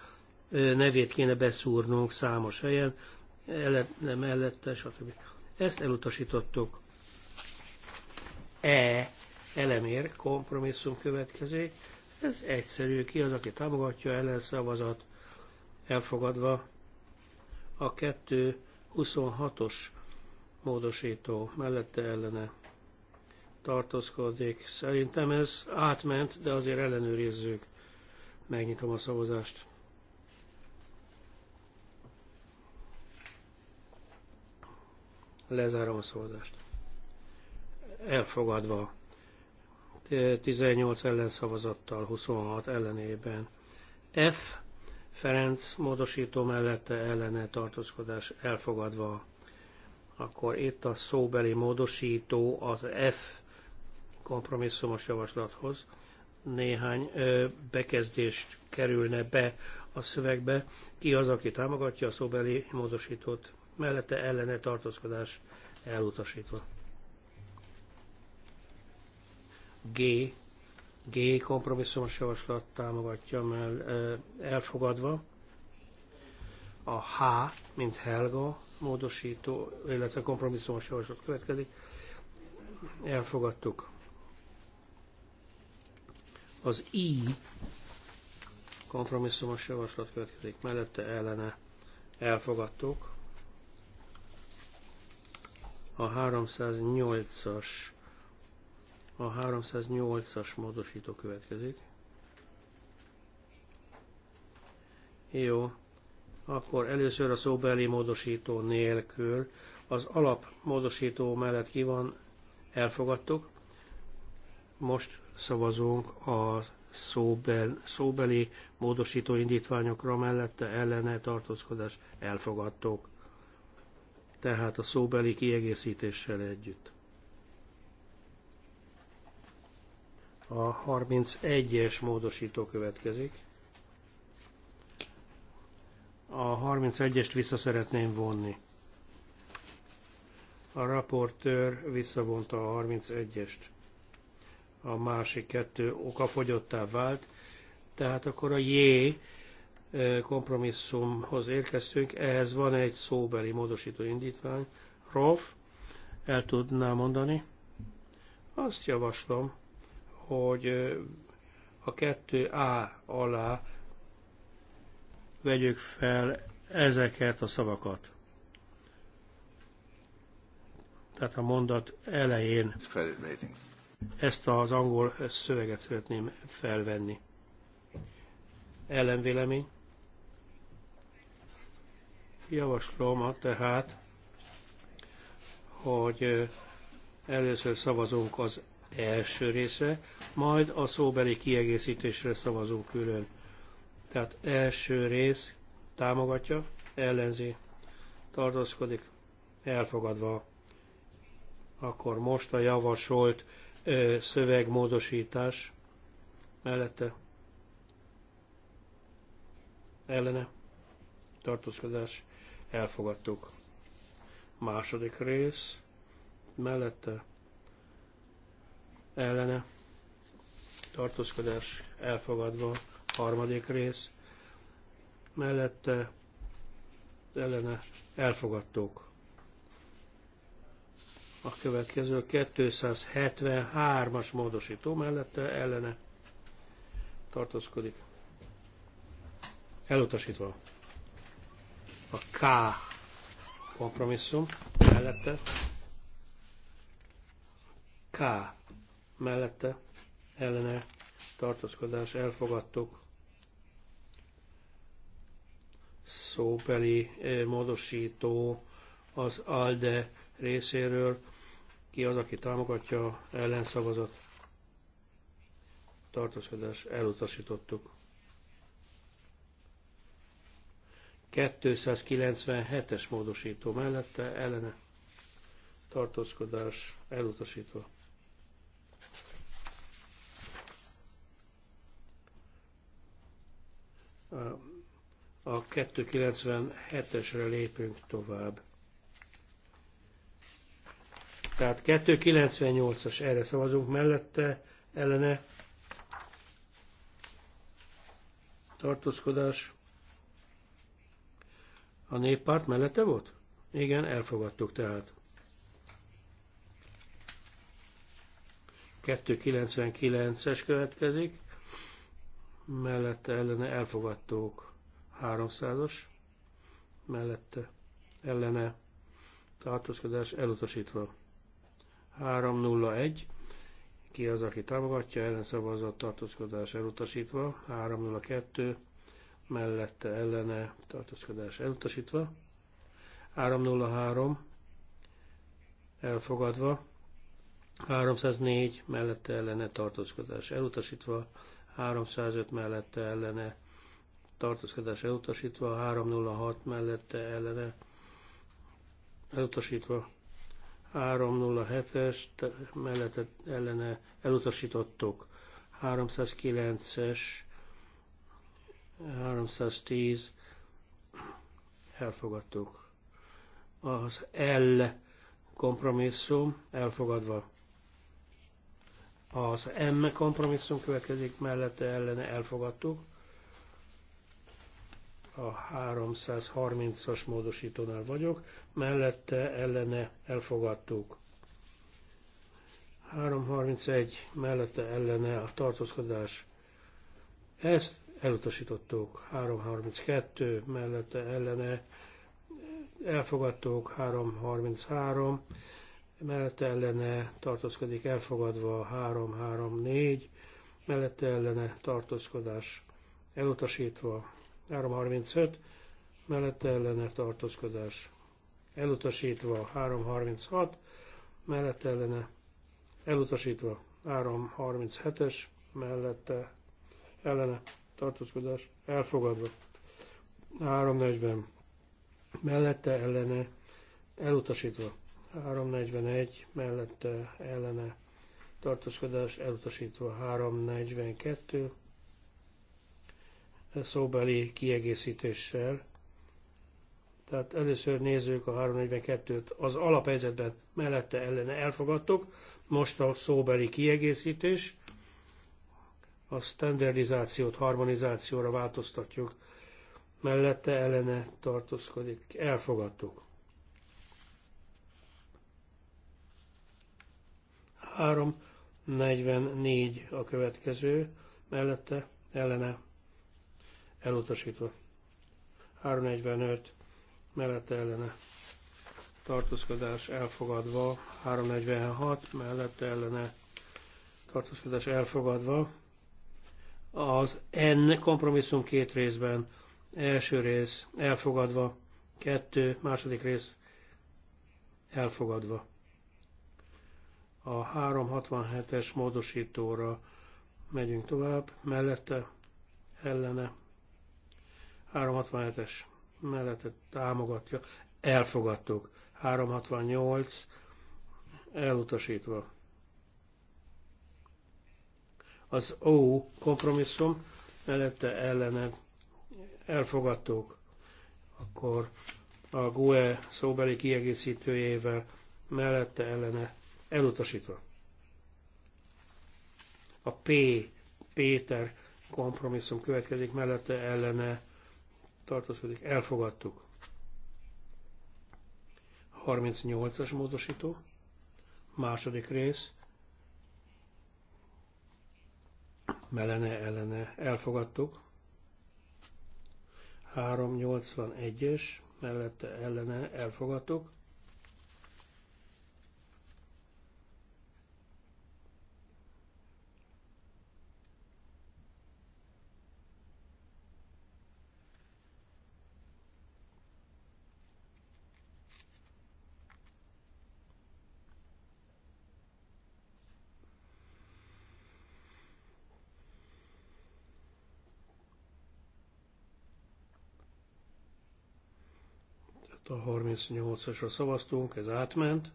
[SPEAKER 3] nevét kéne beszúrnunk számos helyen, ellene, mellette, stb. Ezt elutasítottuk. E elemér kompromisszum következik. Ez egyszerű, ki az, aki támogatja, ellenszavazat elfogadva. A 226-os módosító mellette ellene tartózkodik. Szerintem ez átment, de azért ellenőrizzük. Megnyitom a szavazást. Lezárom a szavazást elfogadva 18 ellenszavazattal, 26 ellenében. F. Ferenc módosító mellette ellene tartózkodás elfogadva. Akkor itt a szóbeli módosító az F kompromisszumos javaslathoz. Néhány ö, bekezdést kerülne be a szövegbe. Ki az, aki támogatja a szóbeli módosítót? Mellette ellene tartózkodás elutasítva. G, G kompromisszumos javaslat támogatja mert elfogadva. A H, mint Helga, módosító, illetve kompromisszumos javaslat következik. Elfogadtuk. Az I kompromisszumos javaslat következik, mellette ellene elfogadtuk. A 308-as a 308-as módosító következik. Jó, akkor először a szóbeli módosító nélkül az alap módosító mellett ki van, elfogadtuk. Most szavazunk a szóbel, szóbeli módosító indítványokra mellette ellene tartózkodás elfogadtuk. Tehát a szóbeli kiegészítéssel együtt. A 31-es módosító következik. A 31-est vissza szeretném vonni. A raportőr visszavonta a 31-est. A másik kettő okafogyottá vált, tehát akkor a J kompromisszumhoz érkeztünk, ehhez van egy szóbeli módosító indítvány, ROF, el tudná mondani? Azt javaslom, hogy a 2A alá vegyük fel ezeket a szavakat. Tehát a mondat elején ezt az angol szöveget szeretném felvenni. Ellenvélemény? Javaslom tehát, hogy először szavazunk az első része, majd a szóbeli kiegészítésre szavazunk külön. Tehát első rész támogatja, ellenzi, tartózkodik, elfogadva. Akkor most a javasolt ö, szövegmódosítás mellette ellene tartózkodás elfogadtuk. Második rész mellette ellene tartózkodás elfogadva, harmadik rész mellette ellene elfogadtók. A következő 273-as módosító mellette ellene tartózkodik. Elutasítva. A K kompromisszum mellette K mellette ellene tartózkodás elfogadtuk. Szóbeli módosító az ALDE részéről. Ki az, aki támogatja ellenszavazat? Tartózkodás elutasítottuk. 297-es módosító mellette ellene tartózkodás elutasítva. a 297-esre lépünk tovább. Tehát 298-as erre szavazunk mellette, ellene tartózkodás. A néppárt mellette volt? Igen, elfogadtuk tehát. 299-es következik mellette ellene elfogadtók 300-as, mellette ellene tartózkodás elutasítva. 301, ki az, aki támogatja, szavazott tartózkodás elutasítva. 302, mellette ellene tartózkodás elutasítva. 303, elfogadva. 304, mellette ellene tartózkodás elutasítva. 305 mellette ellene tartózkodás elutasítva, 306 mellette ellene elutasítva, 307-es mellette ellene elutasítottuk, 309-es, 310 elfogadtuk. Az L kompromisszum elfogadva. Az M kompromisszum következik, mellette ellene elfogadtuk. A 330-as módosítónál vagyok, mellette ellene elfogadtuk. 331 mellette ellene a tartózkodás. Ezt elutasítottuk. 332 mellette ellene elfogadtuk. 333 mellette ellene tartózkodik elfogadva 334, mellette ellene tartózkodás elutasítva 335, mellette ellene tartózkodás elutasítva 336, mellette ellene elutasítva 337-es, mellette ellene tartózkodás elfogadva 340, mellette ellene elutasítva 341 mellette ellene tartózkodás elutasítva 342 szóbeli kiegészítéssel. Tehát először nézzük a 342-t, az alaphelyzetben mellette ellene elfogadtuk, most a szóbeli kiegészítés, a standardizációt harmonizációra változtatjuk, mellette ellene tartózkodik, elfogadtuk. 344 a következő, mellette ellene elutasítva. 345 mellette ellene tartózkodás elfogadva, 346 mellette ellene tartózkodás elfogadva. Az N kompromisszum két részben, első rész elfogadva, kettő, második rész elfogadva a 367-es módosítóra megyünk tovább, mellette, ellene, 367-es mellette támogatja, elfogadtuk, 368 elutasítva. Az O kompromisszum mellette ellene elfogadtuk, akkor a GUE szóbeli kiegészítőjével mellette ellene elutasítva. A P, Péter kompromisszum következik, mellette ellene tartozkodik. elfogadtuk. 38-as módosító, második rész, mellene ellene elfogadtuk. 381-es, mellette ellene elfogadtuk. 38-asra szavaztunk, ez átment,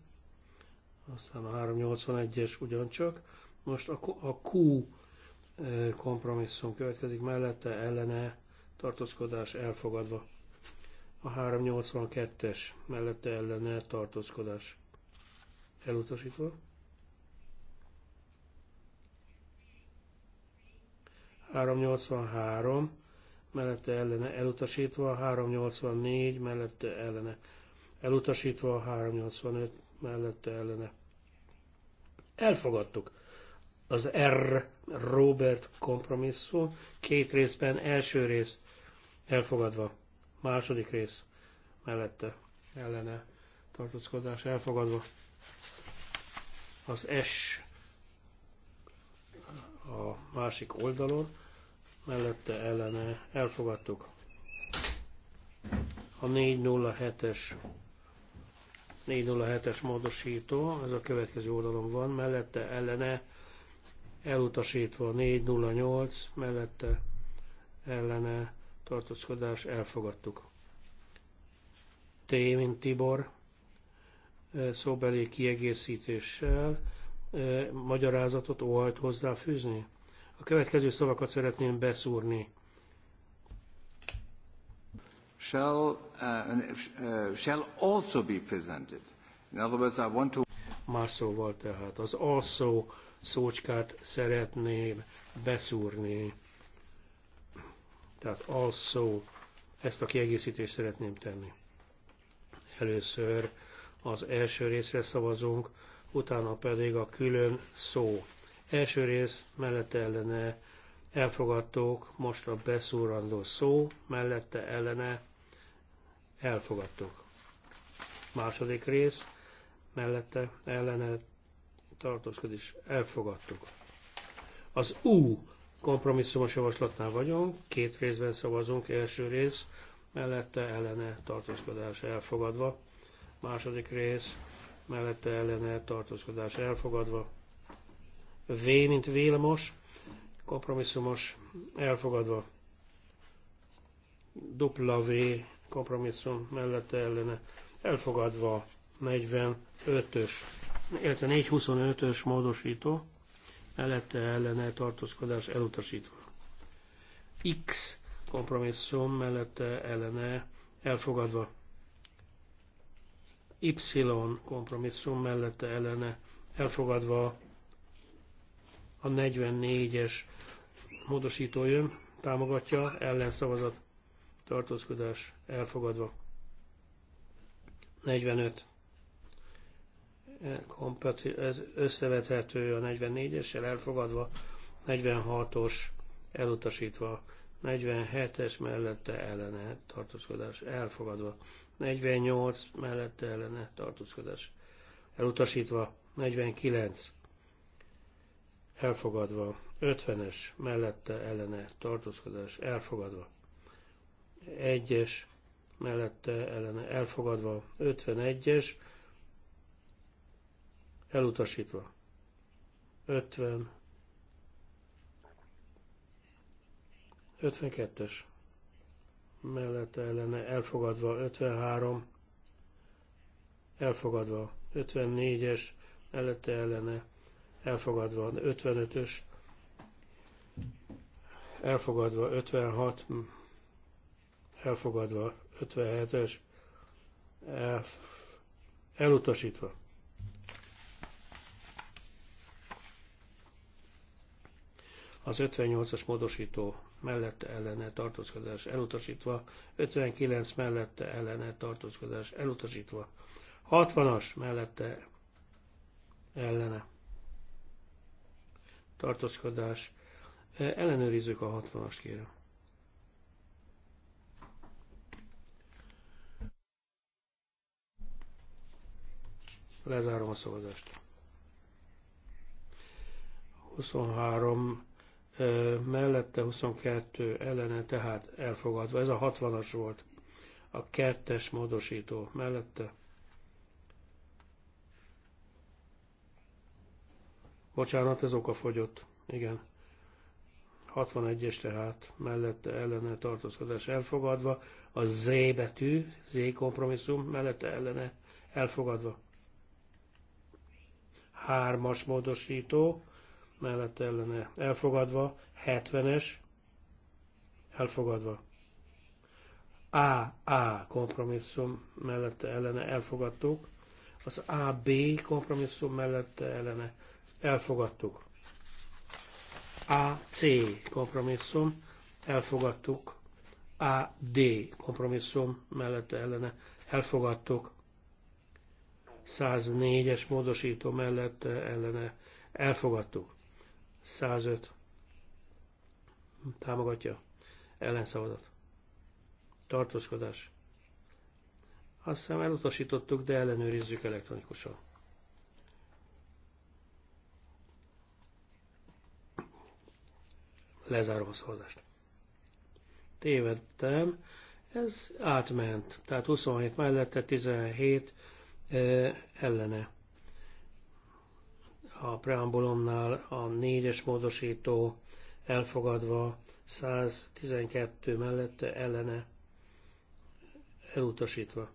[SPEAKER 3] aztán a 381-es ugyancsak. Most a, a Q eh, kompromisszum következik mellette, ellene tartózkodás elfogadva. A 382-es mellette ellene tartózkodás elutasítva. 383 mellette ellene elutasítva, 384 mellette ellene elutasítva a 385 mellette ellene. Elfogadtuk az R. Robert kompromisszum két részben, első rész elfogadva, második rész mellette ellene tartózkodás elfogadva. Az S a másik oldalon, mellette ellene elfogadtuk. A 407-es 407-es módosító, ez a következő oldalon van, mellette ellene elutasítva 408, mellette ellene tartózkodás elfogadtuk. T, mint Tibor, szóbeli kiegészítéssel magyarázatot óhajt hozzáfűzni. A következő szavakat szeretném beszúrni shall, uh, uh, shall also be presented. In other
[SPEAKER 1] words, I want to...
[SPEAKER 3] szóval tehát az also szócskát szeretném beszúrni. Tehát also, ezt a kiegészítést szeretném tenni. Először az első részre szavazunk, utána pedig a külön szó. Első rész mellette ellene elfogadtók, most a beszúrandó szó, mellette ellene elfogadtok. Második rész, mellette ellene tartózkodik, elfogadtuk. Az U kompromisszumos javaslatnál vagyunk, két részben szavazunk, első rész, mellette ellene tartózkodás elfogadva, második rész, mellette ellene tartózkodás elfogadva, V, mint Vilmos, kompromisszumos elfogadva, W kompromisszum mellette ellene elfogadva 45-ös, illetve 425-ös módosító, mellette ellene tartózkodás elutasítva. X kompromisszum mellette ellene elfogadva. Y kompromisszum mellette ellene elfogadva a 44-es módosító jön, támogatja, ellenszavazat tartózkodás elfogadva. 45 összevethető a 44-essel elfogadva, 46-os elutasítva, 47-es mellette ellene tartózkodás elfogadva, 48 mellette ellene tartózkodás elutasítva, 49 elfogadva, 50-es mellette ellene tartózkodás elfogadva, 51 es mellette ellene elfogadva, 51-es elutasítva. 50 52-es mellette ellene elfogadva 53 elfogadva 54-es mellette ellene elfogadva 55-ös elfogadva 56 elfogadva, 57-es elutasítva. Az 58-as módosító mellette ellene tartózkodás elutasítva, 59 mellette ellene tartózkodás elutasítva, 60-as mellette ellene tartózkodás. Ellenőrizzük a 60 as kérem. Lezárom a szavazást. 23 mellette 22 ellene, tehát elfogadva. Ez a 60-as volt. A kettes módosító mellette. Bocsánat, ez oka fogyott. Igen. 61-es tehát mellette ellene tartózkodás elfogadva. A Z betű, Z kompromisszum mellette ellene elfogadva. 3-as módosító, mellett ellene elfogadva, 70-es, elfogadva. A kompromisszum mellette ellene elfogadtuk, az AB kompromisszum mellette ellene elfogadtuk. AC kompromisszum elfogadtuk, AD kompromisszum mellette ellene elfogadtuk, 104-es módosító mellett ellene elfogadtuk. 105 támogatja ellenszavazat. Tartózkodás. Azt hiszem elutasítottuk, de ellenőrizzük elektronikusan. Lezárom a szavazást. Tévedtem. Ez átment. Tehát 27 mellette 17 ellene. A preambulumnál a négyes módosító elfogadva 112 mellette ellene elutasítva.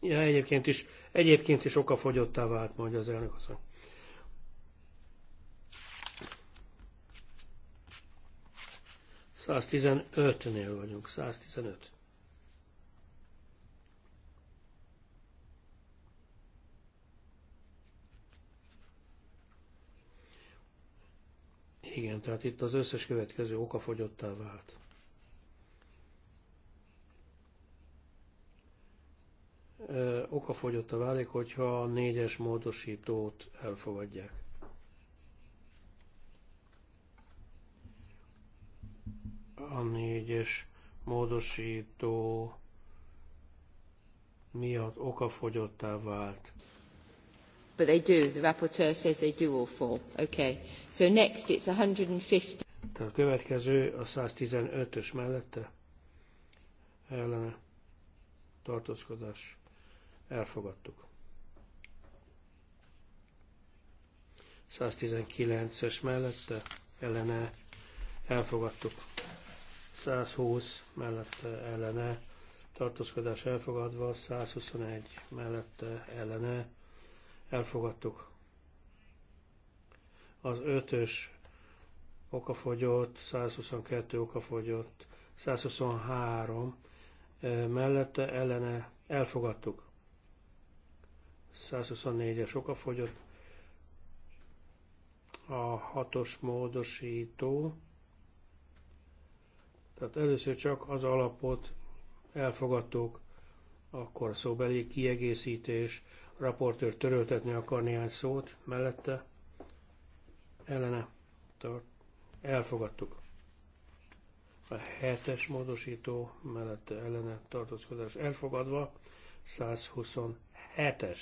[SPEAKER 3] Ja, egyébként is, egyébként is okafogyottá vált, mondja az elnök asszony. nél vagyunk, 115. Igen, tehát itt az összes következő oka fogyottá vált. okafogyott válik, hogyha a négyes módosítót elfogadják. A négyes módosító miatt okafogyottá vált.
[SPEAKER 1] But they do. The rapporteur says they do all four. Okay. So next it's 150.
[SPEAKER 3] A következő a 115-ös mellette ellene tartózkodás. Elfogadtuk. 119-es mellette ellene elfogadtuk. 120 mellette ellene tartózkodás elfogadva, 121 mellette ellene elfogadtuk. Az 5-ös okafogyott, 122 okafogyott, 123 mellette ellene elfogadtuk. 124-es okafogyott, a hatos módosító, tehát először csak az alapot elfogadtuk, akkor szóbeli kiegészítés, raportőr töröltetni akar néhány szót mellette. Ellene tart. Elfogadtuk. A hetes módosító mellette ellene tartózkodás elfogadva. 127-es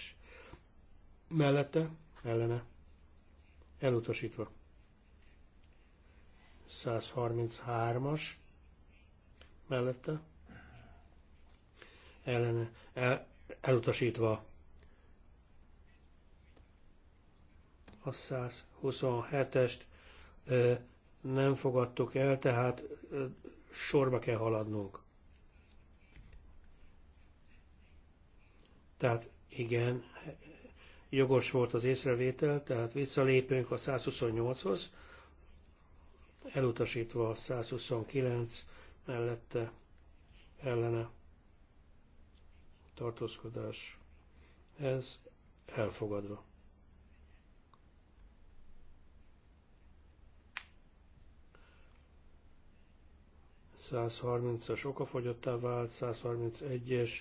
[SPEAKER 3] mellette ellene elutasítva. 133-as mellette ellene el, elutasítva a 127-est nem fogadtuk el, tehát sorba kell haladnunk. Tehát igen, jogos volt az észrevétel, tehát visszalépünk a 128-hoz, elutasítva a 129 mellette ellene tartózkodás. Ez elfogadva. 130-as okafogyottá vált, 131-es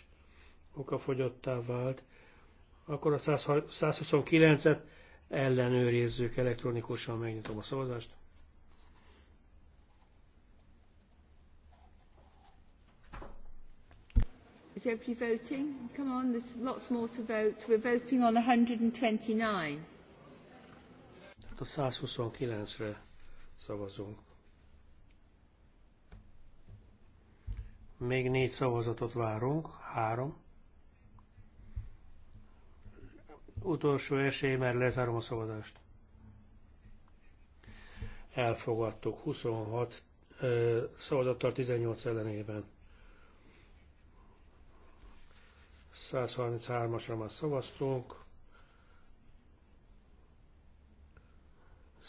[SPEAKER 3] okafogyottá vált, akkor a 129-et ellenőrizzük elektronikusan, megnyitom a szavazást.
[SPEAKER 1] Is everybody voting? Come on, there's lots more to vote. We're voting on 129.
[SPEAKER 3] Hát a 129-re szavazunk. Még négy szavazatot várunk, három. Utolsó esély, mert lezárom a szavazást. Elfogadtuk 26 ö, szavazattal 18 ellenében. 133-asra már szavaztunk.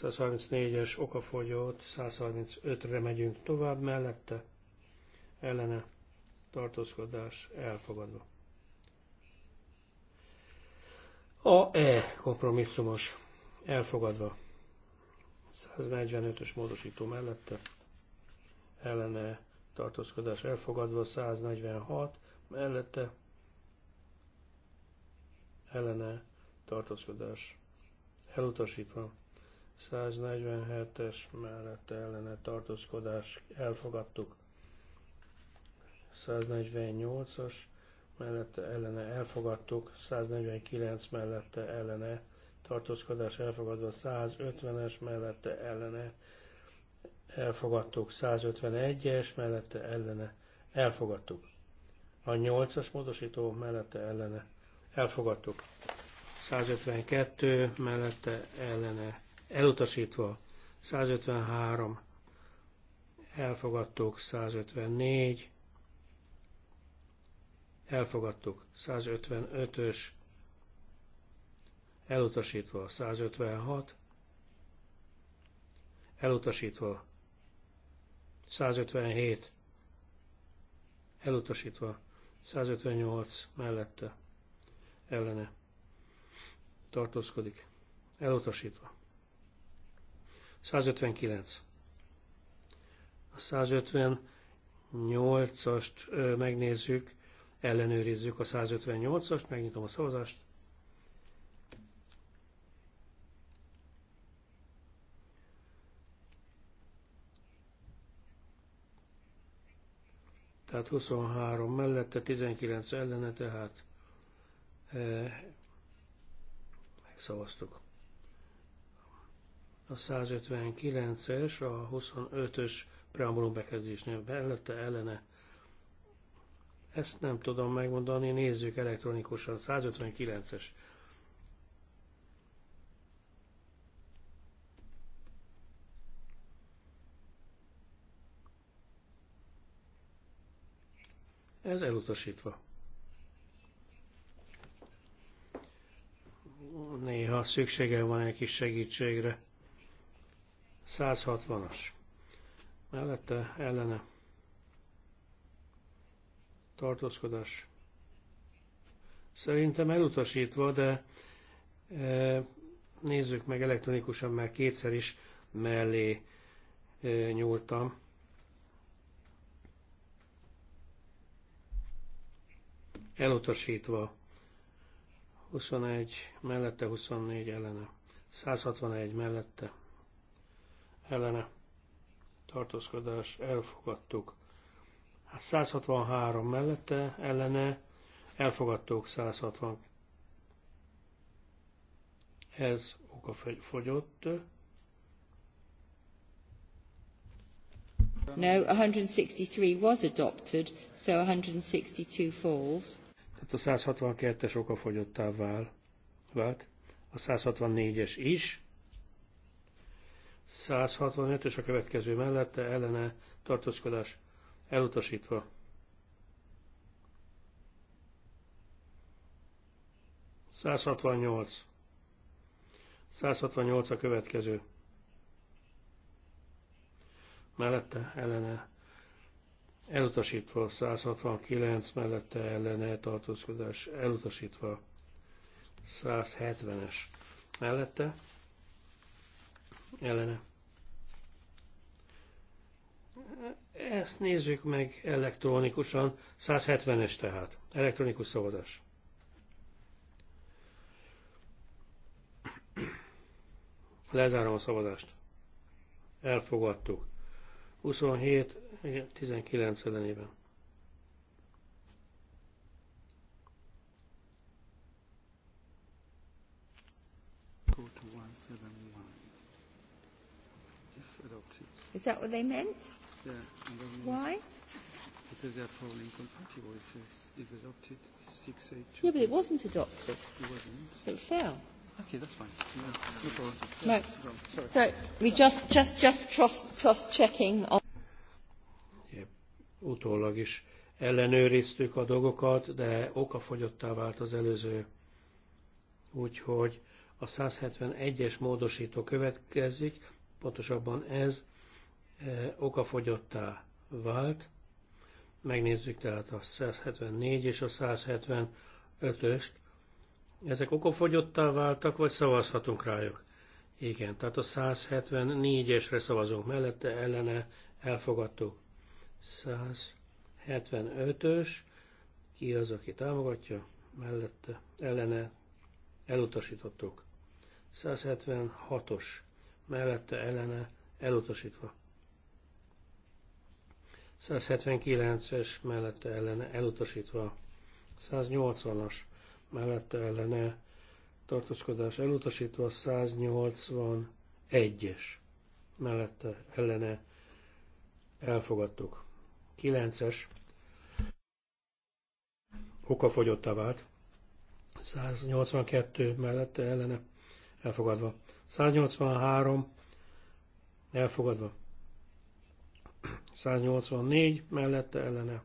[SPEAKER 3] 134-es okafogyót, 135-re megyünk tovább mellette ellene tartózkodás elfogadva. A E kompromisszumos elfogadva. 145-ös módosító mellette ellene tartózkodás elfogadva, 146 mellette ellene tartózkodás elutasítva, 147-es mellette ellene tartózkodás elfogadtuk, 148-as mellette ellene elfogadtuk, 149 mellette ellene tartózkodás elfogadva, 150-es mellette ellene elfogadtuk, 151-es mellette ellene elfogadtuk. A 8-as módosító mellette ellene elfogadtuk. 152 mellette ellene elutasítva, 153 elfogadtuk, 154 elfogadtuk 155-ös, elutasítva 156, elutasítva 157, elutasítva 158 mellette, ellene tartózkodik, elutasítva. 159. A 158-ast megnézzük, ellenőrizzük a 158-ast, megnyitom a szavazást. Tehát 23 mellette, 19 ellene, tehát e, megszavaztuk. A 159-es, a 25-ös preambulum bekezdésnél mellette, ellene, ezt nem tudom megmondani, nézzük elektronikusan. 159-es. Ez elutasítva. Néha szüksége van egy kis segítségre. 160-as. Mellette ellene tartózkodás. Szerintem elutasítva, de e, nézzük meg elektronikusan, már kétszer is mellé e, nyúltam. Elutasítva. 21 mellette, 24 ellene. 161 mellette ellene tartózkodás elfogadtuk. 163 mellette ellene elfogadtók 160. Ez oka fogyott.
[SPEAKER 1] No, 163 was adopted, so 162 falls. Tehát a 162-es
[SPEAKER 3] fogyottá vál, vált, a 164-es is. 165-ös a következő mellette ellene tartózkodás elutasítva. Százhatvannyolc. 168 a következő. Mellette ellene elutasítva 169, mellette ellene tartózkodás elutasítva 170-es. Mellette ellene ezt nézzük meg elektronikusan, 170-es tehát, elektronikus szavazás. Lezárom a szavazást. Elfogadtuk. 27-19 ellenében.
[SPEAKER 1] Is that what they meant? Yeah, Why?
[SPEAKER 3] Because they are incompatible. It says it was adopted 682. Yeah, but it wasn't adopted. It wasn't. It fell. Okay, that's fine. No, no problem. No. Sorry. So we just,
[SPEAKER 1] just, just trust, trust checking on.
[SPEAKER 3] utólag is ellenőriztük a dolgokat, de okafogyottá vált az előző. Úgyhogy a 171-es módosító következik, pontosabban ez Eh, okafogyottá vált. Megnézzük tehát a 174 és a 175-öst. Ezek okafogyottá váltak, vagy szavazhatunk rájuk? Igen, tehát a 174-esre szavazunk mellette, ellene elfogadtuk. 175-ös, ki az, aki támogatja, mellette, ellene elutasítottuk. 176-os, mellette, ellene elutasítva. 179-es mellette ellene elutasítva, 180-as mellette ellene tartózkodás elutasítva, 181-es mellette ellene elfogadtuk. 9-es okafogyottá vált, 182 mellette ellene elfogadva, 183 elfogadva, 184 mellette ellene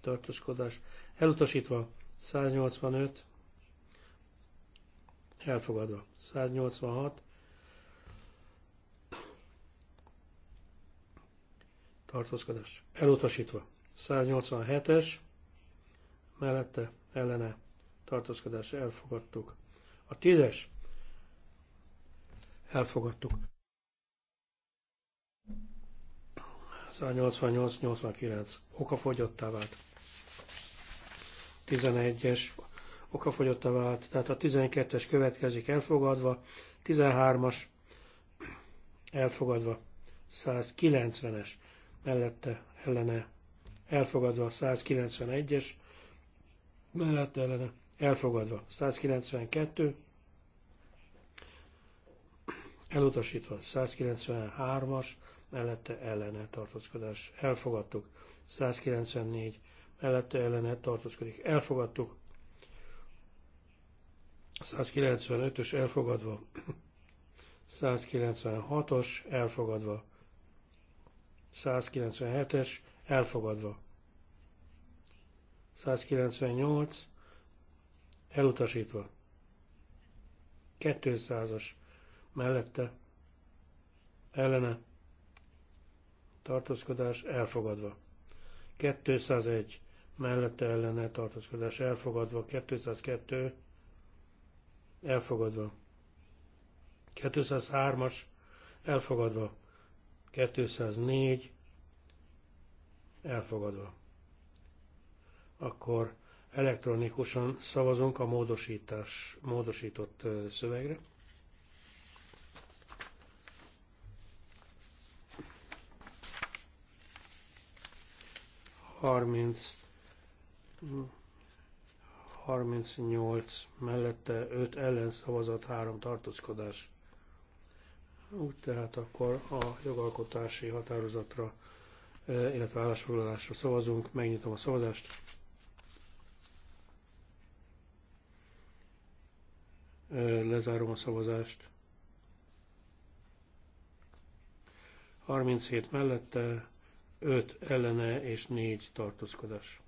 [SPEAKER 3] tartózkodás elutasítva, 185 elfogadva, 186 tartózkodás elutasítva, 187-es mellette ellene tartózkodás elfogadtuk. A 10-es elfogadtuk. 188-89 okafogyottá vált. 11-es okafogyottá vált, tehát a 12-es következik elfogadva, 13-as elfogadva, 190-es mellette ellene elfogadva, 191-es mellette ellene elfogadva, 192 elutasítva, 193-as mellette ellene tartózkodás elfogadtuk. 194 mellette ellene tartózkodik elfogadtuk. 195-ös elfogadva. 196-os elfogadva. 197-es elfogadva. 198 elutasítva. 200-as mellette ellene tartózkodás elfogadva. 201 mellette ellene tartózkodás elfogadva, 202 elfogadva. 203-as elfogadva, 204 elfogadva. Akkor elektronikusan szavazunk a módosítás, módosított szövegre. 30, 38 mellette 5 ellenszavazat, 3 tartózkodás. Úgy tehát akkor a jogalkotási határozatra, illetve állásfoglalásra szavazunk. Megnyitom a szavazást. Lezárom a szavazást. 37 mellette, 5 ellene és 4 tartózkodás.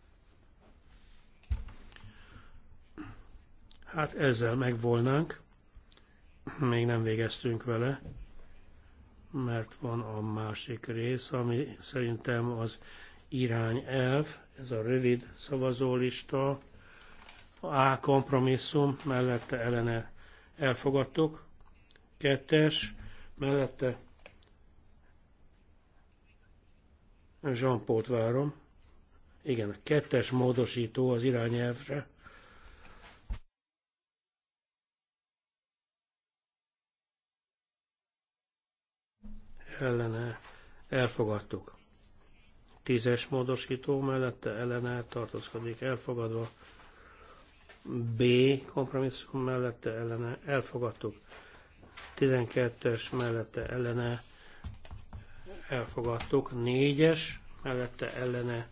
[SPEAKER 3] Hát ezzel megvolnánk, még nem végeztünk vele, mert van a másik rész, ami szerintem az Irány elv, ez a rövid szavazólista, A kompromisszum, mellette ellene elfogadtuk, kettes, mellette jean paul várom. Igen, a kettes módosító az irányelvre. Ellene elfogadtuk. Tízes módosító mellette ellene tartózkodik elfogadva. B kompromisszum mellette ellene elfogadtuk. 12-es mellette ellene elfogadtok négyes, mellette ellene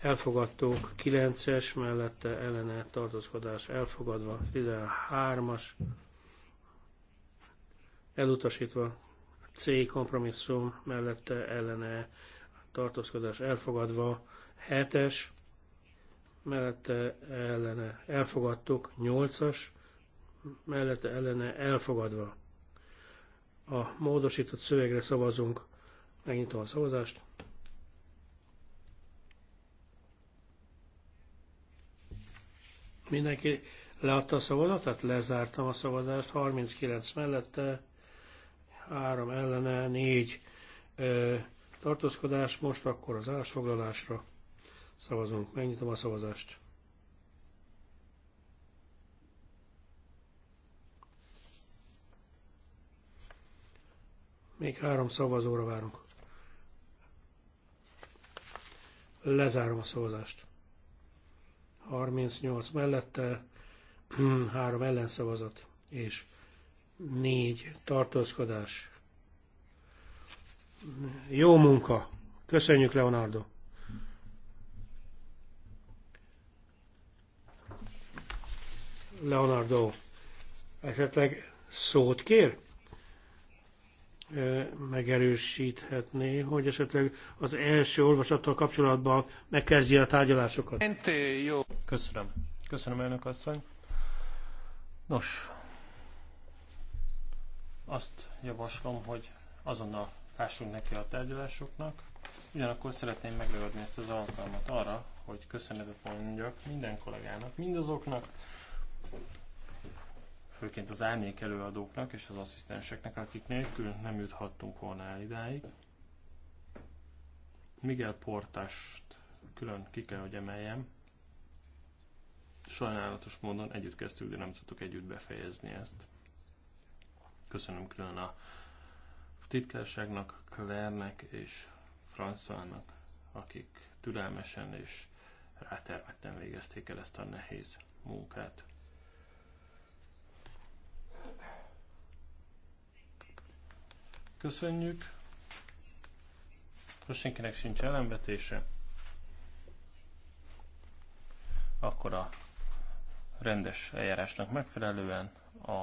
[SPEAKER 3] elfogadtok kilences, mellette ellene tartózkodás elfogadva, 13-as elutasítva, C kompromisszum, mellette ellene tartózkodás elfogadva, 7-es, mellette ellene elfogadtok 8-as, mellette ellene elfogadva. A módosított szövegre szavazunk Megnyitom a szavazást. Mindenki leadta a szavazatát? Lezártam a szavazást. 39 mellette, 3 ellene, 4 ö, tartózkodás. Most akkor az állásfoglalásra szavazunk. Megnyitom a szavazást. Még három szavazóra várunk. Lezárom a szavazást. 38 mellette, 3 ellenszavazat és 4 tartózkodás. Jó munka! Köszönjük, Leonardo! Leonardo, esetleg szót kér? megerősíthetné, hogy esetleg az első olvasattal kapcsolatban megkezdje a tárgyalásokat.
[SPEAKER 2] Jó. Köszönöm.
[SPEAKER 3] Köszönöm, elnök asszony.
[SPEAKER 2] Nos, azt javaslom, hogy azonnal lássunk neki a tárgyalásoknak. Ugyanakkor szeretném megragadni ezt az alkalmat arra, hogy köszönetet mondjak minden kollégának, mindazoknak, főként az árnyék előadóknak és az asszisztenseknek, akik nélkül nem juthattunk volna el idáig. Miguel Portást külön ki kell, hogy emeljem. Sajnálatos módon együtt kezdtük, de nem tudtuk együtt befejezni ezt. Köszönöm külön a titkárságnak, Kvernek és Françoisnak, akik türelmesen és rátermetten végezték el ezt a nehéz munkát. Köszönjük. Ha senkinek sincs ellenvetése, akkor a rendes eljárásnak megfelelően a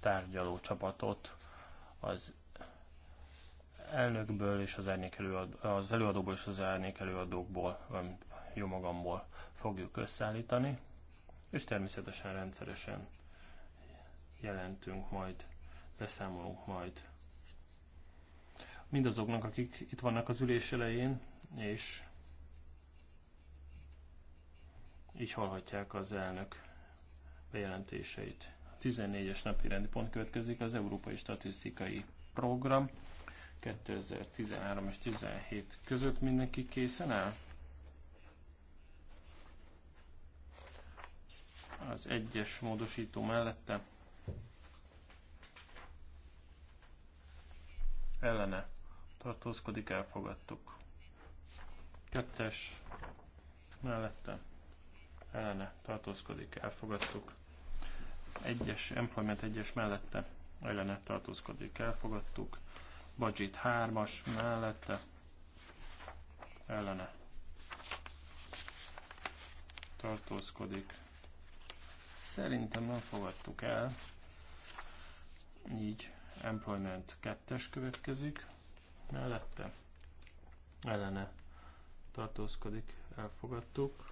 [SPEAKER 2] tárgyaló csapatot az elnökből és az, előadó, az előadóból és az árnyék előadókból, jó magamból fogjuk összeállítani, és természetesen rendszeresen jelentünk majd, beszámolunk majd mindazoknak, akik itt vannak az ülés elején, és így hallhatják az elnök bejelentéseit. A 14-es napi rendi pont következik az Európai Statisztikai Program 2013 és 2017 között mindenki készen áll? Az egyes módosító mellette ellene tartózkodik, elfogadtuk. Kettes mellette ellene tartózkodik, elfogadtuk. Egyes, employment egyes mellette ellene tartózkodik, elfogadtuk. Budget 3-as mellette ellene tartózkodik. Szerintem nem fogadtuk el. Így employment 2-es következik mellette ellene tartózkodik, elfogadtuk.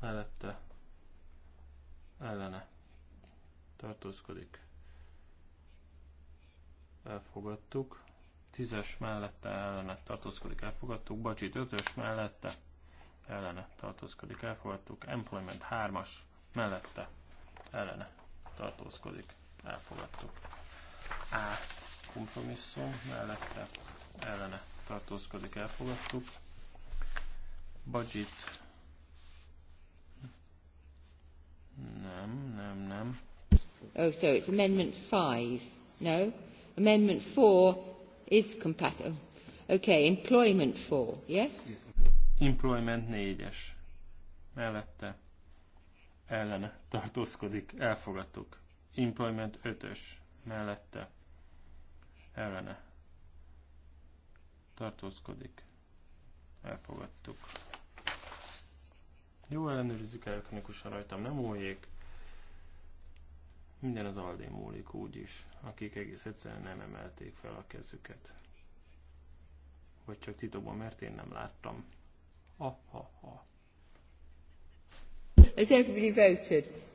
[SPEAKER 2] Mellette ellene tartózkodik, elfogadtuk. Tízes mellette ellene tartózkodik, elfogadtuk. Bacsit ötös mellette ellene tartózkodik, elfogadtuk. Employment hármas mellette ellene tartózkodik, elfogadtuk. A kompromisszum mellette ellene tartózkodik, elfogadtuk. Budget
[SPEAKER 1] nem, nem, nem. Oh, so it's Amendment 5. No? Amendment 4 is compatible. Okay, Employment 4, yes?
[SPEAKER 2] Employment 4-es. Mellette ellene tartózkodik, elfogadtuk. Employment 5-ös mellette ellene tartózkodik. Elfogadtuk. Jó, ellenőrizzük elektronikusan rajtam, nem múljék. Minden az Aldi múlik úgyis, akik egész egyszerűen nem emelték fel a kezüket. Vagy csak titokban, mert én nem láttam. Ha, ha, ha.
[SPEAKER 1] Has everybody voted?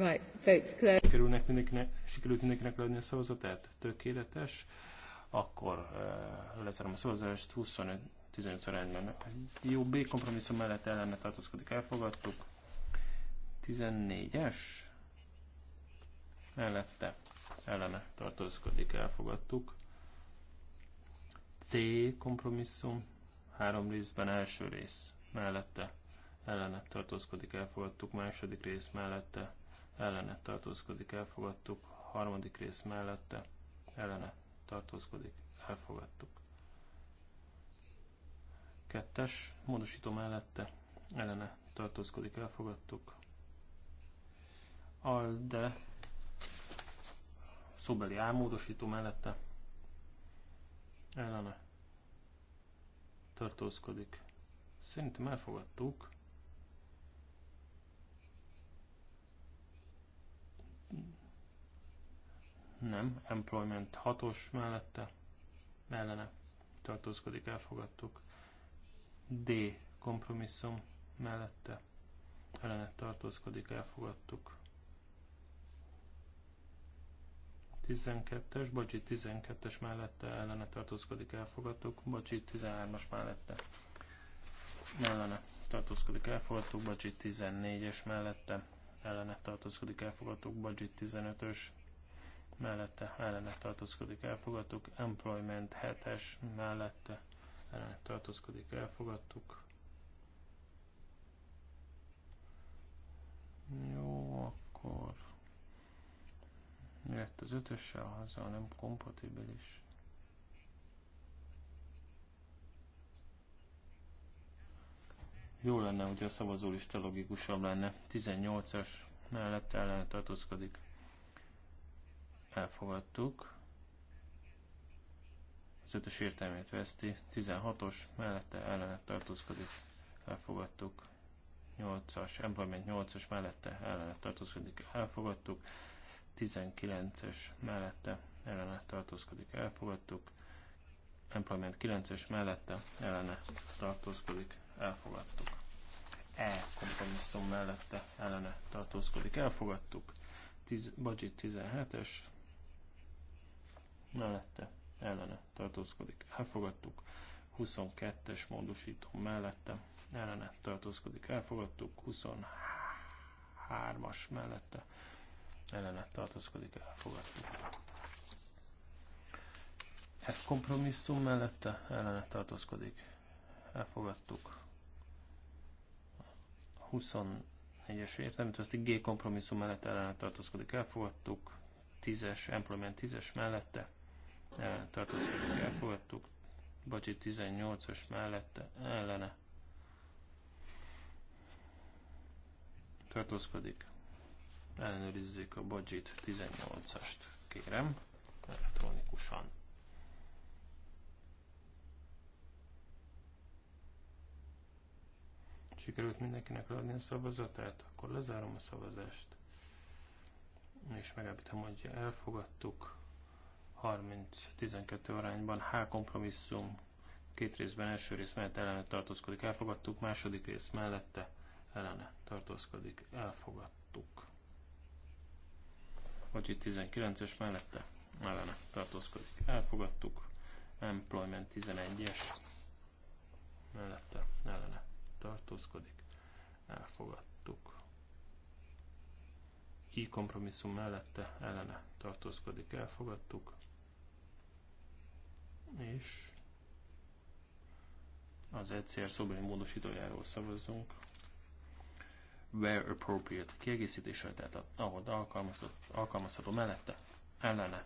[SPEAKER 1] Right, votes closed.
[SPEAKER 2] Sikerülnek mindenkinek, sikerült mindenkinek leadni a szavazatát? Tökéletes. Akkor uh, lezárom a szavazást 25 15 arányban. Jó, B kompromisszum mellett ellene tartózkodik, elfogadtuk. 14-es mellette ellene tartózkodik, elfogadtuk. C kompromisszum három részben első rész mellette ellene tartózkodik, elfogadtuk második rész mellette ellene tartózkodik, elfogadtuk. Harmadik rész mellette ellene tartózkodik, elfogadtuk. Kettes módosító mellette ellene tartózkodik, elfogadtuk. Alde szóbeli álmódosító mellette ellene tartózkodik. Szerintem elfogadtuk. nem, employment 6-os mellette, ellene tartózkodik, elfogadtuk. D kompromisszum mellette, ellene tartózkodik, elfogadtuk. 12-es, Bacsi 12-es mellette ellene tartózkodik, elfogadtuk, Bacsi 13-as mellette ellene tartózkodik, elfogadtuk, Bacsi 14-es mellette ellene tartózkodik, elfogadtuk, Bacsi 15-ös mellette ellene tartózkodik, elfogadtuk. Employment 7-es mellette ellene tartózkodik, elfogadtuk. Jó, akkor mi lett az ötössel, azzal nem kompatibilis. Jó lenne, hogy a szavazólista logikusabb lenne. 18-as mellett ellen tartózkodik elfogadtuk. Az ötös értelmét veszti, 16-os mellette ellenet tartózkodik, elfogadtuk. 8-as, Employment 8-as mellette ellenet tartózkodik, elfogadtuk. 19-es mellette ellene tartózkodik, elfogadtuk. Employment 9-es mellette ellene tartózkodik, elfogadtuk. E kompromisszum mellette ellene tartózkodik, elfogadtuk. 10, budget 17-es mellette ellene tartózkodik, elfogadtuk. 22-es módosító mellette ellene tartózkodik, elfogadtuk. 23-as mellette ellene tartózkodik, elfogadtuk. F kompromisszum mellette ellene tartózkodik, elfogadtuk. 24-es értelmét, azt G kompromisszum mellett ellene tartózkodik, elfogadtuk. 10-es, employment 10-es mellette tartózkodik, elfogadtuk. Bacsi 18-as mellette ellene tartózkodik. Ellenőrizzék a budget 18-ast, kérem, elektronikusan. Sikerült mindenkinek leadni a szavazatát, akkor lezárom a szavazást, és megállapítom, hogy elfogadtuk 30-12 arányban H kompromisszum két részben, első rész mellett ellene tartózkodik, elfogadtuk, második rész mellette ellene tartózkodik, elfogadtuk. Vagy 19-es mellette ellene tartózkodik, elfogadtuk. Employment 11-es mellette ellene tartózkodik, elfogadtuk. I kompromisszum mellette ellene tartózkodik, elfogadtuk és az egyszer szobeli módosítójáról szavazzunk. Where appropriate kiegészítésre, tehát ahol alkalmazható mellette, ellene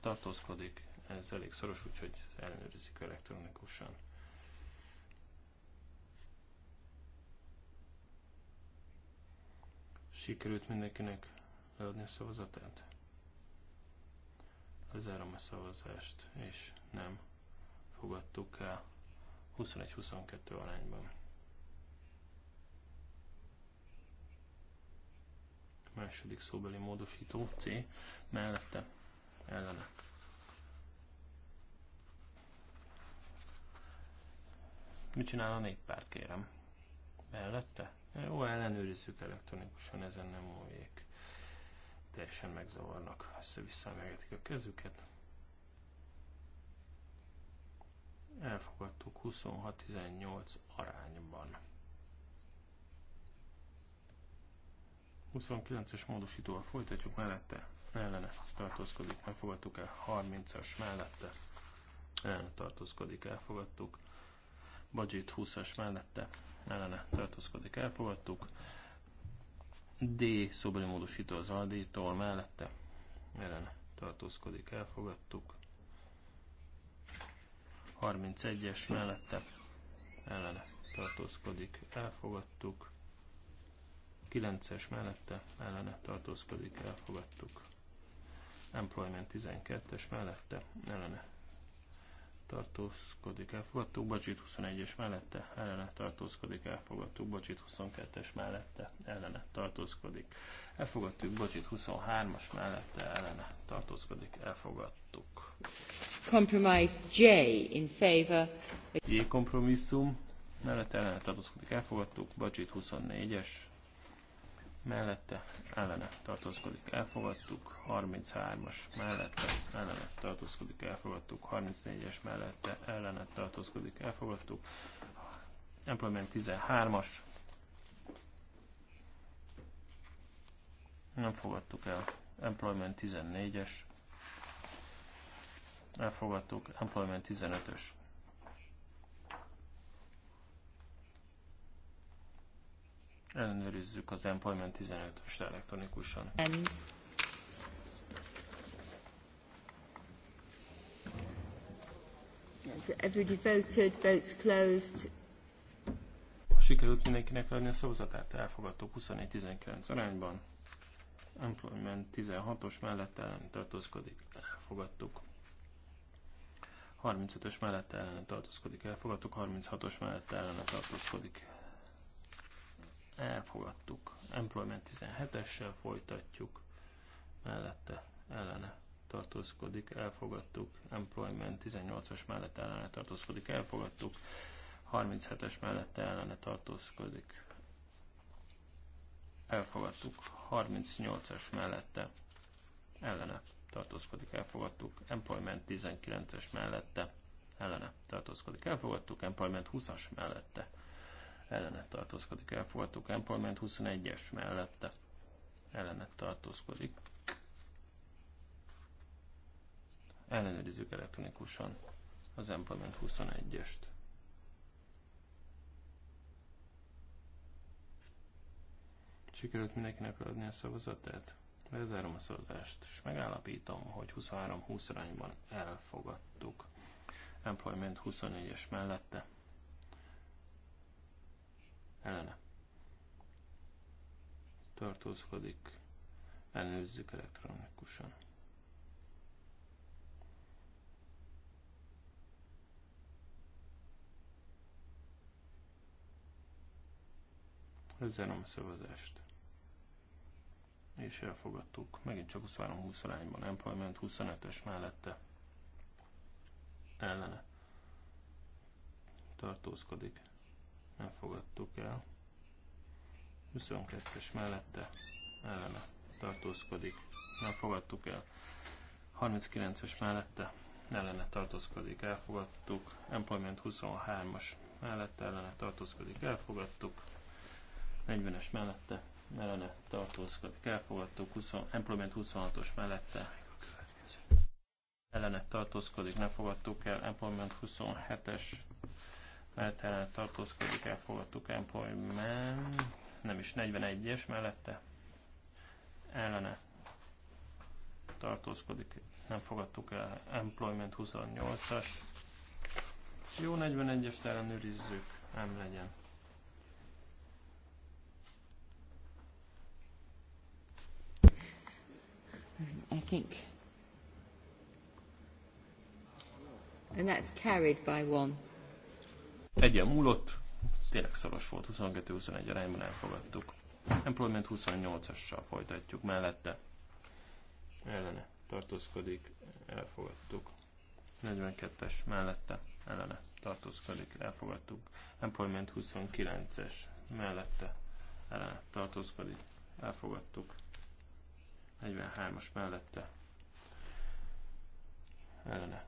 [SPEAKER 2] tartózkodik, ez elég szoros, úgyhogy ellenőrizik elektronikusan. Sikerült mindenkinek leadni a szavazatát? Lezárom a szavazást, és nem fogadtuk el 21-22 arányban. Második szóbeli módosító C mellette ellene. Mit csinál a néppárt, kérem? Mellette? Jó, ellenőrizzük elektronikusan, ezen nem múljék. Teljesen megzavarnak, össze-vissza a kezüket. elfogadtuk 26-18 arányban. 29-es módosítóval folytatjuk mellette, ellene tartózkodik, elfogadtuk el, 30-as mellette, ellene tartózkodik, elfogadtuk, budget 20-as mellette, ellene tartózkodik, elfogadtuk, D szobori módosító az AD-tól mellette, ellene tartózkodik, elfogadtuk, 31-es mellette ellene tartózkodik, elfogadtuk. 9-es mellette ellene tartózkodik, elfogadtuk. Employment 12-es mellette ellene tartózkodik, elfogadtuk. Budget 21-es mellette ellene tartózkodik, elfogadtuk. Budget 22-es mellette ellene tartózkodik, elfogadtuk. Budget 23-as mellette ellene tartózkodik, elfogadtuk.
[SPEAKER 1] Compromise J in favor.
[SPEAKER 2] J kompromisszum, mellette ellene tartózkodik, elfogadtuk. Budget 24-es, mellette ellene tartózkodik, elfogadtuk. 33-as, mellette ellene tartózkodik, elfogadtuk. 34-es, mellette ellene tartózkodik, elfogadtuk. Employment 13-as, nem fogadtuk el. Employment 14-es, elfogadtuk, Employment 15-ös. Ellenőrizzük az Employment 15 ös elektronikusan.
[SPEAKER 1] Everybody voted, votes closed.
[SPEAKER 2] Ha sikerült mindenkinek leadni a szavazatát, elfogadtuk 24-19 arányban. Employment 16-os mellett ellen tartózkodik, elfogadtuk. 35-ös mellett ellene tartózkodik, elfogadtuk, 36-os mellett ellene tartózkodik, elfogadtuk. Employment 17-essel folytatjuk, mellette ellene tartózkodik, elfogadtuk. Employment 18-as mellett ellene tartózkodik, elfogadtuk. 37-es mellette ellene tartózkodik, elfogadtuk. 38-as mellette ellene tartózkodik, elfogadtuk. Employment 19-es mellette, ellene tartózkodik, elfogadtuk. Employment 20-as mellette, ellene tartózkodik, elfogadtuk. Employment 21-es mellette, ellene tartózkodik. Ellenőrizzük elektronikusan az Employment 21-est. Sikerült mindenkinek adni a szavazatát? Lezárom a és megállapítom, hogy 23-20 arányban elfogadtuk. Employment 24-es mellette. Ellene. Tartózkodik. Ellenőrzzük elektronikusan. Lezárom a szavazást és elfogadtuk. Megint csak 23-20 arányban employment, 25-ös mellette ellene tartózkodik. Nem fogadtuk el. 22-es mellette ellene tartózkodik. Nem fogadtuk el. 39-es mellette ellene tartózkodik. Elfogadtuk. Employment 23-as mellette ellene tartózkodik. Elfogadtuk. 40-es mellette ellene tartózkodik, elfogadtuk, 20, Employment 26-os mellette ellene tartózkodik, nem fogadtuk el, Employment 27-es mellette ellene tartózkodik, elfogadtuk, Employment nem is 41-es mellette ellene tartózkodik, nem fogadtuk el, Employment 28-as jó 41-est ellenőrizzük, nem legyen.
[SPEAKER 1] I think. And that's carried by one.
[SPEAKER 2] Egyen múlott, tényleg szoros volt, 22-21 arányban elfogadtuk. Employment 28-assal folytatjuk mellette. Ellene tartózkodik, elfogadtuk. 42-es mellette, ellene tartózkodik, elfogadtuk. Employment 29-es mellette, ellene tartózkodik, elfogadtuk. 43-as mellette ellene.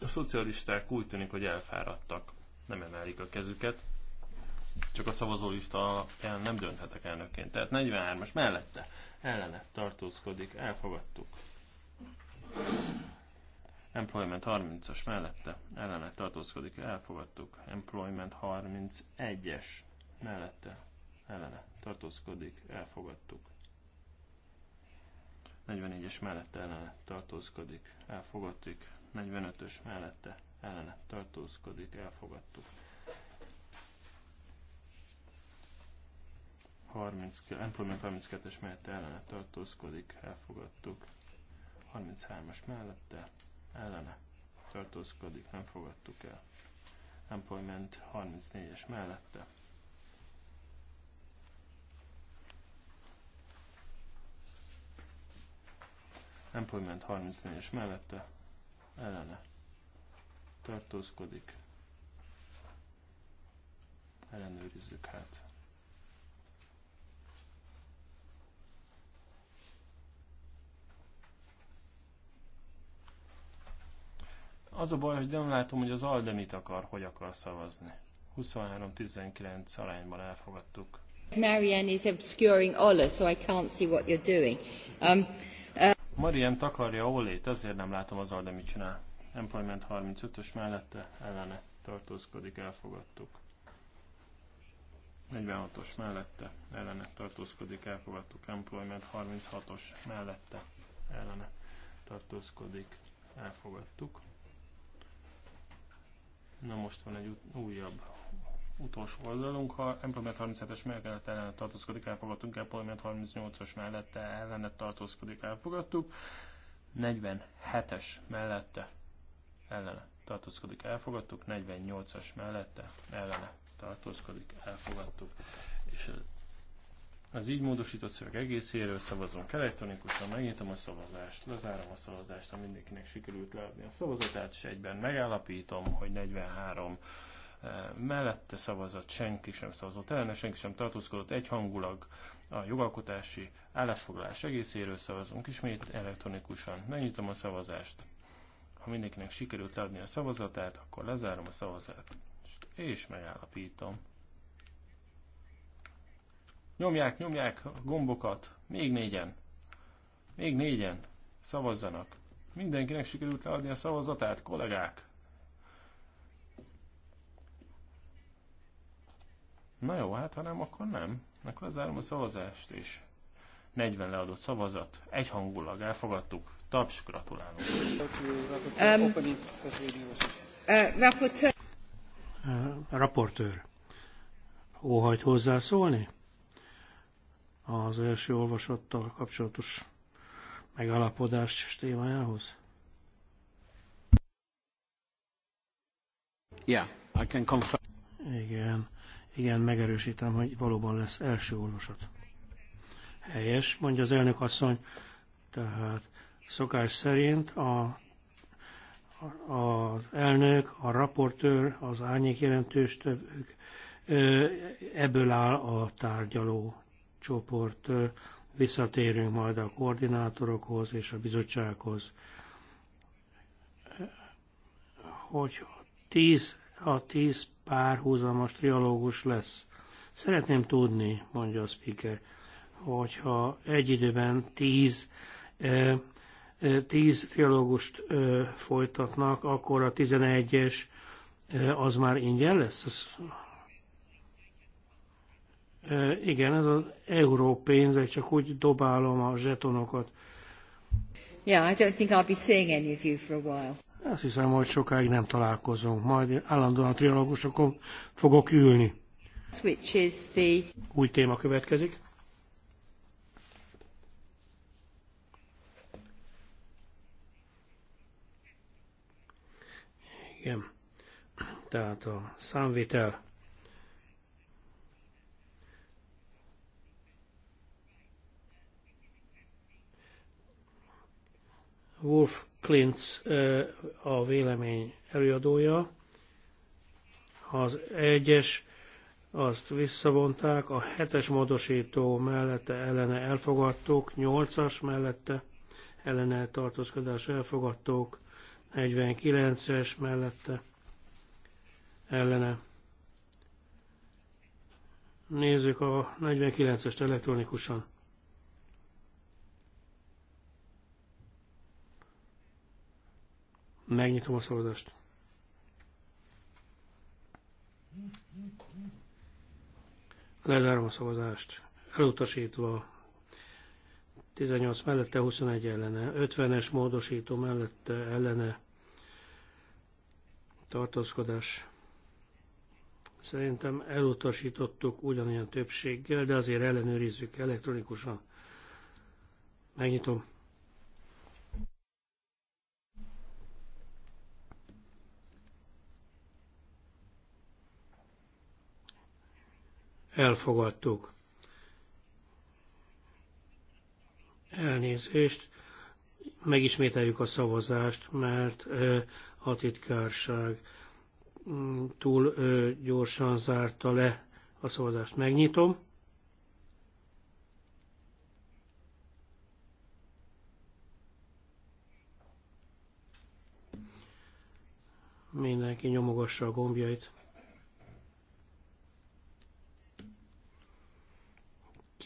[SPEAKER 2] A szocialisták úgy tűnik, hogy elfáradtak. Nem emelik a kezüket. Csak a szavazólista el nem dönthetek elnökként. Tehát 43-as mellette ellene tartózkodik. Elfogadtuk. Employment 30-as mellette ellene tartózkodik, elfogadtuk. Employment 31-es mellette ellene tartózkodik, elfogadtuk. 44-es mellette ellene tartózkodik, elfogadtuk. 45-ös mellette ellene tartózkodik, elfogadtuk. 30, Employment 32-es mellette ellene tartózkodik, elfogadtuk. 33-as mellette ellene tartózkodik, nem fogadtuk el. Employment 34-es mellette. Employment 34-es mellette ellene tartózkodik. Ellenőrizzük hát. Az a baj, hogy nem látom, hogy az ALDE mit akar, hogy akar szavazni. 23-19 arányban elfogadtuk.
[SPEAKER 1] Marianne is obscuring Ola, so I can't see what you're doing. Um, uh...
[SPEAKER 2] Marianne takarja Olét, ezért nem látom az ALDE mit csinál. Employment 35-ös mellette ellene tartózkodik, elfogadtuk. 46-os mellette ellene tartózkodik, elfogadtuk. Employment 36-os mellette ellene tartózkodik, elfogadtuk. Na most van egy újabb utolsó oldalunk, ha Employment 37-es mellett ellen tartózkodik, elfogadtunk, Employment 38-as mellette ellene tartózkodik, elfogadtuk, 47-es mellette ellene tartózkodik, elfogadtuk, 48-as mellette ellene tartózkodik, elfogadtuk, és az így módosított szöveg egészéről szavazunk elektronikusan, megnyitom a szavazást, lezárom a szavazást, ha mindenkinek sikerült leadni a szavazatát, és egyben megállapítom, hogy 43 eh, mellette szavazott, senki sem szavazott ellene, senki sem tartózkodott, egyhangulag a jogalkotási állásfoglalás egészéről szavazunk ismét elektronikusan. Megnyitom a szavazást. Ha mindenkinek sikerült leadni a szavazatát, akkor lezárom a szavazást, és megállapítom, Nyomják, nyomják gombokat. Még négyen. Még négyen. Szavazzanak. Mindenkinek sikerült leadni a szavazatát, kollégák. Na jó, hát ha nem, akkor nem. Akkor zárom a szavazást, is 40 leadott szavazat, egyhangulag elfogadtuk. Taps, gratulálunk.
[SPEAKER 1] Um, uh, raportőr.
[SPEAKER 3] Uh, raportőr. Óhajt hozzászólni? az első olvasattal kapcsolatos megalapodás témájához?
[SPEAKER 2] Yeah, I can confirm.
[SPEAKER 3] Igen, igen, megerősítem, hogy valóban lesz első olvasat. Helyes, mondja az elnök asszony, tehát szokás szerint a az elnök, a raportőr, az árnyék jelentős tevők, ebből áll a tárgyaló csoport, visszatérünk majd a koordinátorokhoz és a bizottsághoz. Hogy tíz, a tíz párhuzamos trialógus lesz. Szeretném tudni, mondja a speaker, hogyha egy időben tíz, tíz trialógust folytatnak, akkor a tizenegyes az már ingyen lesz? E, igen, ez az euró pénzek, csak úgy dobálom a zsetonokat.
[SPEAKER 1] Yeah, I don't think I'll be seeing any of you for a while.
[SPEAKER 3] Azt hiszem, hogy sokáig nem találkozunk. Majd állandóan a trialógusokon fogok ülni.
[SPEAKER 1] Which is the...
[SPEAKER 3] Új téma következik. Igen. Tehát a számvétel. Wolf Klintz a vélemény előadója. Az egyes azt visszavonták, a hetes módosító mellette ellene elfogadtók, nyolcas mellette ellene tartózkodás elfogadtók, 49-es mellette ellene. Nézzük a 49-est elektronikusan. Megnyitom a szavazást. Lezárom a szavazást. Elutasítva 18 mellette, 21 ellene. 50-es módosító mellette ellene tartózkodás. Szerintem elutasítottuk ugyanilyen többséggel, de azért ellenőrizzük elektronikusan. Megnyitom. elfogadtuk. Elnézést, megismételjük a szavazást, mert a titkárság mm, túl gyorsan zárta le a szavazást. Megnyitom. Mindenki nyomogassa a gombjait.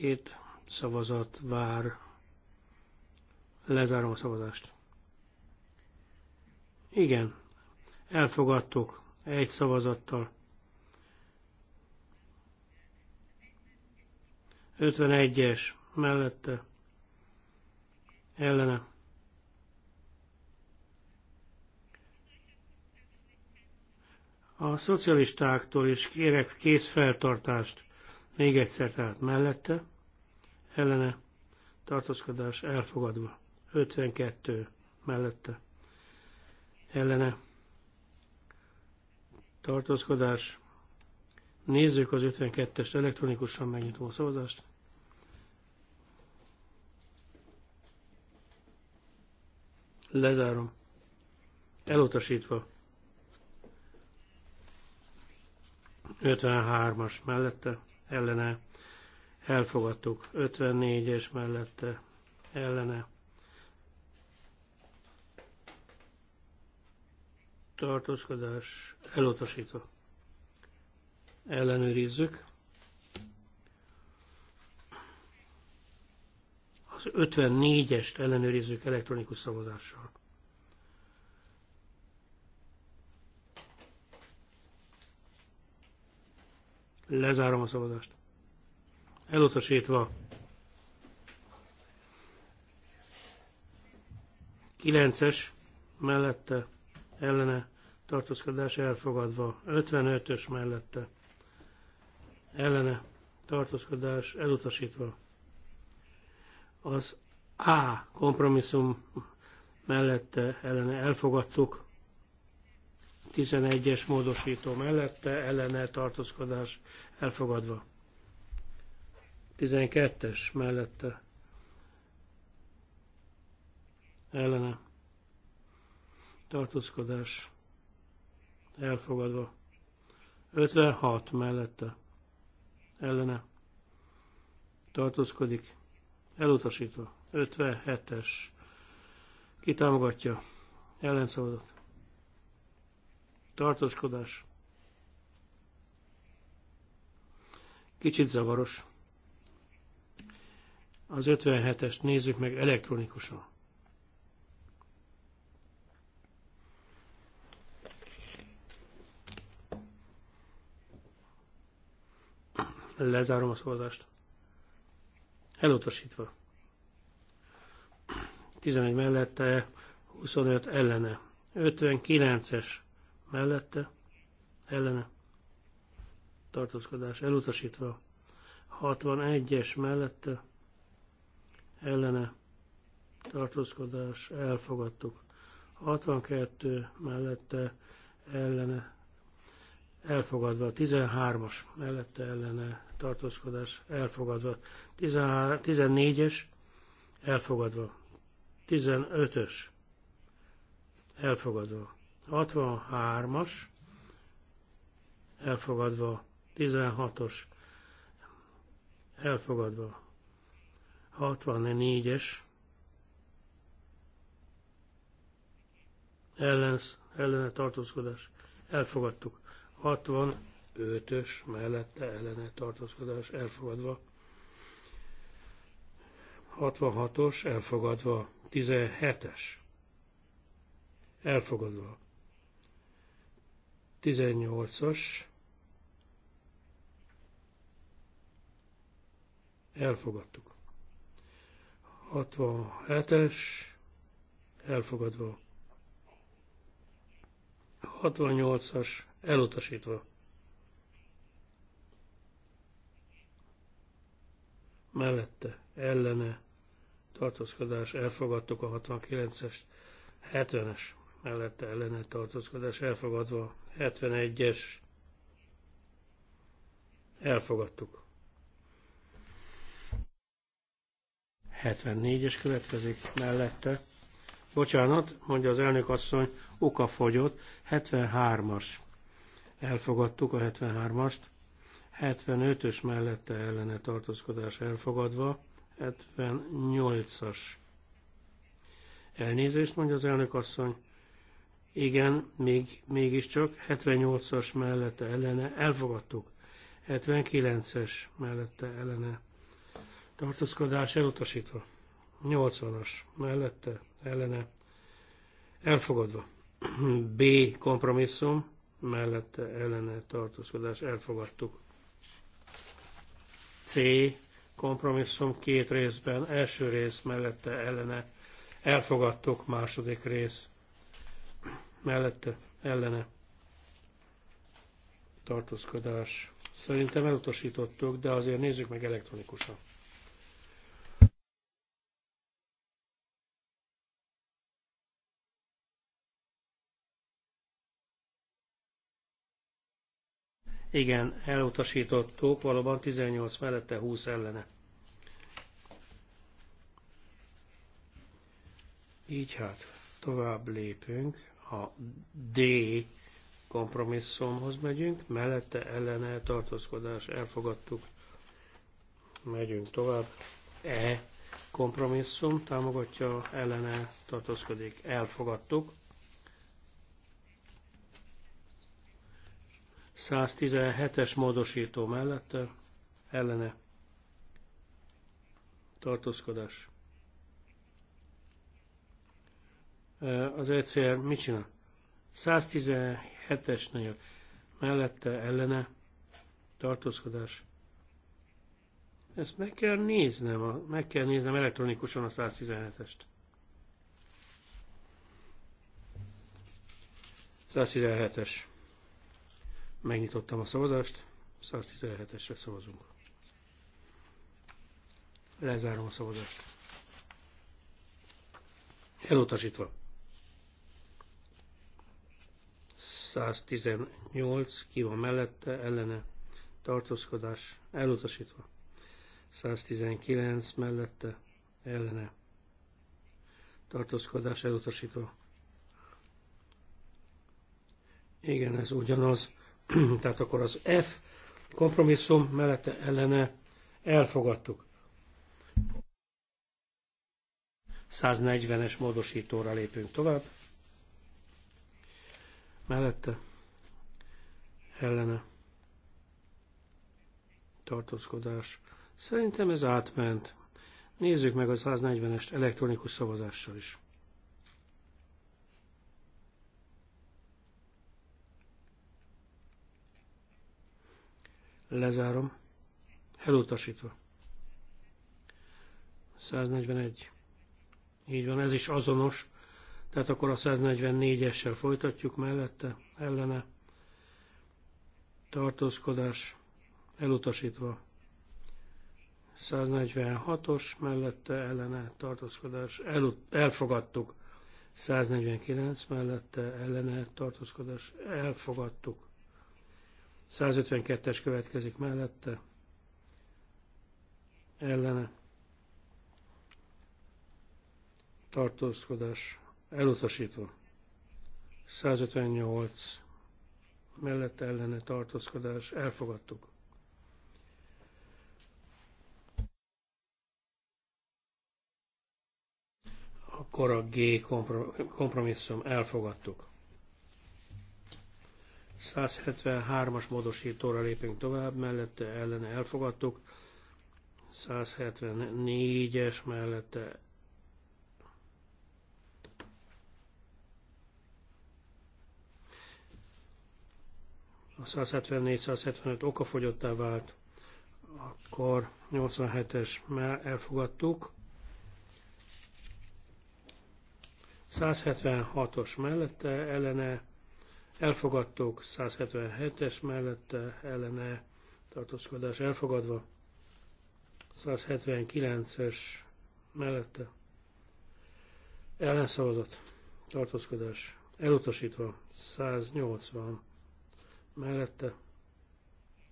[SPEAKER 3] Két szavazat vár. Lezárom a szavazást. Igen, elfogadtuk egy szavazattal. 51-es mellette ellene. A szocialistáktól is kérek készfeltartást. Még egyszer tehát mellette, ellene, tartózkodás elfogadva. 52 mellette, ellene, tartózkodás. Nézzük az 52-est elektronikusan megnyitó szavazást. Lezárom. Elutasítva. 53-as mellette ellene elfogadtuk. 54-es mellette ellene tartózkodás elutasítva. Ellenőrizzük. Az 54-est ellenőrizzük elektronikus szavazással. Lezárom a szavazást. Elutasítva. 9-es mellette ellene tartózkodás elfogadva. 55-ös mellette ellene tartózkodás elutasítva. Az A kompromisszum mellette ellene elfogadtuk. 11-es módosító mellette ellene tartózkodás elfogadva. 12-es mellette ellene tartózkodás elfogadva. 56 mellette ellene tartózkodik elutasítva. 57-es kitámogatja ellenszavazott tartózkodás. Kicsit zavaros. Az 57-est nézzük meg elektronikusan. Lezárom a szózást. Elutasítva. 11 mellette, 25 ellene. 59-es mellette, ellene, tartózkodás elutasítva. 61-es mellette, ellene, tartózkodás elfogadtuk. 62 mellette, ellene, elfogadva. 13-as mellette, ellene, tartózkodás elfogadva. 14-es elfogadva. 15-ös elfogadva. 63-as, elfogadva, 16-os, elfogadva, 64-es, ellensz, ellene tartózkodás, elfogadtuk, 65-ös mellette ellene tartózkodás, elfogadva, 66-os, elfogadva, 17-es, elfogadva, 18-as, elfogadtuk. 67-es, elfogadva. 68-as, elutasítva. Mellette, ellene, tartózkodás, elfogadtuk a 69 es 70-es, mellette ellene tartózkodás, elfogadva 71-es elfogadtuk. 74-es következik mellette. Bocsánat, mondja az elnök asszony, oka fogyott, 73-as. Elfogadtuk a 73-ast. 75-ös mellette ellene tartózkodás elfogadva, 78-as. Elnézést, mondja az elnök asszony, igen, még, mégiscsak 78-as mellette ellene elfogadtuk. 79-es mellette ellene tartózkodás elutasítva. 80-as mellette ellene elfogadva. B kompromisszum mellette ellene tartózkodás elfogadtuk. C kompromisszum két részben, első rész mellette ellene elfogadtuk, második rész mellette ellene tartózkodás. Szerintem elutasítottuk, de azért nézzük meg elektronikusan. Igen, elutasítottuk, valóban 18 mellette 20 ellene. Így hát, tovább lépünk a D kompromisszumhoz megyünk, mellette ellene tartózkodás elfogadtuk, megyünk tovább, E kompromisszum támogatja, ellene tartózkodik, elfogadtuk. 117-es módosító mellette ellene tartózkodás az ECR mit csinál? 117-esnél mellette ellene tartózkodás. Ezt meg kell néznem, meg kell néznem elektronikusan a 117-est. 117-es. Megnyitottam a szavazást, 117-esre szavazunk. Lezárom a szavazást. Elutasítva. 118, ki van mellette, ellene tartózkodás elutasítva. 119 mellette, ellene tartózkodás elutasítva. Igen, ez ugyanaz. Tehát akkor az F kompromisszum mellette ellene elfogadtuk. 140-es módosítóra lépünk tovább mellette ellene tartózkodás. Szerintem ez átment. Nézzük meg a 140-est elektronikus szavazással is. Lezárom. Elutasítva. 141. Így van, ez is azonos tehát akkor a 144-essel folytatjuk mellette, ellene. Tartózkodás elutasítva. 146-os mellette ellene tartózkodás el elfogadtuk. 149 mellette ellene tartózkodás elfogadtuk. 152-es következik mellette ellene tartózkodás elutasítva. 158 mellette ellene tartózkodás elfogadtuk. Akkor a G kompromisszum elfogadtuk. 173-as módosítóra lépünk tovább, mellette ellene elfogadtuk. 174-es mellette a 174-175 okafogyottá vált, akkor 87-es már elfogadtuk. 176-os mellette ellene, elfogadtuk 177-es mellette ellene, tartózkodás elfogadva, 179-es mellette ellenszavazat, tartózkodás elutasítva, 180 mellette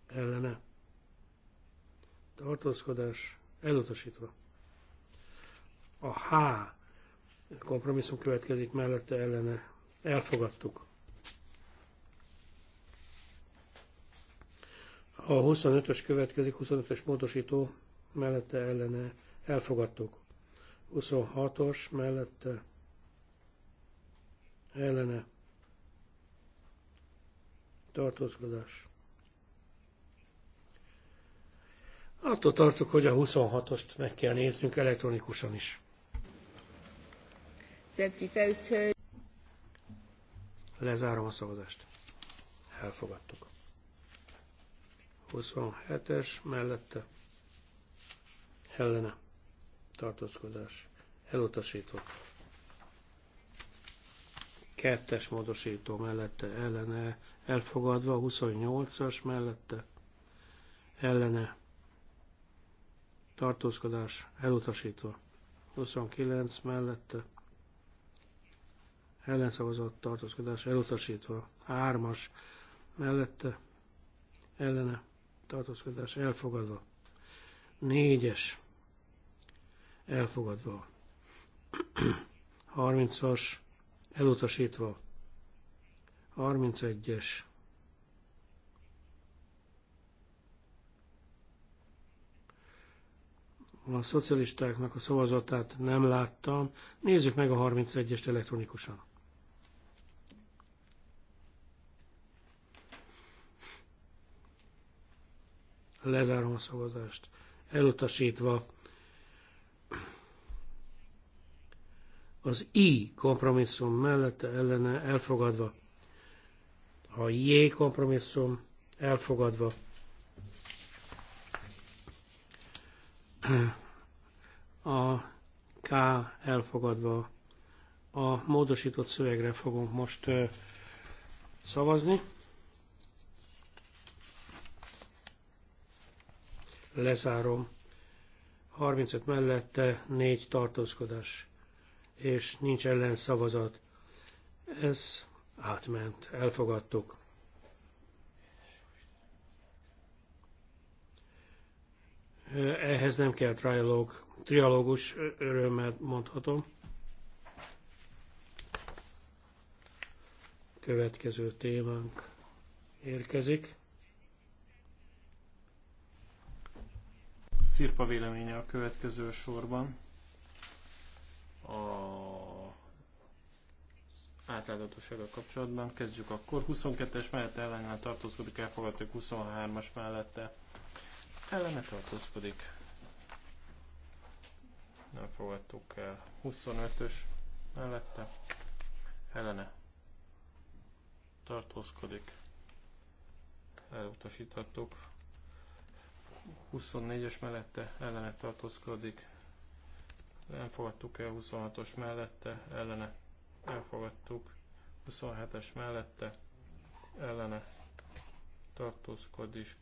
[SPEAKER 3] ellene tartózkodás elutasítva. A H kompromisszum következik mellette ellene elfogadtuk. A 25-ös következik, 25-ös módosító mellette ellene elfogadtuk. 26-os mellette ellene tartózkodás. Attól tartok, hogy a 26-ost meg kell néznünk elektronikusan is. Lezárom a szavazást. Elfogadtuk. 27-es mellette ellene tartózkodás elutasított kettes módosító mellette ellene elfogadva, a 28-as mellette ellene tartózkodás elutasítva, 29 mellette ellenszavazott tartózkodás elutasítva, 3-as mellette ellene tartózkodás elfogadva, 4-es elfogadva, 30-as elutasítva. 31-es. A szocialistáknak a szavazatát nem láttam. Nézzük meg a 31-est elektronikusan. Lezárom a szavazást. Elutasítva az I kompromisszum mellette ellene elfogadva, a J kompromisszum elfogadva, a K elfogadva, a módosított szövegre fogunk most szavazni. Lezárom. 35 mellette 4 tartózkodás és nincs ellenszavazat. Ez átment, elfogadtuk. Ehhez nem kell trialóg, trialógus, örömmel mondhatom. Következő témánk
[SPEAKER 2] érkezik. Szirpa véleménye a következő sorban a átláthatósággal kapcsolatban. Kezdjük akkor. 22-es mellette ellene tartózkodik, elfogadtuk 23-as mellette. Ellene tartózkodik. Nem fogadtuk el. 25-ös mellette. Ellene tartózkodik. Elutasítottuk. 24-es mellette ellene tartózkodik nem fogadtuk el 26-os mellette, ellene elfogadtuk 27-es mellette, ellene tartózkodik,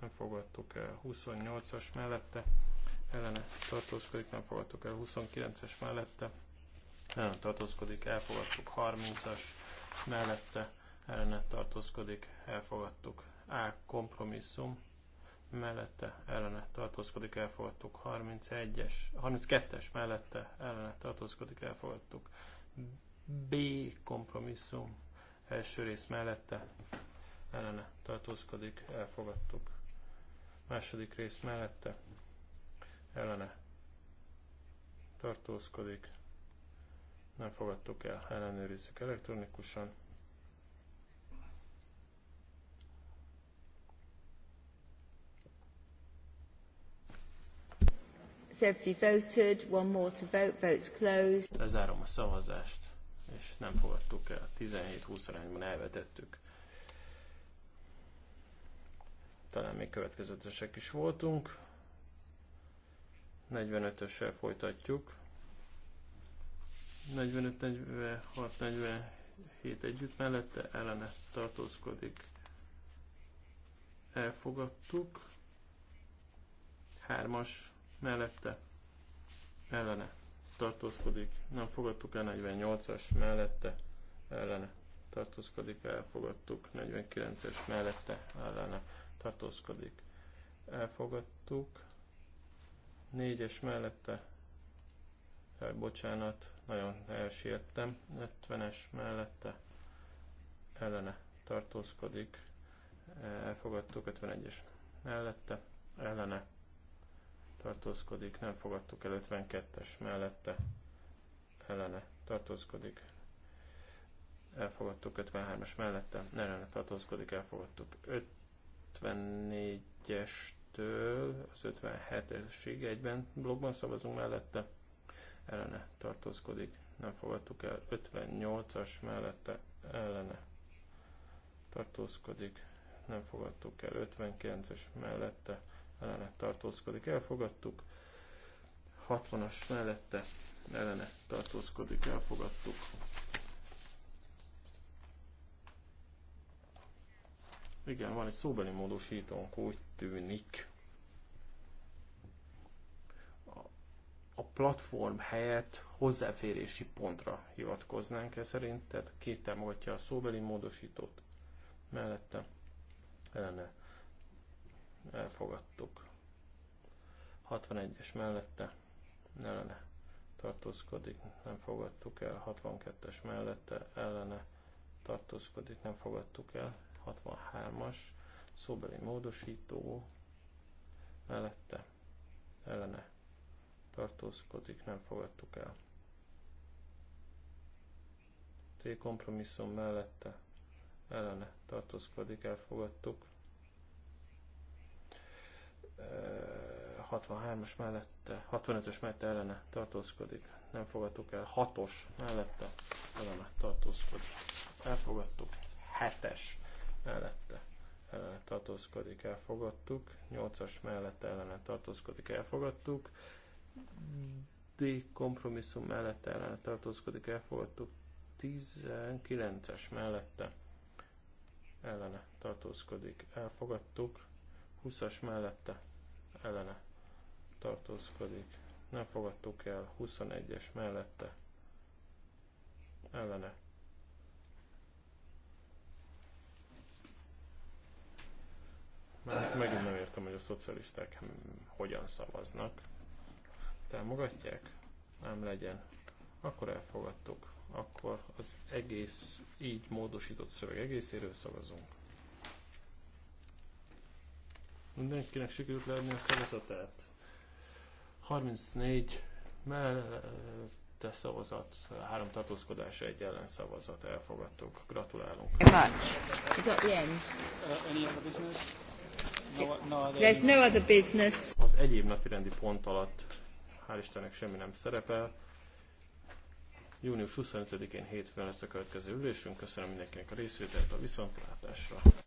[SPEAKER 2] nem fogadtuk el 28-as mellette, ellene tartózkodik, nem fogadtuk el 29-es mellette, ellene tartózkodik, elfogadtuk 30-as mellette, ellene tartózkodik, elfogadtuk. A kompromisszum mellette ellene tartózkodik, elfogadtuk. 31-es, 32-es mellette ellene tartózkodik, elfogadtuk. B kompromisszum első rész mellette ellene tartózkodik, elfogadtuk. Második rész mellette ellene tartózkodik, nem fogadtuk el, ellenőrizzük elektronikusan.
[SPEAKER 1] Everybody voted, one more to vote, votes closed.
[SPEAKER 2] Lezárom a szavazást, és nem fogadtuk el. 17-20 arányban elvetettük. Talán még következetesek is voltunk. 45-össel folytatjuk. 45, 46, 47 együtt mellette ellene tartózkodik. Elfogadtuk. Hármas mellette ellene tartózkodik, nem fogadtuk el 48-as mellette ellene tartózkodik, elfogadtuk 49-es mellette ellene tartózkodik, elfogadtuk 4-es mellette Jaj, eh, bocsánat, nagyon elsértem. 50-es mellette ellene tartózkodik. Elfogadtuk 51-es mellette ellene tartózkodik, nem fogadtuk el 52-es mellette, ellene tartózkodik, elfogadtuk 53-es mellette, ellene tartózkodik, elfogadtuk 54-estől az 57-esig egyben blogban szavazunk mellette, ellene tartózkodik, nem fogadtuk el 58-as mellette, ellene tartózkodik, nem fogadtuk el 59-es mellette, ellene tartózkodik, elfogadtuk. 60-as mellette ellene tartózkodik, elfogadtuk. Igen, van egy szóbeli módosítónk, úgy tűnik. A platform helyett hozzáférési pontra hivatkoznánk ez szerint, tehát két támogatja a szóbeli módosítót mellette ellene elfogadtuk. 61-es mellette ellene tartózkodik, nem fogadtuk el. 62-es mellette ellene tartózkodik, nem fogadtuk el. 63-as szóbeli módosító mellette ellene tartózkodik, nem fogadtuk el. C kompromisszum mellette ellene tartózkodik, elfogadtuk. 63-as mellette, 65-ös mellette ellene tartózkodik, nem fogadtuk el, 6-os mellette ellene tartózkodik, elfogadtuk, 7-es mellette ellene tartózkodik, elfogadtuk, 8-as mellette ellene tartózkodik, elfogadtuk, D kompromisszum mellette ellene tartózkodik, elfogadtuk, 19-es mellette ellene tartózkodik, elfogadtuk, 20-as mellette ellene tartózkodik. Nem fogadtuk el 21-es mellette ellene. Mert megint nem értem, hogy a szocialisták hogyan szavaznak. Támogatják? Nem legyen. Akkor elfogadtuk. Akkor az egész így módosított szöveg egészéről szavazunk. Mindenkinek sikerült leadni a szavazatát. 34 mellette szavazat, három tartózkodása, egy ellen szavazat elfogadtuk. Gratulálunk. Much. No, no
[SPEAKER 1] There's no other business.
[SPEAKER 2] Az egyéb napirendi pont alatt hál' Istennek semmi nem szerepel. Június 25-én hétfőn lesz a következő ülésünk. Köszönöm mindenkinek a részvételt a viszontlátásra.